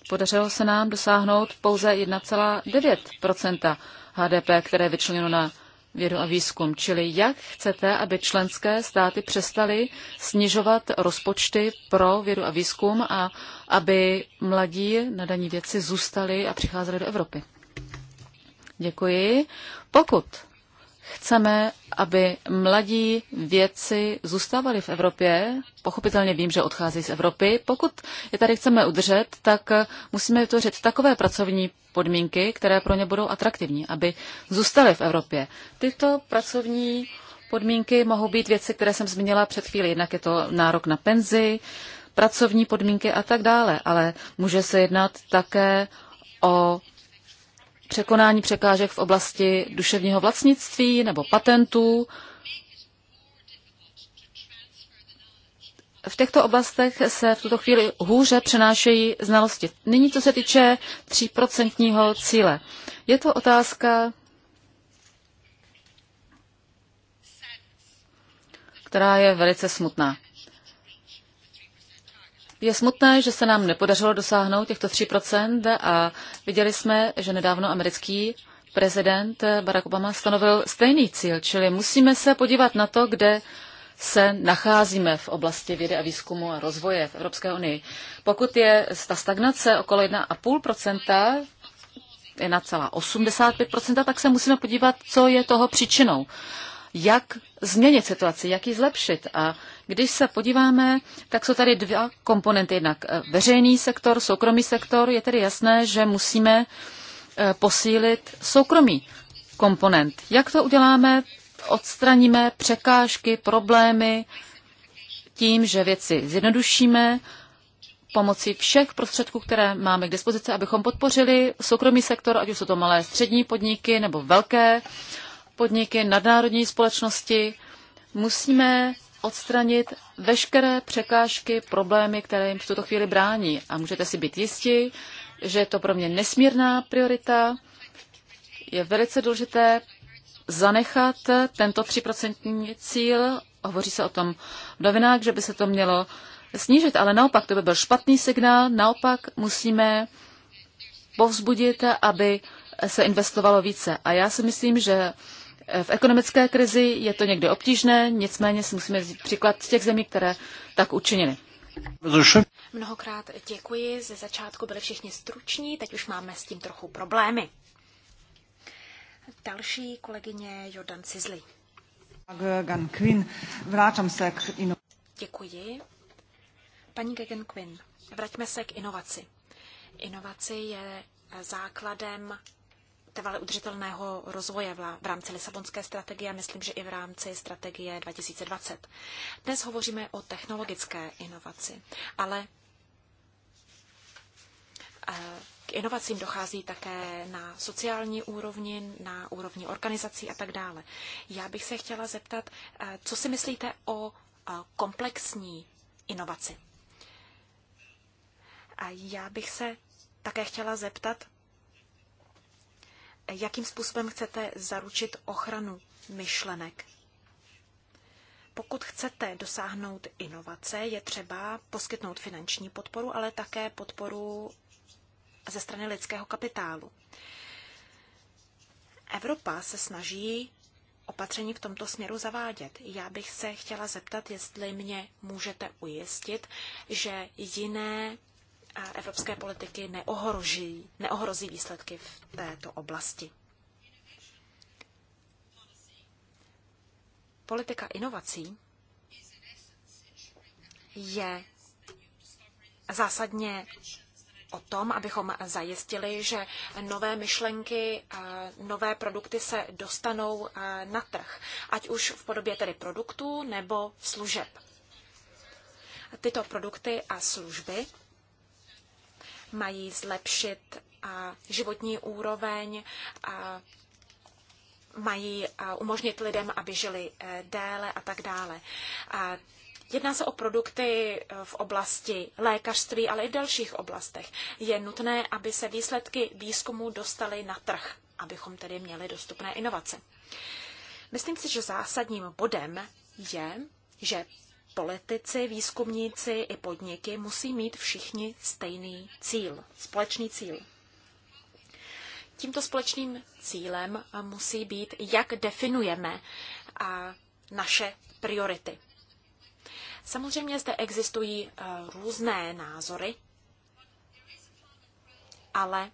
podařilo se nám dosáhnout pouze 1,9 HDP, které je vyčleněno na vědu a výzkum. Čili jak chcete, aby členské státy přestaly snižovat rozpočty pro vědu a výzkum a aby mladí nadaní věci zůstali a přicházeli do Evropy? Děkuji. Pokud Chceme, aby mladí vědci zůstávali v Evropě. Pochopitelně vím, že odchází z Evropy. Pokud je tady chceme udržet, tak musíme vytvořit takové pracovní podmínky, které pro ně budou atraktivní, aby zůstali v Evropě. Tyto pracovní podmínky mohou být věci, které jsem zmínila před chvílí. Jednak je to nárok na penzi, pracovní podmínky a tak dále. Ale může se jednat také o překonání překážek v oblasti duševního vlastnictví nebo patentů. V těchto oblastech se v tuto chvíli hůře přenášejí znalosti. Nyní, co se týče 3% cíle. Je to otázka, která je velice smutná. Je smutné, že se nám nepodařilo dosáhnout těchto 3% a viděli jsme, že nedávno americký prezident Barack Obama stanovil stejný cíl, čili musíme se podívat na to, kde se nacházíme v oblasti vědy a výzkumu a rozvoje v Evropské unii. Pokud je ta stagnace okolo 1,5%, 85%, tak se musíme podívat, co je toho příčinou. Jak změnit situaci, jak ji zlepšit. A když se podíváme, tak jsou tady dva komponenty. Jednak eh, veřejný sektor, soukromý sektor. Je tedy jasné, že musíme eh, posílit soukromý komponent. Jak to uděláme? Odstraníme překážky, problémy tím, že věci zjednodušíme pomocí všech prostředků, které máme k dispozici, abychom podpořili soukromý sektor, ať už jsou to malé střední podniky nebo velké podniky, nadnárodní společnosti. Musíme odstranit veškeré překážky, problémy, které jim v tuto chvíli brání. A můžete si být jisti, že je to pro mě nesmírná priorita. Je velice důležité zanechat tento 3% cíl. Hovoří se o tom v novinách, že by se to mělo snížit, ale naopak to by byl špatný signál. Naopak musíme povzbudit, aby se investovalo více. A já si myslím, že v ekonomické krizi, je to někdy obtížné, nicméně si musíme vzít příklad z těch zemí, které tak učinily. Mnohokrát děkuji. Ze začátku byli všichni struční, teď už máme s tím trochu problémy. Další kolegyně Jordan Cizli. Děkuji. Paní Gagan Quinn, vraťme se k inovaci. Inovaci je základem trvale udržitelného rozvoje v rámci Lisabonské strategie a myslím, že i v rámci strategie 2020. Dnes hovoříme o technologické inovaci, ale eh, k inovacím dochází také na sociální úrovni, na úrovni organizací a tak dále. Já bych se chtěla zeptat, eh, co si myslíte o eh, komplexní inovaci? A já bych se také chtěla zeptat, jakým způsobem chcete zaručit ochranu myšlenek. Pokud chcete dosáhnout inovace, je třeba poskytnout finanční podporu, ale také podporu ze strany lidského kapitálu. Evropa se snaží opatření v tomto směru zavádět. Já bych se chtěla zeptat, jestli mě můžete ujistit, že jiné evropské politiky neohroží, neohrozí výsledky v této oblasti. Politika inovací je zásadně o tom, abychom zajistili, že nové myšlenky, nové produkty se dostanou na trh, ať už v podobě tedy produktů nebo služeb. Tyto produkty a služby mají zlepšit životní úroveň, mají umožnit lidem, aby žili e, déle a tak dále. Jedná se o produkty e, v oblasti lékařství, ale i v dalších oblastech. Je nutné, aby se výsledky výzkumu dostaly na trh, abychom tedy měli dostupné inovace. Myslím si, že zásadním bodem je, že politici, výzkumníci i podniky musí mít všichni stejný cíl, společný cíl. Tímto společným cílem musí být, jak definujeme naše priority. Samozřejmě zde existují e, různé názory, ale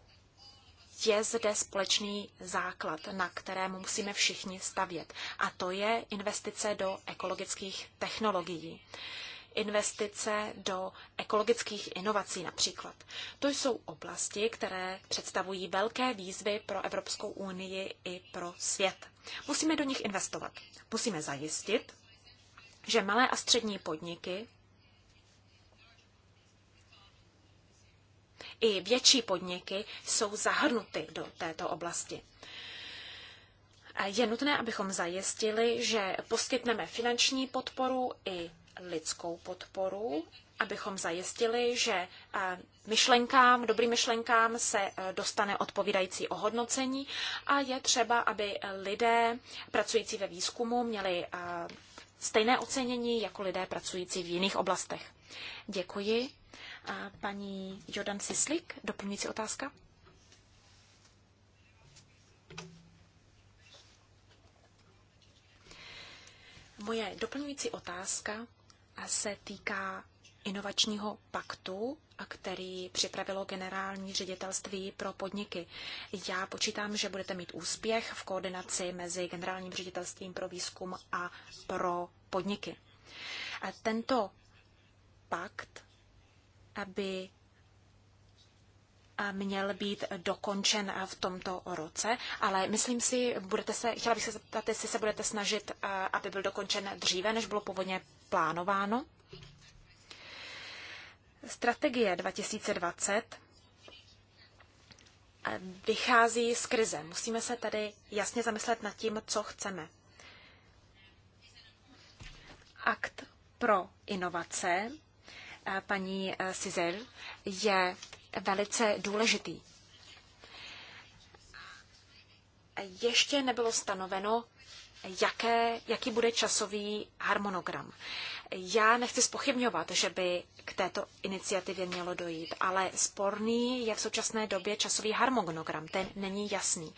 je zde společný základ, na kterém musíme všichni stavět, a to je investice do ekologických technologií. Investice do ekologických inovací například. To jsou oblasti, které představují velké výzvy pro Evropskou unii i pro svět. Musíme do nich investovat. Musíme zajistit, že malé a střední podniky i větší podniky jsou zahrnuty do této oblasti. Je nutné, abychom zajistili, že poskytneme finanční podporu i lidskou podporu, abychom zajistili, že myšlenkám, dobrým myšlenkám se dostane odpovídající ohodnocení a je třeba, aby lidé pracující ve výzkumu měli stejné ocenění jako lidé pracující v jiných oblastech. Děkuji. A paní Jordan Sislik, doplňující otázka. Moje doplňující otázka se týká inovačního paktu, který připravilo generální ředitelství pro podniky. Já počítám, že budete mít úspěch v koordinaci mezi generálním ředitelstvím pro výzkum a pro podniky. Tento pakt by měl být dokončen v tomto roce, ale myslím si, budete se, chtěla bych se zeptat, jestli se budete snažit, aby byl dokončen dříve, než bylo původně plánováno. Strategie 2020 vychází z krize. Musíme se tady jasně zamyslet nad tím, co chceme. Akt pro inovace paní Sizel eh, je velice důležitý. Ještě nebylo stanoveno, jaké, jaký bude časový harmonogram já nechci spochybňovat, že by k této iniciativě mělo dojít, ale sporný je v současné době časový harmonogram, ten není jasný.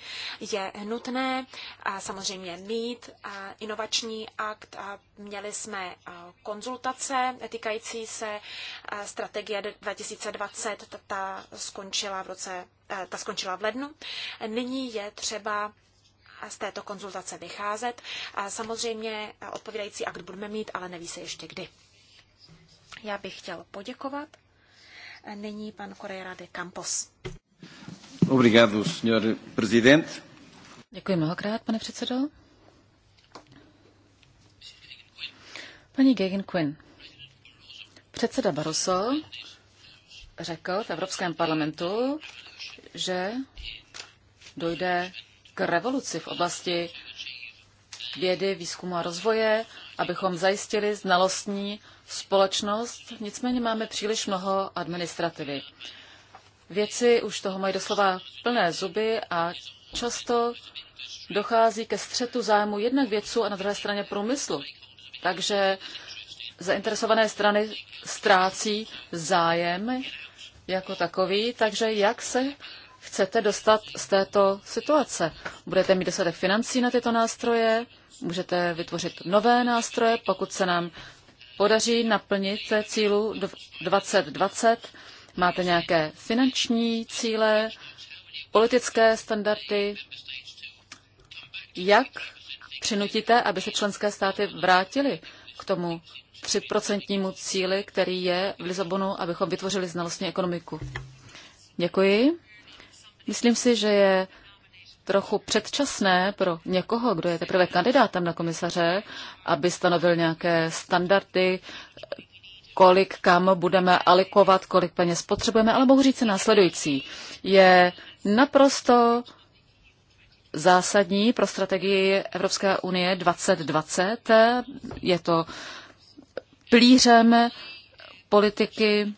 Je nutné a samozřejmě mít a inovační akt a měli jsme konzultace týkající se strategie 2020, ta skončila v roce ta skončila v lednu. Nyní je třeba z této konzultace vycházet. A samozřejmě odpovídající akt budeme mít, ale neví se ještě kdy. Já bych chtěl poděkovat. Nyní pan Correira de Campos. Obrigado, senhor presidente. Děkuji mnohokrát, pane předsedo. Paní Gagin Quinn, předseda Barroso řekl v Evropském parlamentu, že dojde k revoluci v oblasti vědy, výzkumu a rozvoje, abychom zajistili znalostní společnost, nicméně máme příliš mnoho administrativy. Věci už toho mají doslova plné zuby a často dochází ke střetu zájmu jednak vědců a na druhé straně průmyslu. Takže zainteresované strany ztrácí zájem jako takový, takže jak se chcete dostat z této situace. Budete mít dostatek financí na tyto nástroje, můžete vytvořit nové nástroje, pokud se nám podaří naplnit cílu 2020. Máte nějaké finanční cíle, politické standardy. Jak přinutíte, aby se členské státy vrátily k tomu třiprocentnímu cíli, který je v Lisabonu, abychom vytvořili znalostní ekonomiku? Děkuji. Myslím si, že je trochu předčasné pro někoho, kdo je teprve kandidátem na komisaře, aby stanovil nějaké standardy, kolik kam budeme alikovat, kolik peněz potřebujeme, ale mohu říct následující. Je naprosto zásadní pro strategii Evropské unie 2020. Je to plířem politiky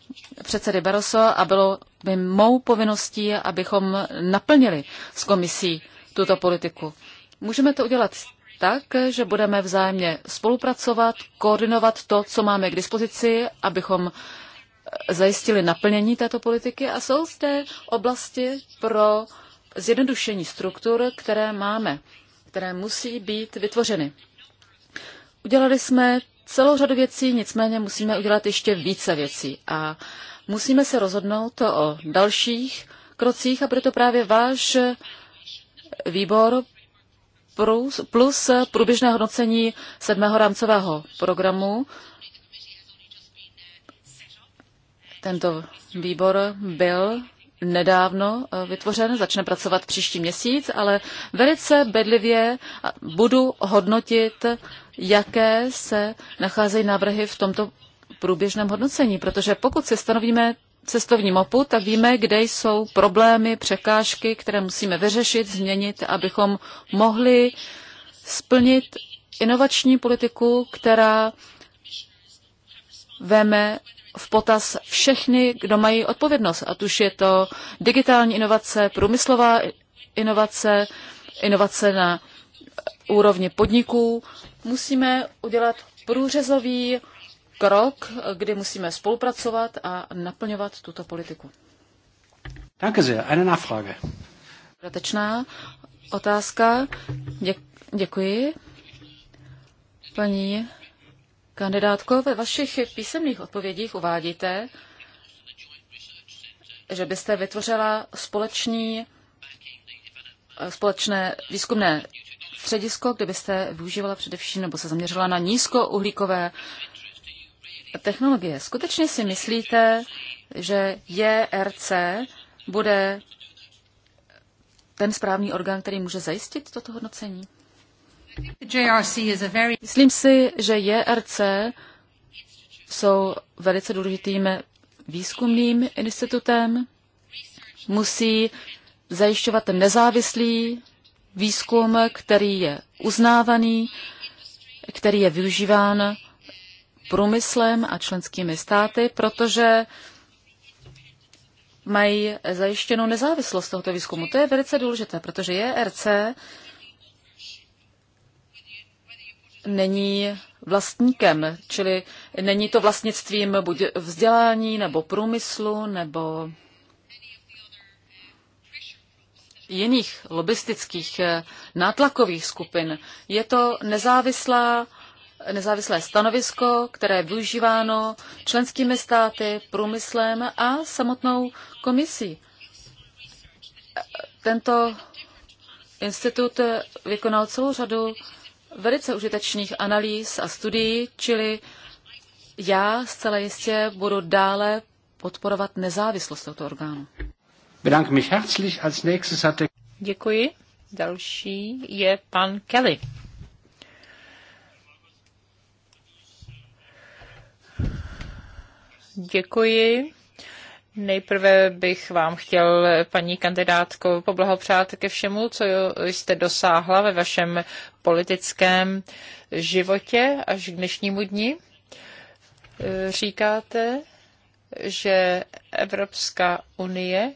předsedy Barroso a bylo by mou povinností, abychom naplnili s komisí tuto politiku. Můžeme to udělat tak, že budeme vzájemně spolupracovat, koordinovat to, co máme k dispozici, abychom eh, zajistili naplnění této politiky a jsou zde oblasti pro zjednodušení struktur, které máme, které musí být vytvořeny. Udělali jsme celou řadu věcí, nicméně musíme udělat ještě více věcí. A Musíme se rozhodnout o dalších krocích a proto právě váš výbor plus průběžné hodnocení sedmého rámcového programu. Tento výbor byl nedávno vytvořen, začne pracovat příští měsíc, ale velice bedlivě budu hodnotit, jaké se nacházejí návrhy v tomto průběžném hodnocení, protože pokud si stanovíme cestovní mapu, tak víme, kde jsou problémy, překážky, které musíme vyřešit, změnit, abychom mohli splnit inovační politiku, která veme v potaz všechny, kdo mají odpovědnost, A tuž je to digitální inovace, průmyslová inovace, inovace na úrovni podniků. Musíme udělat průřezový krok, kdy musíme spolupracovat a naplňovat tuto politiku. Danke sehr. Eine Nachfrage. otázka. Dě- děkuji. Paní kandidátko, ve vašich písemných odpovědích uvádíte, že byste vytvořila společný, společné výzkumné středisko, kde byste využívala především nebo se zaměřila na nízkouhlíkové technologie. Skutečně si myslíte, že JRC bude ten správný orgán, který může zajistit toto hodnocení? Myslím si, že JRC jsou velice důležitým výzkumným institutem, musí zajišťovat nezávislý výzkum, který je uznávaný, který je využíván průmyslem a členskými státy, protože mají zajištěnou nezávislost tohoto výzkumu. To je velice důležité, protože JRC e není vlastníkem, čili není to vlastnictvím buď vzdělání nebo průmyslu nebo jiných lobistických eh, nátlakových skupin. Je to nezávislá nezávislé stanovisko, které je využíváno členskými státy, průmyslem a samotnou komisí. Tento institut vykonal celou řadu velice užitečných analýz a studií, čili já zcela jistě budu dále podporovat nezávislost tohoto orgánu. Děkuji. Další je pan Kelly. Děkuji. Nejprve bych vám chtěl, paní kandidátko, poblahopřát ke všemu, co jste dosáhla ve vašem politickém životě až k dnešnímu dni. Říkáte, že Evropská unie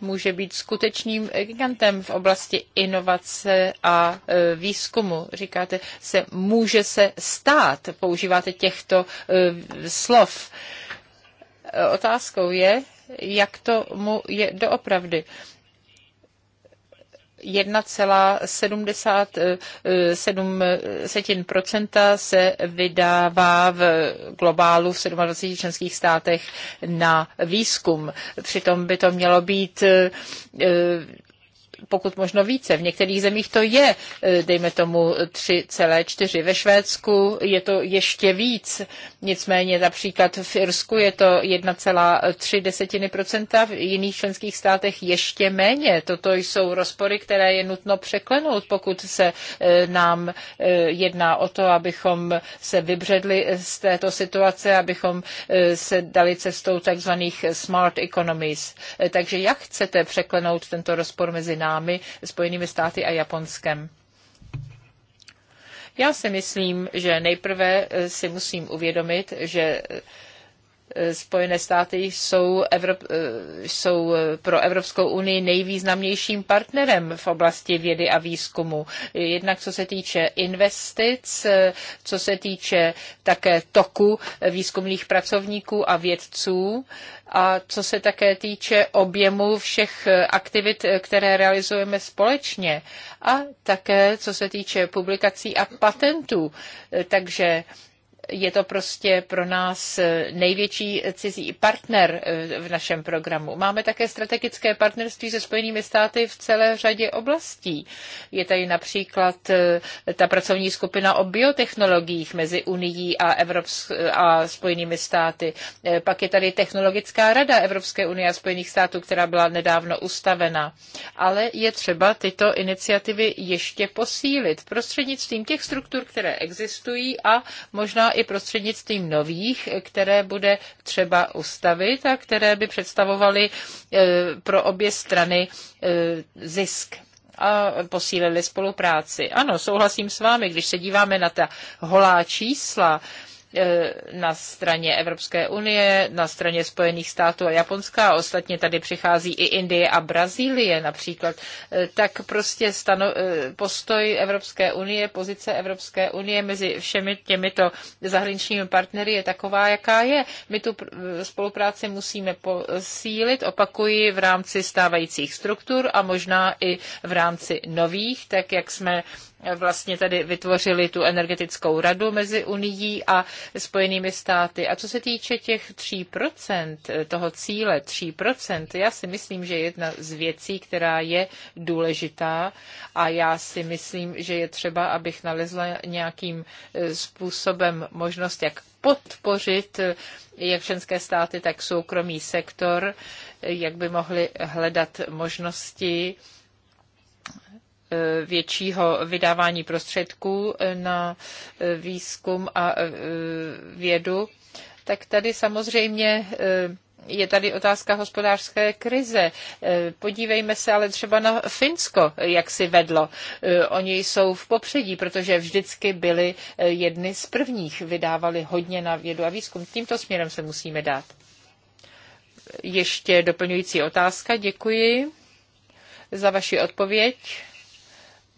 může být skutečným gigantem v oblasti inovace a e, výzkumu. Říkáte, se může se stát, používáte těchto e, slov otázkou je, jak to mu je doopravdy. 1,77% se vydává v globálu v 27 členských státech na výzkum. Přitom by to mělo být eh, pokud možno více. V některých zemích to je, eh, dejme tomu 3,4. Ve Švédsku je to ještě víc. Nicméně například v Irsku je to 1,3%, v jiných členských státech ještě méně. Toto jsou rozpory, které je nutno překlenout, pokud se eh, nám eh, jedná o to, abychom se vybředli z této situace, abychom se dali cestou takzvaných smart economies. Takže jak chcete překlenout tento rozpor mezi námi? námi, Spojenými státy a Japonskem. Já si myslím, že nejprve si musím uvědomit, že Eh, Spojené státy jsou, Evrop, eh, jsou eh, pro Evropskou unii nejvýznamnějším partnerem v oblasti vědy a výzkumu. Jednak co se týče investic, co se týče také toku výzkumných pracovníků a vědců a co se také týče objemu všech aktivit, které realizujeme společně a také co se týče publikací a patentů. Takže je to prostě pro nás eh, největší eh, cizí partner eh, v našem programu. Máme také strategické partnerství se Spojenými státy v celé řadě oblastí. Je tady například ta pracovní skupina o biotechnologiích mezi Unií a, Evropsk- a Spojenými státy. Pak je tady Technologická rada Evropské unie a Spojených států, která byla nedávno ustavena. Ale je třeba tyto iniciativy ještě posílit prostřednictvím těch struktur, které existují a možná i prostřednictvím nových, které bude třeba ustavit a které by představovaly e, pro obě strany e, zisk a posílili spolupráci. Ano, souhlasím s vámi, když se díváme na ta holá čísla, E, na straně Evropské unie, na straně Spojených států a Japonska a ostatně tady přichází i Indie a Brazílie například, e, tak prostě stano, e, postoj Evropské unie, pozice Evropské unie mezi všemi těmito zahraničními partnery je taková, jaká je. My tu spolupráci musíme posílit, opakuji, v rámci stávajících struktur a možná i v rámci nových, tak jak jsme vlastně tady vytvořili tu energetickou radu mezi Unií a Spojenými státy. A co se týče těch 3%, toho cíle 3%, já si myslím, že jedna z věcí, která je důležitá a já si myslím, že je třeba, abych nalezla nějakým eh, způsobem možnost, jak podpořit eh, jak ženské státy, tak soukromý sektor, eh, jak by mohli hledat možnosti, většího vydávání prostředků na e, výzkum a e, vědu, tak tady samozřejmě e, je tady otázka hospodářské krize. Podívejme se ale třeba na Finsko, jak si vedlo. Oni jsou v popředí, protože vždycky byli jedny z prvních, vydávali hodně na vědu a výzkum. Tímto směrem se musíme dát. Ještě doplňující otázka. Děkuji za vaši odpověď.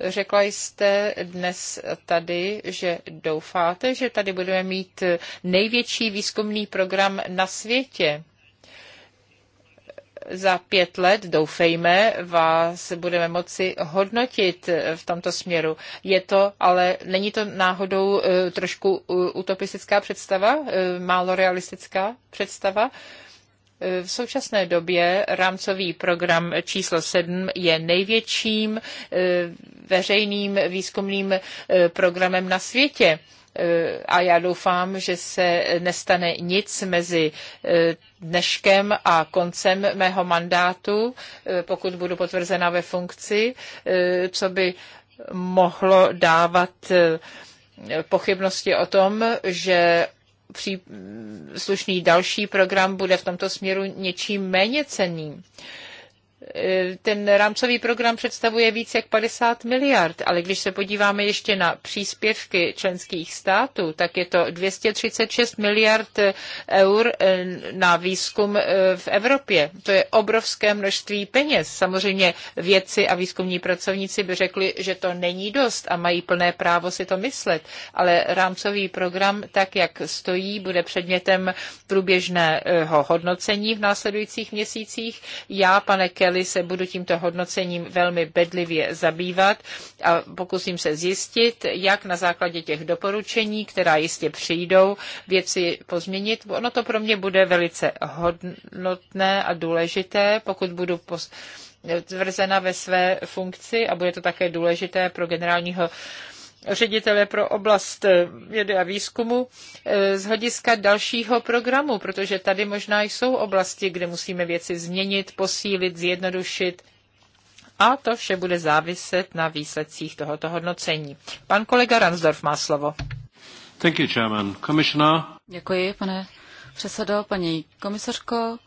Řekla jste dnes tady, že doufáte, že tady budeme mít největší výzkumný program na světě. Za pět let, doufejme, vás budeme moci hodnotit v tomto směru. Je to, ale není to náhodou eh, trošku eh, utopistická představa, eh, málo realistická představa? V současné době rámcový program číslo 7 je největším eh, veřejným výzkumným eh, programem na světě eh, a já doufám, že se nestane nic mezi dneškem a koncem mého mandátu, pokud budu potvrzena ve funkci, co by mohlo dávat pochybnosti o tom, že příslušný další program bude v tomto směru něčím méně cenným. Eh, ten rámcový program představuje více jak 50 miliard, ale když se podíváme ještě na příspěvky členských států, tak je to 236 miliard eh, eur eh, na výzkum v Evropě. To je obrovské množství peněz. Samozřejmě vědci a výzkumní pracovníci by řekli, že to není dost a mají plné právo si to myslet, ale rámcový program, tak jak stojí, bude předmětem průběžného hodnocení v následujících měsících. Já, pane Kelly, řediteli se budu tímto hodnocením velmi bedlivě zabývat a pokusím se zjistit, jak na základě těch doporučení, která jistě přijdou, věci pozměnit. Ono to pro mě bude velice hodnotné a důležité, pokud budu pos- tvrzena ve své funkci a bude to také důležité pro generálního ředitele pro oblast eh, vědy a výzkumu eh, z hlediska dalšího programu, protože tady možná jsou oblasti, kde musíme věci změnit, posílit, zjednodušit. A to vše bude záviset na výsledcích tohoto hodnocení. Pan kolega Ransdorf má slovo. Thank you, Chairman. Commissioner. Děkuji, pane předsedo, paní komisařko.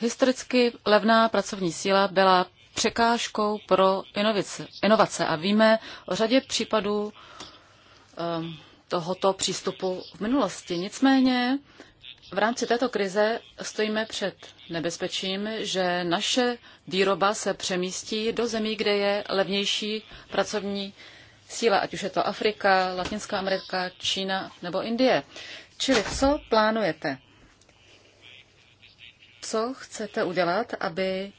Historicky levná pracovní síla byla překážkou pro inovace. A víme o řadě případů ehm, tohoto přístupu v minulosti. Nicméně v rámci této krize stojíme před nebezpečím, že naše výroba se přemístí do zemí, kde je levnější pracovní síla, ať už je to Afrika, Latinská Amerika, Čína nebo Indie. Čili co plánujete? Co chcete udělat, aby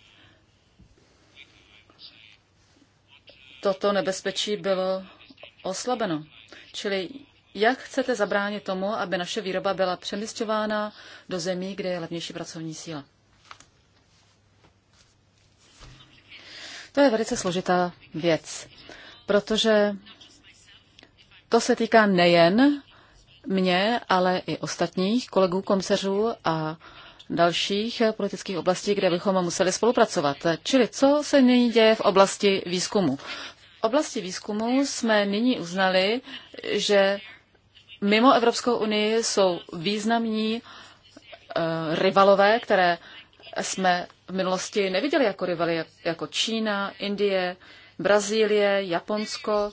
toto nebezpečí bylo oslabeno. Čili jak chcete zabránit tomu, aby naše výroba byla přemysťována do zemí, kde je levnější pracovní síla? To je velice složitá věc, protože to se týká nejen mě, ale i ostatních kolegů komisařů a dalších politických oblastí, kde bychom museli spolupracovat. Čili co se nyní děje v oblasti výzkumu? V oblasti výzkumu jsme nyní uznali, že mimo Evropskou unii jsou významní eh, rivalové, které jsme v minulosti neviděli jako rivaly, jako Čína, Indie, Brazílie, Japonsko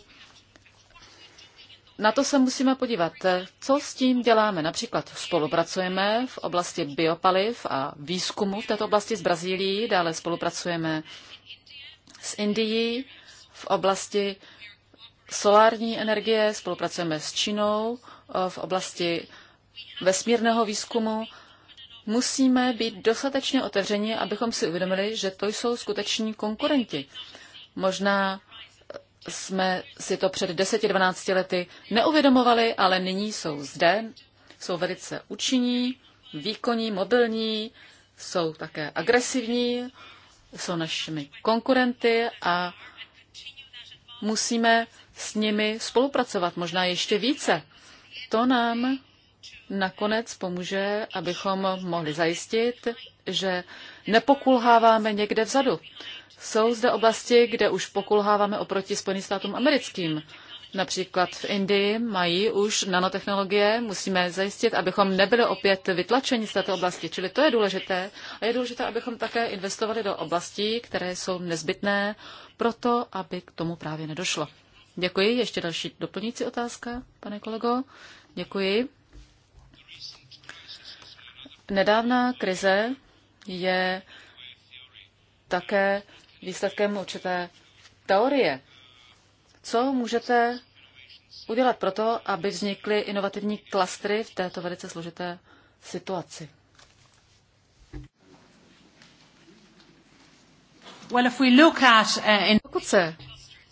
na to se musíme podívat. Eh, co s tím děláme? Například spolupracujeme v oblasti biopaliv a výzkumu v této oblasti s Brazílií, dále spolupracujeme s Indií v oblasti solární energie, spolupracujeme s Čínou eh, v oblasti vesmírného výzkumu. Musíme být dostatečně otevřeni, abychom si uvědomili, že to jsou skuteční konkurenti. Možná jsme si to před 10-12 lety neuvědomovali, ale nyní jsou zde, jsou velice účinní, výkonní, mobilní, jsou také agresivní, jsou našimi konkurenty a musíme s nimi spolupracovat možná ještě více. To nám nakonec pomůže, abychom mohli zajistit, že nepokulháváme někde vzadu. Jsou zde oblasti, kde už pokulháváme oproti Spojeným státům americkým. Například v Indii mají už nanotechnologie, musíme zajistit, abychom nebyli opět vytlačeni z této oblasti. Čili to je důležité. A je důležité, abychom také investovali do oblastí, které jsou nezbytné pro to, aby k tomu právě nedošlo. Děkuji. Ještě další doplňující otázka, pane kolego. Děkuji. Nedávná krize je také výsledkem určité teorie. Co můžete udělat proto, aby vznikly inovativní klastry v této velice složité situaci? Uh, Pokud se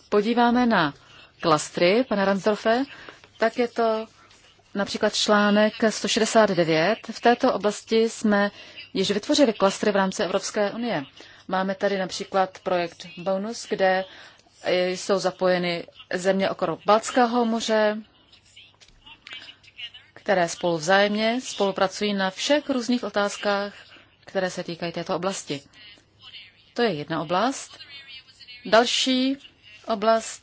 podíváme na klastry, pane Ransdorfe, tak je to například článek 169. V této oblasti jsme již vytvořili klastry v rámci Evropské unie. Máme tady například projekt Bonus, kde jsou zapojeny země okolo Balckého moře, které spolu vzájemně spolupracují na všech různých otázkách, které se týkají této oblasti. To je jedna oblast. Další oblast,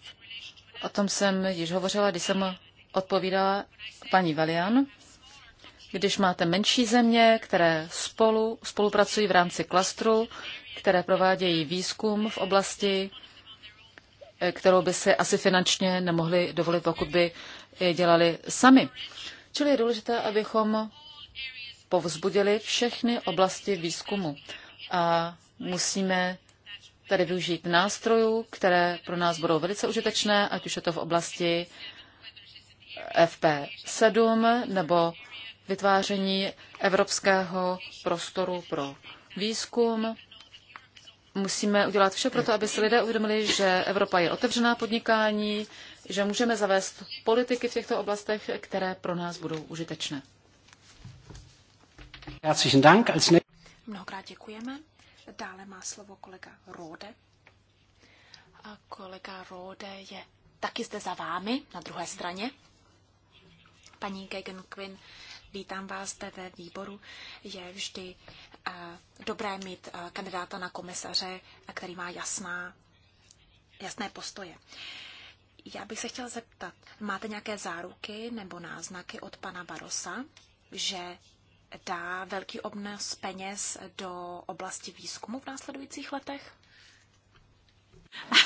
o tom jsem již hovořila, když jsem odpovídala paní Valian. Když máte menší země, které spolu spolupracují v rámci klastru, které provádějí výzkum v oblasti, eh, kterou by se asi finančně nemohli dovolit, pokud by je dělali sami. Čili je důležité, abychom povzbudili všechny oblasti výzkumu. A musíme tady využít nástrojů, které pro nás budou velice užitečné, ať už je to v oblasti FP7 nebo vytváření evropského prostoru pro výzkum. Musíme udělat vše pro to, aby si lidé uvědomili, že Evropa je otevřená podnikání, že můžeme zavést politiky v těchto oblastech, které pro nás budou užitečné. Mnohokrát děkujeme. Dále má slovo kolega Rode. A kolega Rode je taky zde za vámi, na druhé straně. Paní Gagan Quinn, vítám vás zde ve výboru. Je vždy eh, dobré mít eh, kandidáta na komisaře, eh, který má jasná, jasné postoje. Já bych se chtěla zeptat, máte nějaké záruky nebo náznaky od pana Barosa, že dá velký obnos peněz do oblasti výzkumu v následujících letech?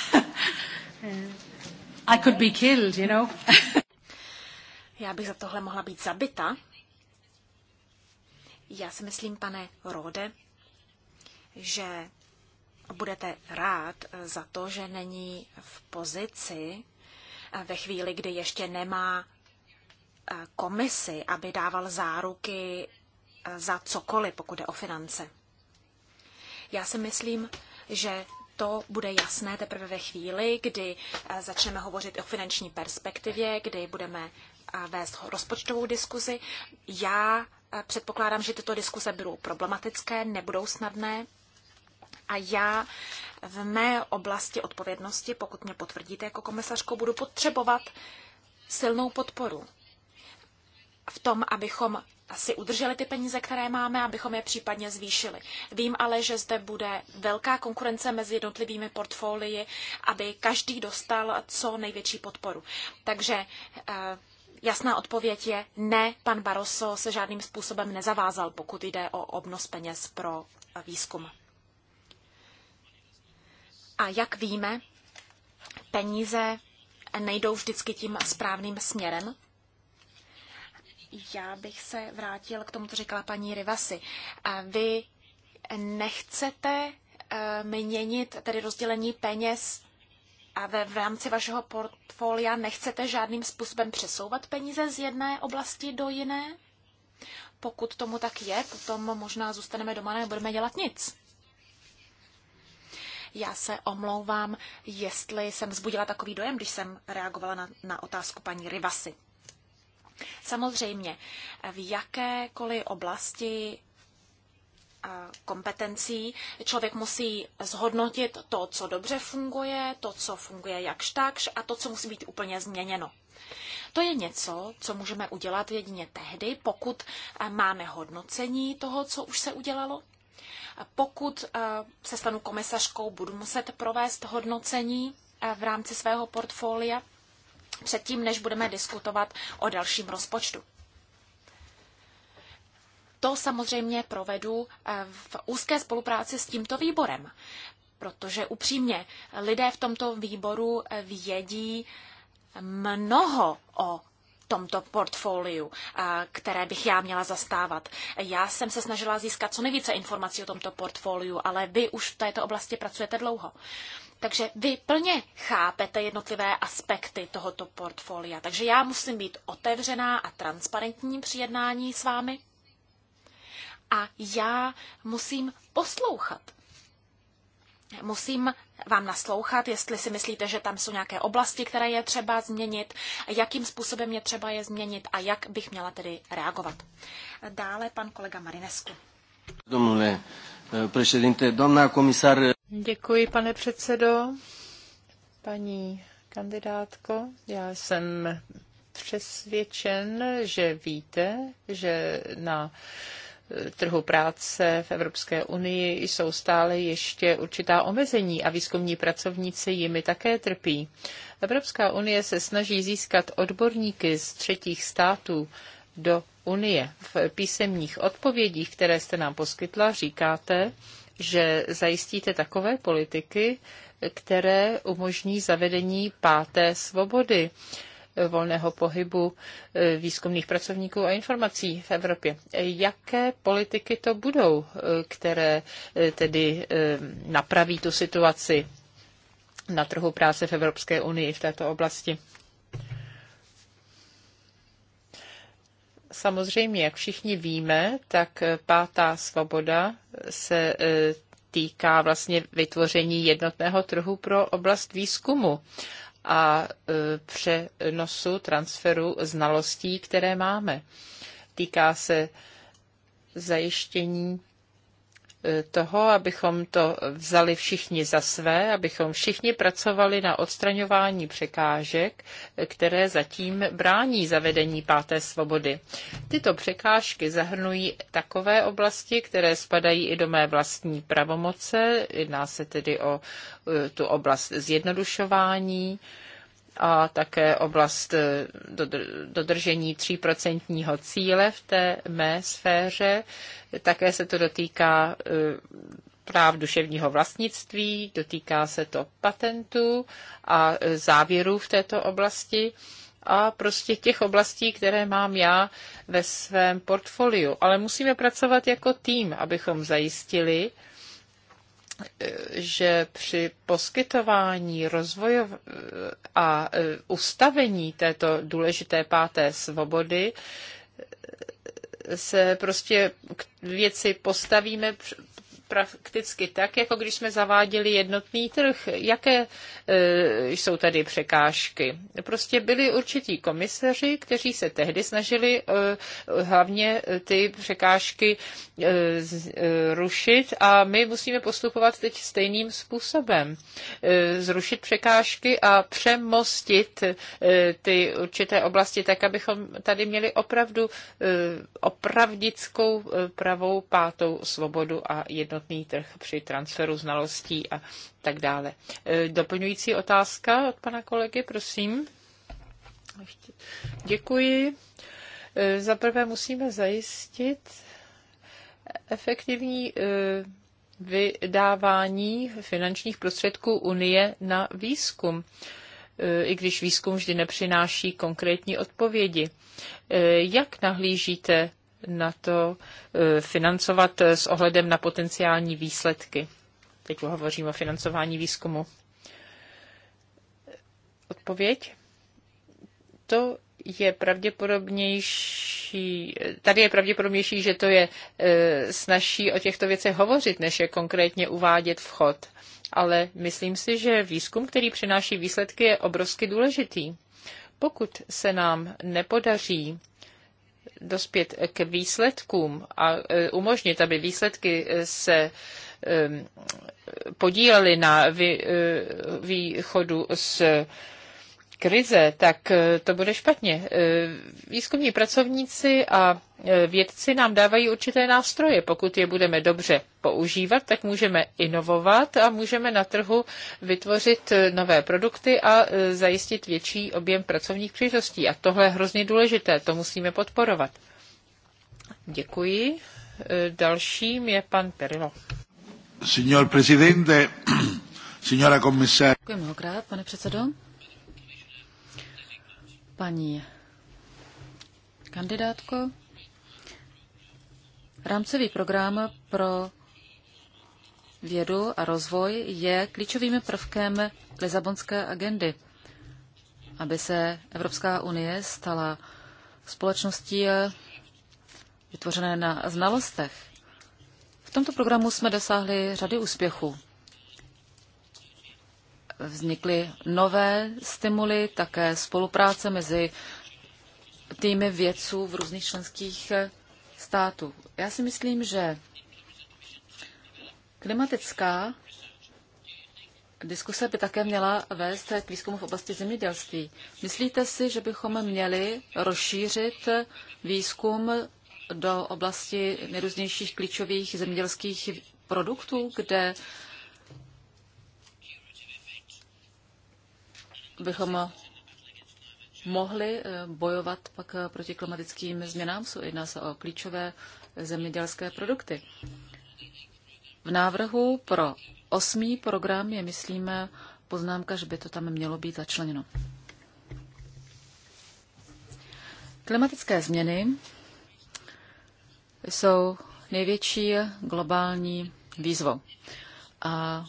I could be killed, you know. Já bych za tohle mohla být zabita. Já si myslím, pane Rode, že budete rád za to, že není v pozici eh, ve chvíli, kdy ještě nemá eh, komisi, aby dával záruky eh, za cokoliv, pokud jde o finance. Já si myslím, že to bude jasné teprve ve chvíli, kdy začneme hovořit o finanční perspektivě, kdy budeme vést rozpočtovou diskuzi. Já eh, předpokládám, že tyto diskuze budou problematické, nebudou snadné a já v mé oblasti odpovědnosti, pokud mě potvrdíte jako komisařko, budu potřebovat silnou podporu v tom, abychom si udrželi ty peníze, které máme, abychom je případně zvýšili. Vím ale, že zde bude velká konkurence mezi jednotlivými portfolii, aby každý dostal co největší podporu. Takže eh, Jasná odpověď je ne, pan Barroso se žádným způsobem nezavázal, pokud jde o obnos peněz pro výzkum. A jak víme, peníze nejdou vždycky tím správným směrem. Já bych se vrátil k tomu, co říkala paní Rivasi. Vy nechcete eh, měnit tedy rozdělení peněz a ve, v rámci vašeho portfolia nechcete žádným způsobem přesouvat peníze z jedné oblasti do jiné? Pokud tomu tak je, potom možná zůstaneme doma a nebudeme dělat nic. Já se omlouvám, jestli jsem vzbudila takový dojem, když jsem reagovala na, na otázku paní Rivasy. Samozřejmě, v jakékoliv oblasti kompetencí. Člověk musí zhodnotit to, co dobře funguje, to, co funguje jakž takž a to, co musí být úplně změněno. To je něco, co můžeme udělat jedině tehdy, pokud eh, máme hodnocení toho, co už se udělalo. Pokud eh, se stanu komisařkou, budu muset provést hodnocení eh, v rámci svého portfolia předtím, než budeme diskutovat o dalším rozpočtu to samozřejmě provedu eh, v úzké spolupráci s tímto výborem, protože upřímně lidé v tomto výboru eh, vědí mnoho o tomto portfoliu, eh, které bych já měla zastávat. Já jsem se snažila získat co nejvíce informací o tomto portfoliu, ale vy už v této oblasti pracujete dlouho. Takže vy plně chápete jednotlivé aspekty tohoto portfolia. Takže já musím být otevřená a transparentní při jednání s vámi a já musím poslouchat. Musím vám naslouchat, jestli si myslíte, že tam jsou nějaké oblasti, které je třeba změnit, jakým způsobem je třeba je změnit a jak bych měla tedy reagovat. Dále pan kolega Marinesku. Domnule eh, președinte, doamna komisar. Eh, Děkuji, pane předsedo. Paní kandidátko, já jsem přesvědčen, že víte, že na trhu práce v Evropské unii jsou stále ještě určitá omezení a výzkumní pracovníci jimi také trpí. Evropská unie se snaží získat odborníky z třetích států do Unie. V písemních odpovědích, které jste nám poskytla, říkáte, že zajistíte takové politiky, které umožní zavedení páté svobody volného pohybu eh, výzkumných pracovníků a informací v Evropě. Jaké politiky to budou, eh, které eh, tedy napraví tu situaci na trhu práce v Evropské unii v této oblasti? Samozřejmě, jak všichni víme, tak pátá svoboda se týká vlastně vytvoření jednotného trhu pro oblast výzkumu a e, přenosu, transferu znalostí, které máme. Týká se zajištění toho, abychom to vzali všichni za své, abychom všichni pracovali na odstraňování překážek, které zatím brání zavedení páté svobody. Tyto překážky zahrnují takové oblasti, které spadají i do mé vlastní pravomoce. Jedná se tedy o e, tu oblast zjednodušování, a také oblast eh, dodržení 3% cíle v té mé sféře. Také se to dotýká eh, práv duševního vlastnictví, dotýká se to patentů a eh, závěrů v této oblasti a prostě těch oblastí, které mám já ve svém portfoliu. Ale musíme pracovat jako tým, abychom zajistili, že při poskytování rozvoje a e, ustavení této důležité páté svobody e, se prostě věci postavíme prakticky tak, jako když jsme zaváděli jednotný trh. Jaké e, jsou tady překážky? Prostě byli určití komisaři, kteří se tehdy snažili e, hlavně ty překážky e, rušit a my musíme postupovat teď stejným způsobem. Zrušit překážky a přemostit ty určité oblasti tak, abychom tady měli opravdu opravdickou pravou pátou svobodu a jednotu jednotný trh při transferu znalostí a tak dále. E, doplňující otázka od pana kolegy, prosím. Děkuji. E, za prvé musíme zajistit efektivní e, vydávání finančních prostředků Unie na výzkum i když výzkum vždy nepřináší konkrétní odpovědi. Jak nahlížíte na to eh, financovat eh, s ohledem na potenciální výsledky. Teď hovořím o financování výzkumu. Odpověď? To je pravděpodobnější, tady je pravděpodobnější, že to je e, snažší o těchto věcech hovořit, než je konkrétně uvádět vchod. Ale myslím si, že výzkum, který přináší výsledky, je obrovsky důležitý. Pokud se nám nepodaří dospět k výsledkům a e, umožnit, aby výsledky se e, podílely na e, východu z krize, tak eh, to bude špatně. Eh, výzkumní pracovníci a eh, vědci nám dávají určité nástroje. Pokud je budeme dobře používat, tak můžeme inovovat a můžeme na trhu vytvořit nové produkty a zajistit větší objem pracovních příležitostí. A tohle je hrozně důležité, to musíme podporovat. Děkuji. Dalším je pan Perilo. Signor Presidente, signora Commissaire. Děkuji mnohokrát, pane předsedo. Paní kandidátko, rámcový program pro vědu a rozvoj je klíčovým prvkem Lisabonské agendy, aby se Evropská unie stala společností eh, vytvořené na znalostech. V tomto programu jsme dosáhli řady úspěchů vznikly nové stimuly, také spolupráce mezi týmy vědců v různých členských států. Já si myslím, že klimatická diskuse by také měla vést k výzkumu v oblasti zemědělství. Myslíte si, že bychom měli rozšířit výzkum do oblasti nejrůznějších klíčových zemědělských produktů, kde bychom mohli eh, bojovat pak eh, proti klimatickým změnám. Jedná se o klíčové zemědělské produkty. V návrhu pro osmý program je, myslíme, poznámka, že by to tam mělo být začleněno. Klimatické změny jsou největší globální výzvou. A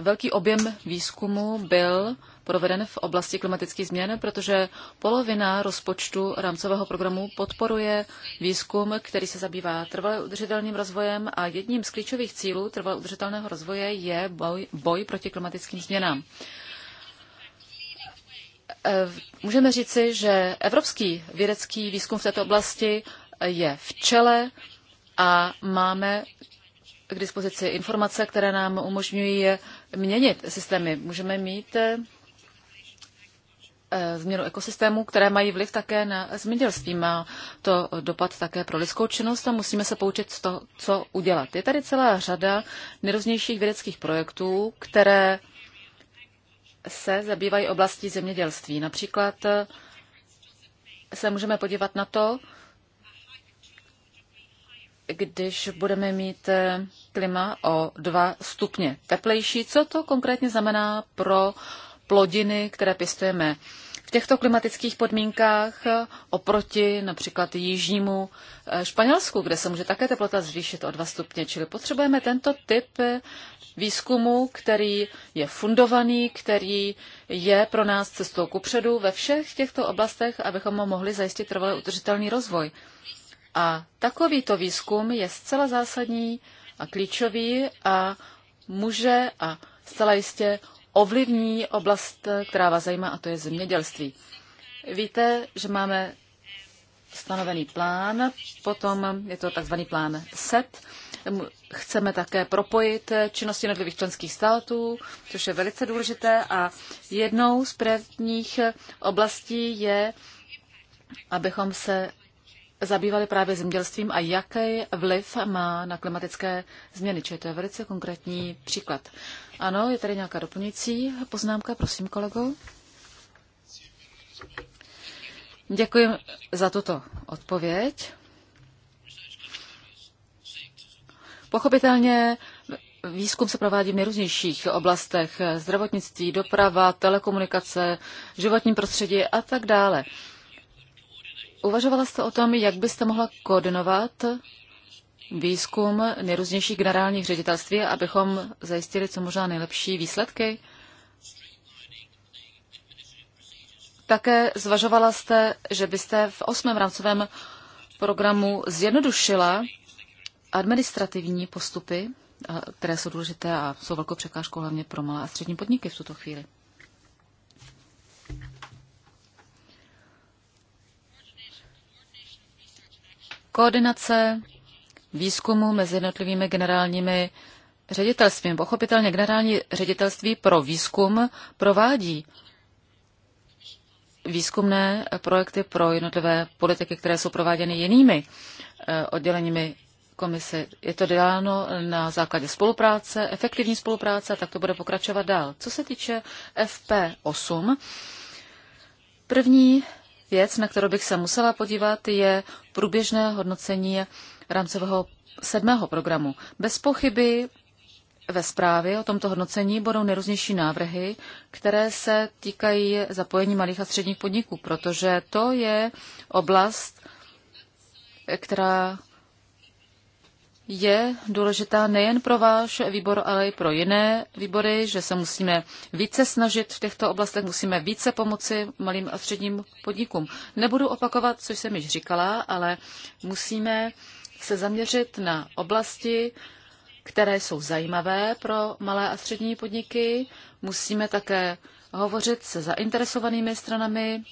velký objem výzkumu byl proveden v oblasti klimatických změn, protože polovina rozpočtu rámcového programu podporuje výzkum, který se zabývá trvale udržitelným rozvojem a jedním z klíčových cílů trvale udržitelného rozvoje je boj, boj proti klimatickým změnám. Eh, můžeme říci, že evropský vědecký výzkum v této oblasti je v čele a máme k dispozici informace, které nám umožňují měnit systémy. Můžeme mít eh, změnu ekosystémů, které mají vliv také na zemědělství. Má to dopad také pro lidskou činnost a musíme se poučit z toho, co udělat. Je tady celá řada nejrůznějších vědeckých projektů, které se zabývají oblastí zemědělství. Například eh, se můžeme podívat na to, když budeme mít eh, klima o 2 stupně teplejší. Co to konkrétně znamená pro plodiny, které pěstujeme v těchto klimatických podmínkách eh, oproti například jižnímu eh, Španělsku, kde se může také teplota zvýšit o 2 stupně. Čili potřebujeme tento typ výzkumu, který je fundovaný, který je pro nás cestou kupředu ve všech těchto oblastech, abychom mohli zajistit trvalý udržitelný rozvoj. A takovýto výzkum je zcela zásadní a klíčový a může a zcela jistě ovlivní oblast, která vás zajímá, a to je zemědělství. Víte, že máme stanovený plán, potom je to takzvaný plán SET. Chceme také propojit činnosti jednotlivých členských států, což je velice důležité a jednou z prvních oblastí je, abychom se zabývali právě zemědělstvím a jaký vliv má na klimatické změny. Čili to je velice konkrétní příklad. Ano, je tady nějaká doplňující poznámka, prosím kolego. Děkuji za tuto odpověď. Pochopitelně výzkum se provádí v nejrůznějších oblastech zdravotnictví, doprava, telekomunikace, životní prostředí a tak dále. Uvažovala jste o tom, jak byste mohla koordinovat výzkum nejrůznějších generálních ředitelství, abychom zajistili co možná nejlepší výsledky? Také zvažovala jste, že byste v osmém rámcovém programu zjednodušila administrativní postupy, které jsou důležité a jsou velkou překážkou hlavně pro malé a střední podniky v tuto chvíli. koordinace výzkumu mezi jednotlivými generálními ředitelstvím. Pochopitelně generální ředitelství pro výzkum provádí výzkumné projekty pro jednotlivé politiky, které jsou prováděny jinými eh, odděleními komise. Je to dáno na základě spolupráce, efektivní spolupráce, tak to bude pokračovat dál. Co se týče FP8, první věc, na kterou bych se musela podívat, je průběžné hodnocení rámcového sedmého programu. Bez pochyby ve zprávě o tomto hodnocení budou nejrůznější návrhy, které se týkají zapojení malých a středních podniků, protože to je oblast, která je důležitá nejen pro váš výbor, ale i pro jiné výbory, že se musíme více snažit v těchto oblastech, musíme více pomoci malým a středním podnikům. Nebudu opakovat, co jsem již říkala, ale musíme se zaměřit na oblasti, které jsou zajímavé pro malé a střední podniky. Musíme také hovořit se zainteresovanými stranami,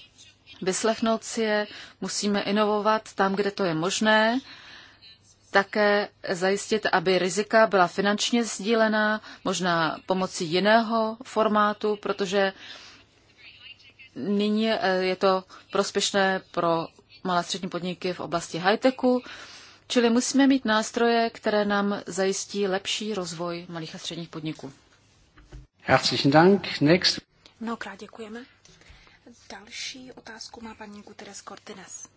vyslechnout si je, musíme inovovat tam, kde to je možné také zajistit, aby rizika byla finančně sdílená, možná pomocí jiného formátu, protože nyní eh, je to prospěšné pro malé střední podniky v oblasti high-techu, čili musíme mít nástroje, které nám zajistí lepší rozvoj malých a středních podniků. Herzlichen Dank. Next. Mnohokrát děkujeme. Další otázku má paní Guterres Cortines.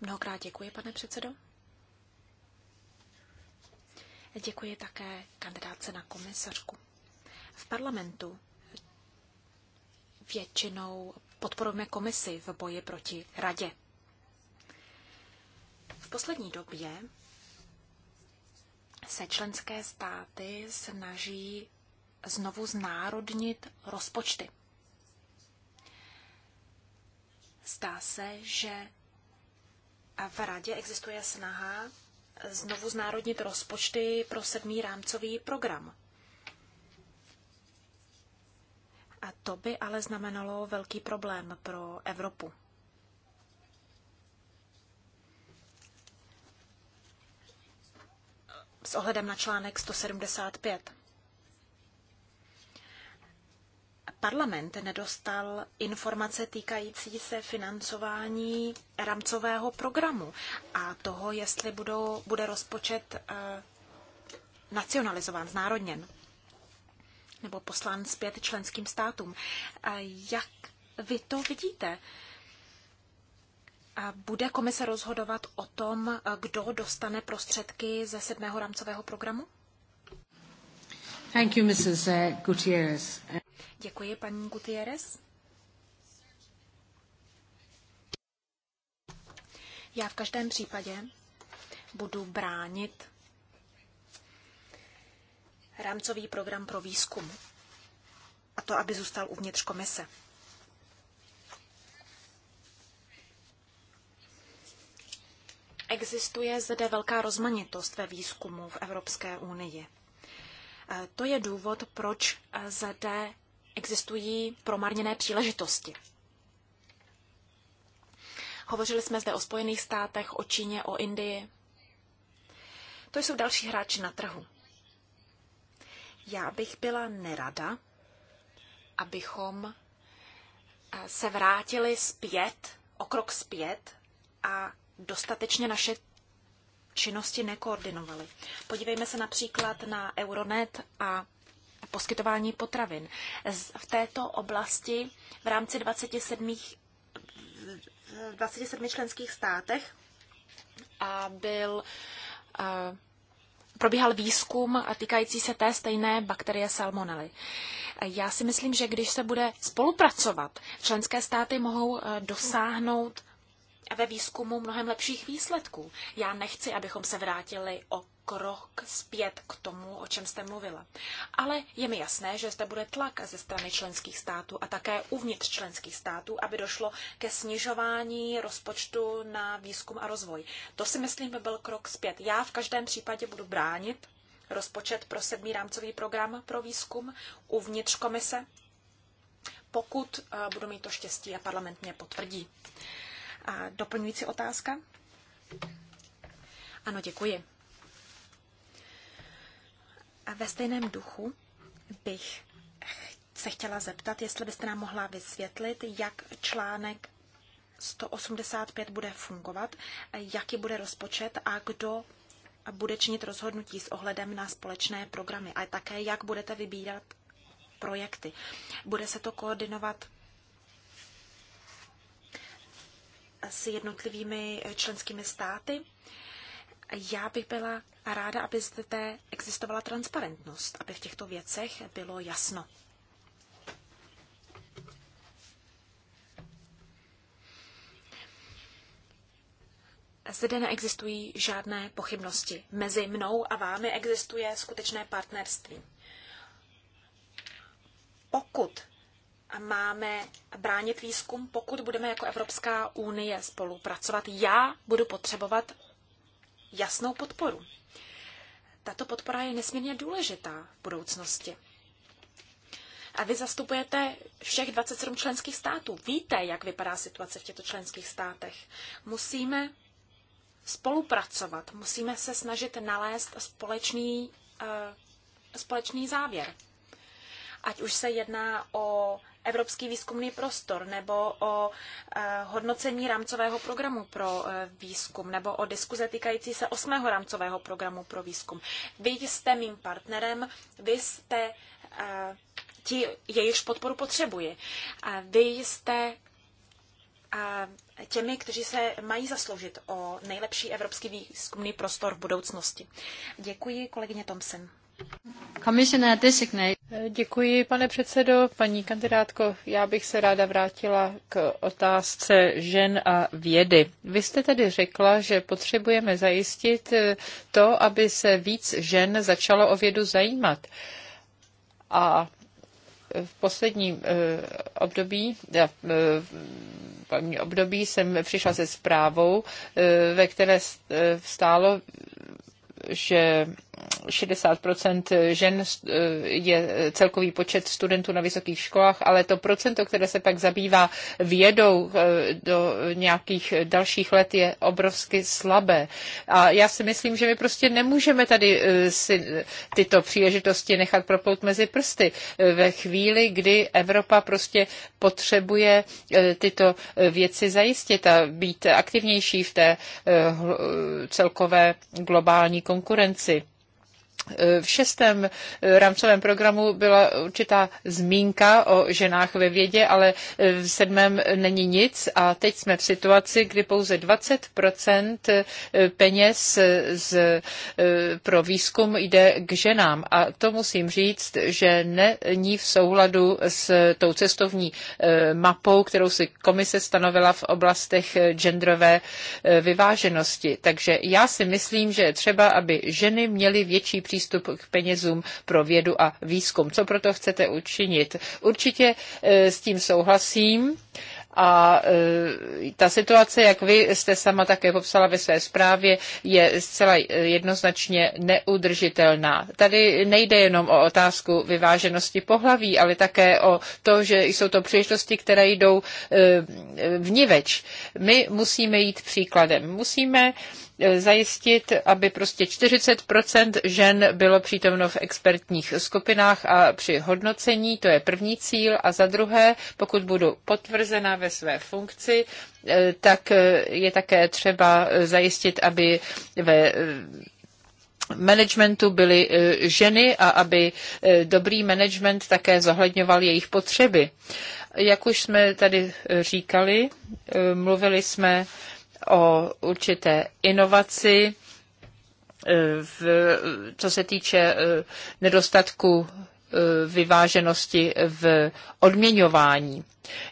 Mnohokrát děkuji, pane předsedo. Děkuji také kandidáce na komisařku. V parlamentu většinou podporujeme komisi v boji proti radě. V poslední době se členské státy snaží znovu znárodnit rozpočty. Zdá se, že v radě existuje snaha znovu znárodnit rozpočty pro sedmý rámcový program. A to by ale znamenalo velký problém pro Evropu. S ohledem na článek 175. Parlament nedostal informace týkající se financování rámcového programu a toho, jestli budou, bude rozpočet eh, nacionalizován, znárodněn nebo poslán zpět členským státům. Eh, jak vy to vidíte? Bude komise rozhodovat o tom, kdo dostane prostředky ze sedmého rámcového programu? Thank you, Mrs. Gutierrez. Děkuji, paní Gutierrez. Já v každém případě budu bránit rámcový program pro výzkum. A to, aby zůstal uvnitř komise. Existuje zde velká rozmanitost ve výzkumu v Evropské unii. E, to je důvod, proč e, zde existují promarněné příležitosti. Hovořili jsme zde o Spojených státech, o Číně, o Indii. To jsou další hráči na trhu. Já bych byla nerada, abychom eh, se vrátili zpět, o krok zpět a dostatečně naše činnosti nekoordinovali. Podívejme se například na Euronet a poskytování potravin. V této oblasti v rámci 27, 27 členských státech a byl a probíhal výzkum týkající se té stejné bakterie salmonely. Já si myslím, že když se bude spolupracovat, členské státy mohou e, dosáhnout ve výzkumu mnohem lepších výsledků. Já nechci, abychom se vrátili o krok zpět k tomu, o čem jste mluvila. Ale je mi jasné, že zde bude tlak ze strany členských států a také uvnitř členských států, aby došlo ke snižování rozpočtu na výzkum a rozvoj. To si myslím by byl krok zpět. Já v každém případě budu bránit rozpočet pro sedmý rámcový program pro výzkum uvnitř komise, pokud eh, budu mít to štěstí a parlament mě potvrdí. A doplňující otázka? Ano, děkuji ve stejném duchu bych se chtěla zeptat, jestli byste nám mohla vysvětlit, jak článek 185 bude fungovat, jaký bude rozpočet a kdo bude činit rozhodnutí s ohledem na společné programy a také jak budete vybírat projekty. Bude se to koordinovat s jednotlivými členskými státy já bych byla ráda, aby zde existovala transparentnost, aby v těchto věcech bylo jasno. Zde neexistují žádné pochybnosti. Mezi mnou a vámi existuje skutečné partnerství. Pokud máme bránit výzkum, pokud budeme jako Evropská unie spolupracovat, já budu potřebovat jasnou podporu. Tato podpora je nesmírně důležitá v budoucnosti. A vy zastupujete všech 27 členských států. Víte, jak vypadá situace v těchto členských státech. Musíme spolupracovat, musíme se snažit nalézt společný, eh, společný závěr ať už se jedná o Evropský výzkumný prostor nebo o eh, hodnocení rámcového programu pro eh, výzkum nebo o diskuze týkající se osmého rámcového programu pro výzkum. Vy jste mým partnerem, vy jste eh, ti, jejichž podporu potřebuji. Vy jste těmi, kteří se mají zasloužit o nejlepší evropský výzkumný prostor v budoucnosti. Děkuji, kolegyně Thompson. Děkuji, pane předsedo. Paní kandidátko, já bych se ráda vrátila k otázce žen a vědy. Vy jste tedy řekla, že potřebujeme zajistit to, aby se víc žen začalo o vědu zajímat. A v posledním eh, období, eh, v období jsem přišla se zprávou, eh, ve které stálo, že 60 žen eh, je celkový počet studentů na vysokých školách, ale to procento, které se pak zabývá vědou eh, do nějakých dalších let, je obrovsky slabé. A já si myslím, že my prostě nemůžeme tady eh, si tyto příležitosti nechat proplout mezi prsty. Ve chvíli, kdy Evropa prostě potřebuje tyto věci zajistit a být aktivnější v té celkové globální konkurenci v šestém eh, rámcovém programu byla určitá zmínka o ženách ve vědě, ale eh, v sedmém není nic a teď jsme v situaci, kdy pouze 20 eh, peněz z, pro výzkum jde k ženám. A to musím říct, že není v souladu s tou cestovní mapou, kterou si komise stanovila v oblastech genderové vyváženosti. Takže já si myslím, že třeba, aby ženy měly větší přístup k penězům pro vědu a výzkum. Co proto chcete učinit? Určitě e, s tím souhlasím. A e, ta situace, jak vy jste sama také popsala ve své zprávě, je zcela e, jednoznačně neudržitelná. Tady nejde jenom o otázku vyváženosti pohlaví, ale také o to, že jsou to příležitosti, které jdou vniveč. My musíme jít příkladem. Musíme Eh, zajistit, aby prostě 40 žen bylo přítomno v expertních skupinách a při hodnocení, to je první cíl. A za druhé, pokud budu potvrzena ve své funkci, eh, tak eh, je také třeba zajistit, aby ve managementu byly ženy a aby dobrý management také zohledňoval jejich potřeby. Jak už jsme tady říkali, mluvili jsme o určité inovaci, e, v, co se týče e, nedostatku e, vyváženosti v odměňování.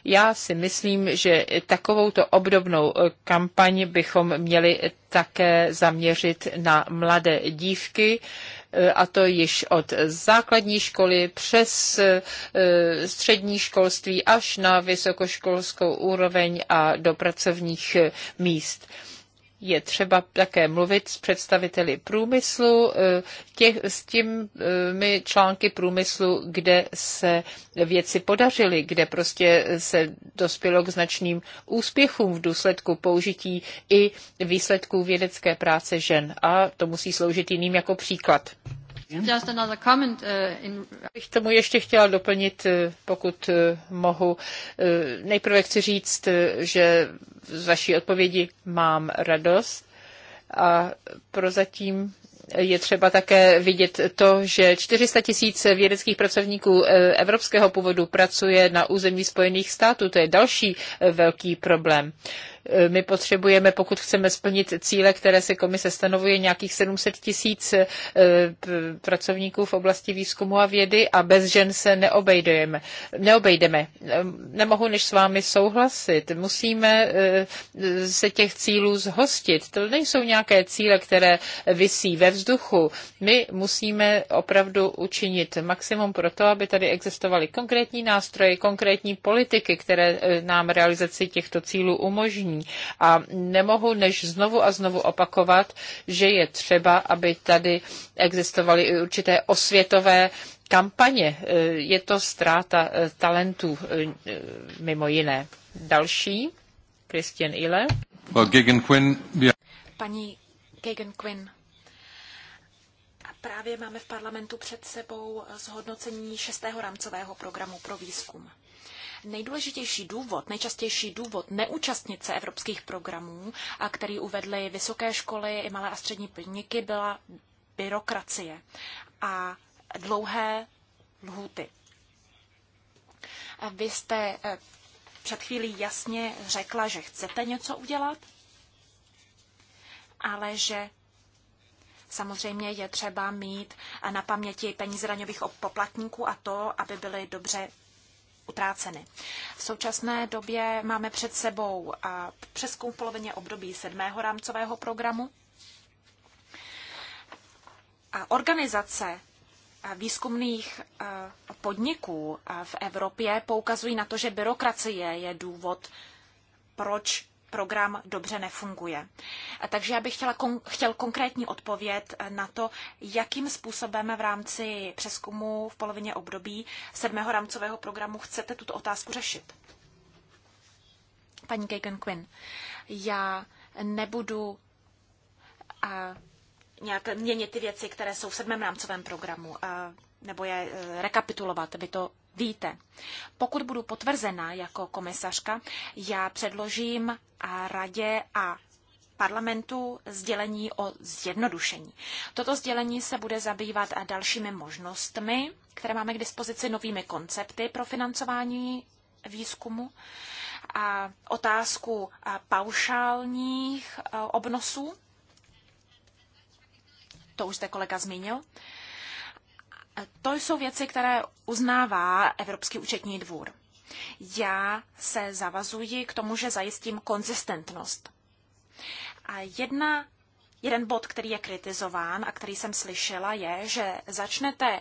Já si myslím, že takovouto obdobnou kampaň bychom měli také zaměřit na mladé dívky, a to již od základní školy přes e, střední školství až na vysokoškolskou úroveň a do pracovních e, míst je třeba také mluvit s představiteli průmyslu, eh, těch, s těmi články průmyslu, kde se věci podařily, kde prostě se dospělo k značným úspěchům v důsledku použití i výsledků vědecké práce žen. A to musí sloužit jiným jako příklad. Just uh, Bych tomu ještě chtěla doplnit, eh, pokud eh, mohu. Eh, nejprve chci říct, že z vaší odpovědi mám radost a prozatím je třeba také vidět to, že 400 tisíc vědeckých pracovníků evropského původu pracuje na území Spojených států. To je další velký problém. Eh, my potřebujeme, pokud chceme splnit cíle, které se komise stanovuje, nějakých 700 tisíc eh, pracovníků v oblasti výzkumu a vědy a bez žen se neobejdeme. neobejdeme. Nemohu než s vámi souhlasit. Musíme eh, se těch cílů zhostit. To nejsou nějaké cíle, které vysí ve vzduchu. My musíme opravdu učinit maximum pro to, aby tady existovaly konkrétní nástroje, konkrétní politiky, které nám realizaci těchto cílů umožní zemí. A nemohu než znovu a znovu opakovat, že je třeba, aby tady existovaly i určité osvětové kampaně. Eh, je to ztráta eh, talentů eh, mimo jiné. Další, Christian Ile. Paní Kagan Quinn, právě máme v parlamentu před sebou zhodnocení šestého rámcového programu pro výzkum. Nejdůležitější důvod, nejčastější důvod neúčastnit se evropských programů, a který uvedly vysoké školy i malé a střední podniky, byla byrokracie a dlouhé lhuty. Vy jste eh, před chvílí jasně řekla, že chcete něco udělat, ale že samozřejmě je třeba mít na paměti peníze daňových poplatníků a to, aby byly dobře utráceny. V současné době máme před sebou přeskum v polovině období sedmého rámcového programu. A organizace výzkumných podniků v Evropě poukazují na to, že byrokracie je důvod, proč program dobře nefunguje. Takže já bych chtěla kon- chtěl konkrétní odpověď na to, jakým způsobem v rámci přeskumu v polovině období sedmého rámcového programu chcete tuto otázku řešit. Paní Gagan Quinn, já nebudu a, nějak měnit ty věci, které jsou v sedmém rámcovém programu, a, nebo je e, rekapitulovat. Vy to víte. Pokud budu potvrzena jako komisařka, já předložím a radě a parlamentu sdělení o zjednodušení. Toto sdělení se bude zabývat a dalšími možnostmi, které máme k dispozici, novými koncepty pro financování výzkumu, a otázku a paušálních e, obnosů, to už jste kolega zmínil, to jsou věci, které uznává Evropský účetní dvůr. Já se zavazuji k tomu, že zajistím konzistentnost. A jedna, jeden bod, který je kritizován a který jsem slyšela, je, že začnete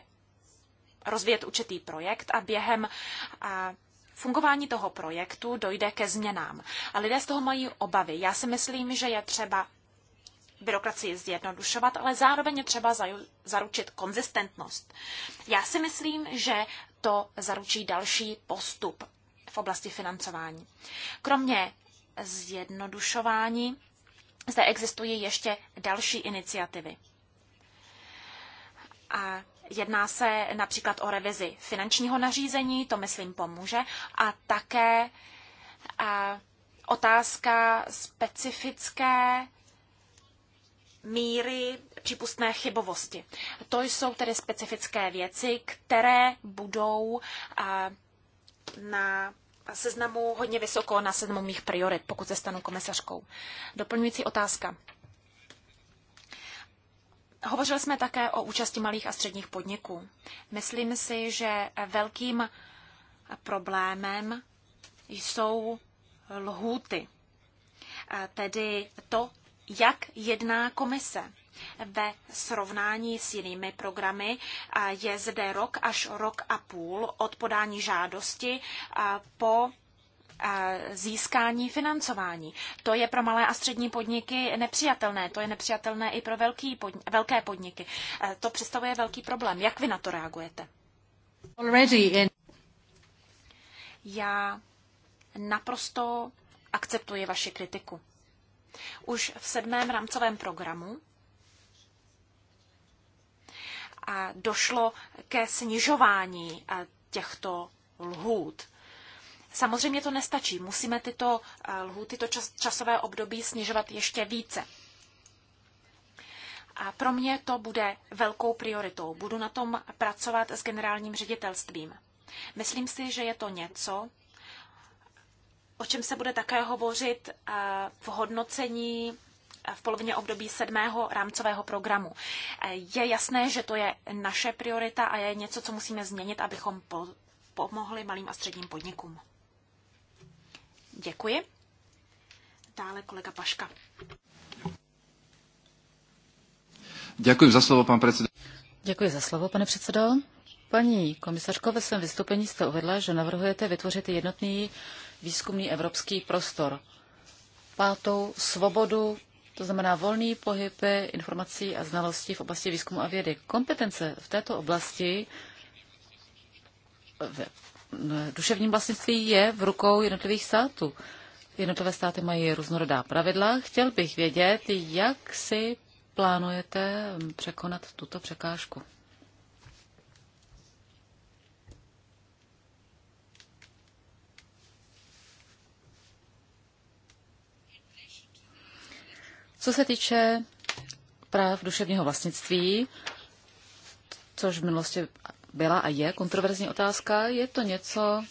rozvíjet určitý projekt a během a, fungování toho projektu dojde ke změnám. A lidé z toho mají obavy. Já si myslím, že je třeba byrokracii zjednodušovat, ale zároveň je třeba zaručit konzistentnost. Já si myslím, že to zaručí další postup v oblasti financování. Kromě zjednodušování zde existují ještě další iniciativy. A jedná se například o revizi finančního nařízení, to myslím pomůže, a také a otázka specifické míry přípustné chybovosti. To jsou tedy specifické věci, které budou na seznamu hodně vysoko na seznamu mých priorit, pokud se stanu komisařkou. Doplňující otázka. Hovořili jsme také o účasti malých a středních podniků. Myslím si, že velkým problémem jsou lhůty, tedy to, jak jedná komise. Ve srovnání s jinými programy je zde rok až rok a půl od podání žádosti po získání financování. To je pro malé a střední podniky nepřijatelné, to je nepřijatelné i pro velký podni- velké podniky. To představuje velký problém. Jak vy na to reagujete? In... Já naprosto akceptuji vaši kritiku. Už v sedmém rámcovém programu a došlo ke snižování eh, těchto lhůt. Samozřejmě to nestačí. Musíme tyto eh, lhůty, tyto čas, časové období snižovat ještě více. A pro mě to bude velkou prioritou. Budu na tom pracovat s generálním ředitelstvím. Myslím si, že je to něco, o čem se bude také hovořit eh, v hodnocení eh, v polovině období sedmého rámcového programu. Eh, je jasné, že to je naše priorita a je něco, co musíme změnit, abychom po pomohli malým a středním podnikům. Děkuji. Dále kolega Paška. Děkuji za slovo, pan předsedo. Děkuji za slovo, pane předsedo. Paní komisařko, ve svém vystoupení jste uvedla, že navrhujete vytvořit jednotný výzkumný evropský prostor. Pátou svobodu, to znamená volný pohyb informací a znalostí v oblasti výzkumu a vědy. Kompetence v této oblasti v duševním vlastnictví je v rukou jednotlivých států. Jednotlivé státy mají různorodá pravidla. Chtěl bych vědět, jak si plánujete překonat tuto překážku. Co se týče práv duševního vlastnictví, což v minulosti byla a je kontroverzní otázka, je to něco,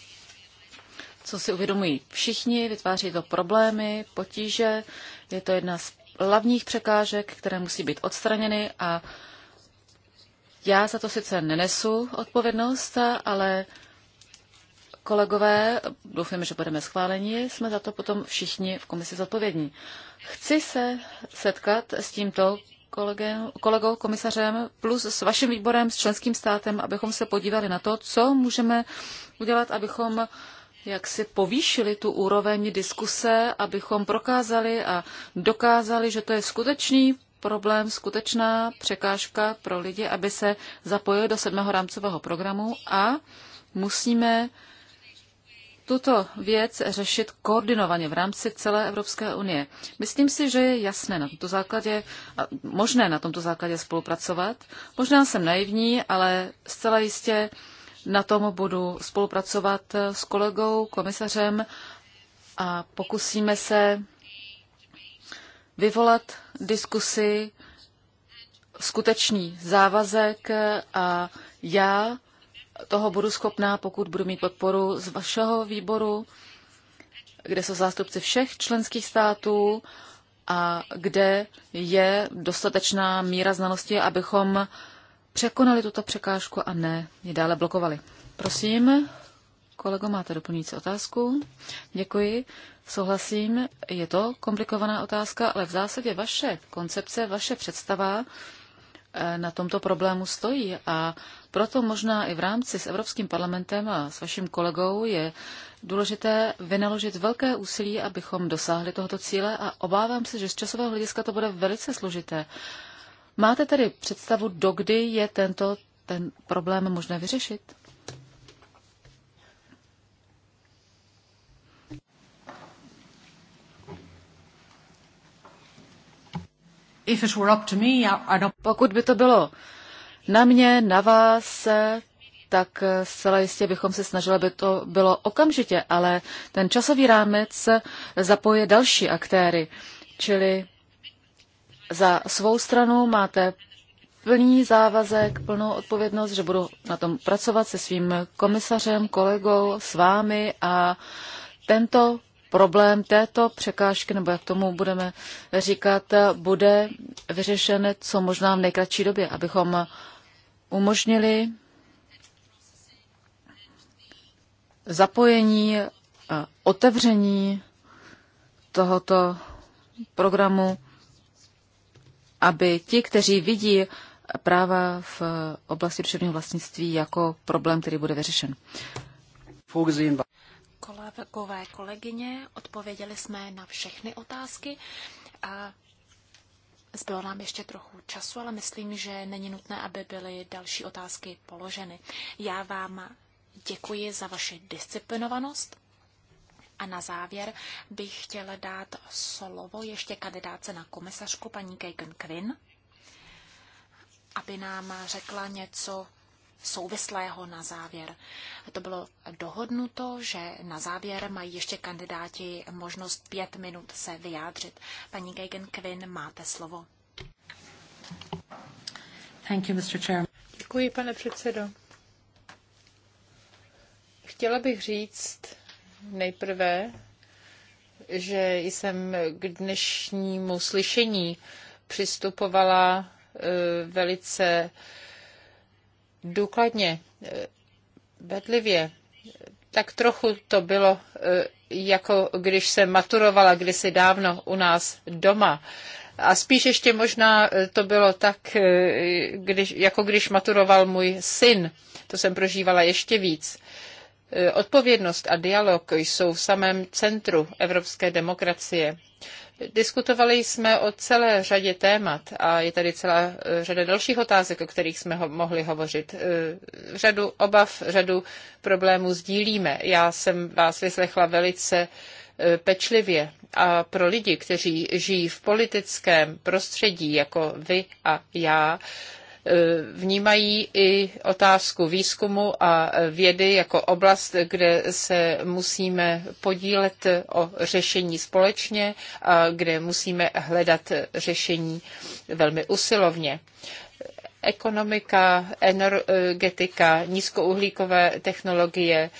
co si uvědomují všichni, vytváří to problémy, potíže, je to jedna z hlavních překážek, které musí být odstraněny a já za to sice nenesu odpovědnost, ale Kolegové, doufám, že budeme schváleni, jsme za to potom všichni v komisi zodpovědní. Chci se setkat s tímto kolegem, kolegou komisařem plus s vaším výborem, s členským státem, abychom se podívali na to, co můžeme udělat, abychom jak si povýšili tu úroveň diskuse, abychom prokázali a dokázali, že to je skutečný problém, skutečná překážka pro lidi, aby se zapojili do sedmého rámcového programu a musíme tuto věc řešit koordinovaně v rámci celé Evropské unie. Myslím si, že je jasné na tomto základě, možné na tomto základě spolupracovat. Možná jsem naivní, ale zcela jistě na tom budu spolupracovat s kolegou, komisařem a pokusíme se vyvolat diskusi, skutečný závazek a já toho budu schopná, pokud budu mít podporu z vašeho výboru, kde jsou zástupci všech členských států a kde je dostatečná míra znalosti, abychom překonali tuto překážku a ne ji dále blokovali. Prosím, kolego, máte doplňující otázku? Děkuji. Souhlasím, je to komplikovaná otázka, ale v zásadě vaše koncepce, vaše představa Eh, na tomto problému stojí a proto možná i v rámci s Evropským parlamentem a s vaším kolegou je důležité vynaložit velké úsilí, abychom dosáhli tohoto cíle a obávám se, že z časového hlediska to bude velice složité. Máte tedy představu, dokdy je tento ten problém možné vyřešit? Pokud by to bylo na mě, na vás, tak zcela jistě bychom se snažili, aby to bylo okamžitě, ale ten časový rámec zapoje další aktéry. Čili za svou stranu máte plný závazek, plnou odpovědnost, že budu na tom pracovat se svým komisařem, kolegou, s vámi a tento problém této překážky, nebo jak tomu budeme říkat, bude vyřešen co možná v nejkratší době, abychom umožnili zapojení, otevření tohoto programu, aby ti, kteří vidí práva v oblasti duševního vlastnictví jako problém, který bude vyřešen kolegové, kolegyně. Odpověděli jsme na všechny otázky. A Zbylo nám ještě trochu času, ale myslím, že není nutné, aby byly další otázky položeny. Já vám děkuji za vaši disciplinovanost. A na závěr bych chtěla dát slovo ještě kandidáce na komisařku paní Kejken Quinn, aby nám řekla něco souvislého na závěr. To bylo dohodnuto, že na závěr mají ještě kandidáti možnost pět minut se vyjádřit. Paní Gagan Quinn, máte slovo. Thank you, Mr. Chairman. Děkuji, pane předsedo. Chtěla bych říct nejprve, že jsem k dnešnímu slyšení přistupovala eh, velice důkladně, eh, bedlivě, tak trochu to bylo eh, jako když se maturovala kdysi dávno u nás doma. A spíš ještě možná eh, to bylo tak, když, jako když maturoval můj syn. To jsem prožívala ještě víc. Odpovědnost a dialog jsou v samém centru evropské demokracie. Diskutovali jsme o celé řadě témat a je tady celá eh, řada dalších otázek, o kterých jsme ho- mohli hovořit. Eh, řadu obav, řadu problémů sdílíme. Já jsem vás vyslechla velice eh, pečlivě a pro lidi, kteří žijí v politickém prostředí jako vy a já, Eh, vnímají i otázku výzkumu a vědy jako oblast, kde se musíme podílet o řešení společně a kde musíme hledat řešení velmi usilovně ekonomika, energetika, nízkouhlíkové technologie,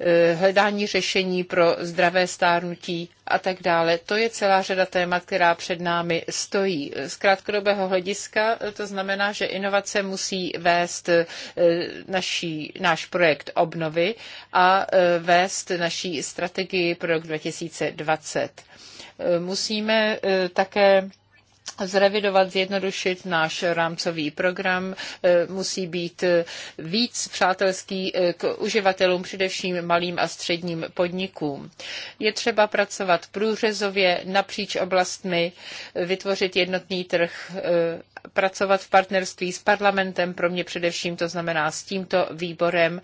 E, hledání řešení pro zdravé stárnutí a tak dále. To je celá řada témat, která před námi stojí. Z krátkodobého hlediska e, to znamená, že inovace musí vést e, naší, náš projekt obnovy a vést naší strategii pro rok 2020. Musíme také zrevidovat, zjednodušit náš rámcový program. E, musí být víc přátelský e, k uživatelům, především malým a středním podnikům. Je třeba pracovat průřezově napříč oblastmi, vytvořit jednotný trh, e, pracovat v partnerství s parlamentem, pro mě především to znamená s tímto výborem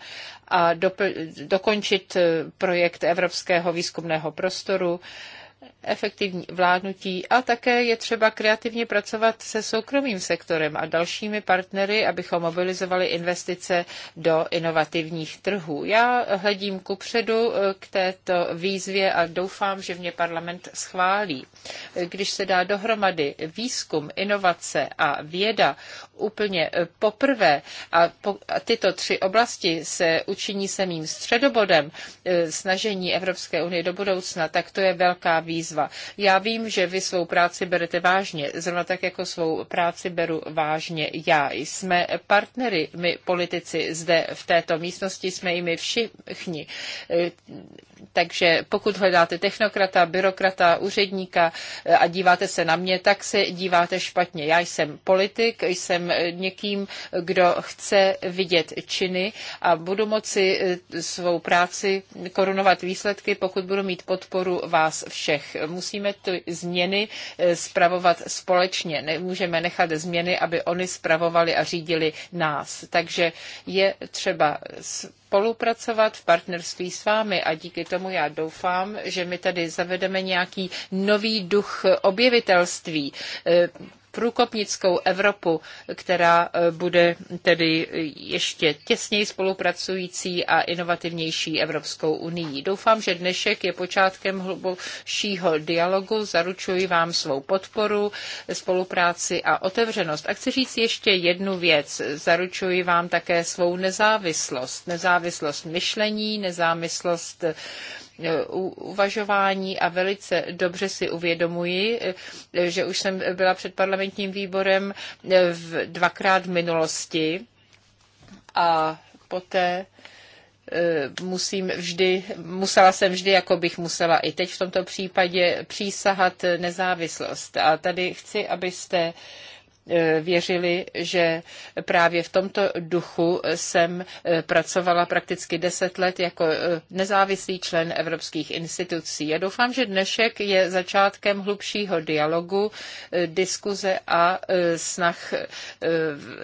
a dokončit projekt Evropského výzkumného prostoru efektivní vládnutí a také je třeba kreativně pracovat se soukromým sektorem a dalšími partnery, abychom mobilizovali investice do inovativních trhů. Já hledím ku předu eh, k této výzvě a doufám, že mě parlament schválí. Když se dá dohromady výzkum, inovace a věda úplně eh, poprvé a, po, a tyto tři oblasti se učiní se mým středobodem eh, snažení Evropské unie do budoucna, tak to je velká výzva výzva. Já vím, že vy svou práci berete vážně, zrovna tak jako svou práci beru vážně já. Jsme partnery, my politici zde v této místnosti, jsme i my všichni. E, takže pokud hledáte technokrata, byrokrata, úředníka e, a díváte se na mě, tak se díváte špatně. Já jsem politik, jsem někým, kdo chce vidět činy a budu moci e, svou práci korunovat výsledky, pokud budu mít podporu vás všech musíme ty změny eh, spravovat společně. Nemůžeme nechat změny, aby oni spravovali a řídili nás. Takže je třeba spolupracovat v partnerství s vámi a díky tomu já doufám, že my tady zavedeme nějaký nový duch objevitelství, eh, průkopnickou Evropu, která e, bude tedy ještě těsněji spolupracující a inovativnější Evropskou unii. Doufám, že dnešek je počátkem hlubšího dialogu. Zaručuji vám svou podporu, spolupráci a otevřenost. A chci říct ještě jednu věc. Zaručuji vám také svou nezávislost. Nezávislost myšlení, nezávislost Eh, uvažování a velice dobře si uvědomuji, eh, že už jsem byla před parlamentním výborem eh, v dvakrát v minulosti a poté musím vždy, musela jsem vždy, jako bych musela i teď v tomto případě, přísahat nezávislost. A tady chci, abyste E, věřili, že právě v tomto duchu jsem e, pracovala prakticky deset let jako e, nezávislý člen evropských institucí. Já doufám, že dnešek je začátkem hlubšího dialogu, diskuze a snah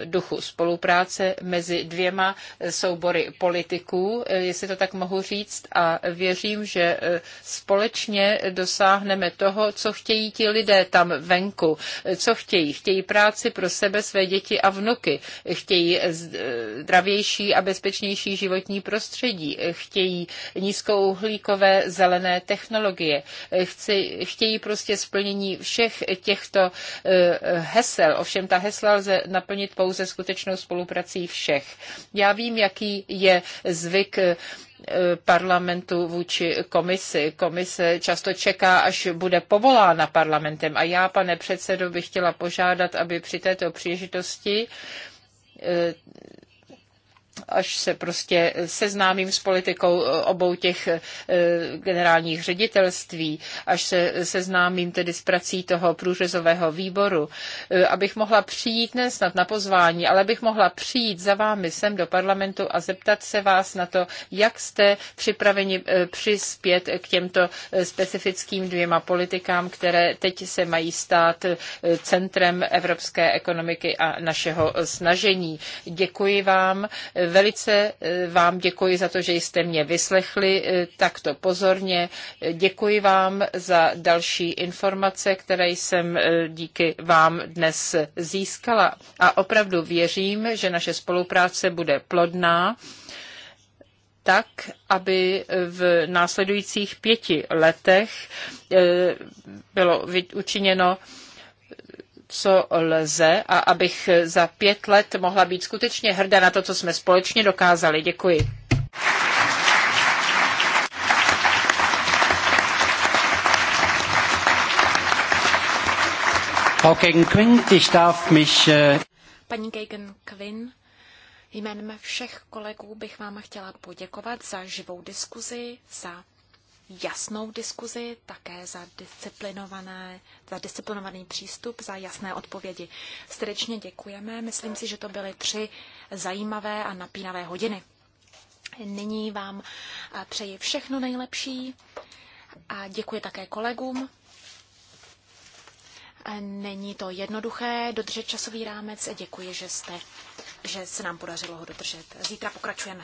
duchu spolupráce mezi dvěma soubory politiků, jestli to tak mohu říct, a věřím, že společně dosáhneme toho, co chtějí ti lidé tam venku, co chtějí. Chtějí práci práci pro sebe, své děti a vnuky. Chtějí zdravější a bezpečnější životní prostředí. Chtějí nízkouhlíkové zelené technologie. Chci, chtějí prostě splnění všech těchto eh, hesel. Ovšem ta hesla lze naplnit pouze skutečnou spoluprací všech. Já vím, jaký je zvyk eh, Eh, parlamentu vůči komisi. Komise často čeká, až bude povolána parlamentem. A já, pane předsedo, bych chtěla požádat, aby při této příležitosti eh, až se prostě seznámím s politikou eh, obou těch eh, generálních ředitelství, až se seznámím tedy s prací toho průřezového výboru, eh, abych mohla přijít, ne snad na pozvání, ale bych mohla přijít za vámi sem do parlamentu a zeptat se vás na to, jak jste připraveni přispět k těmto specifickým dvěma politikám, které teď se mají stát centrem evropské ekonomiky a našeho snažení. Děkuji vám Velice eh, vám děkuji za to, že jste mě vyslechli eh, takto pozorně. Děkuji vám za další informace, které jsem eh, díky vám dnes získala. A opravdu věřím, že naše spolupráce bude plodná tak, aby v následujících pěti letech bylo učiněno co lze a abych za pět let mohla být skutečně hrdá na to, co jsme společně dokázali. Děkuji. Frau Gegenquint, ich darf mich... Äh, Paní Gegenquin, jménem všech kolegů bych vám chtěla poděkovat za živou diskuzi, za jasnou diskuzi, také za, disciplinované, za disciplinovaný přístup, za jasné odpovědi. Srdečně děkujeme. Myslím si, že to byly tři zajímavé a napínavé hodiny. Nyní vám eh, přeji všechno nejlepší a děkuji také kolegům. Eh, není to jednoduché dodržet časový rámec. Děkuji, že, jste, že se nám podařilo ho dodržet. Zítra pokračujeme.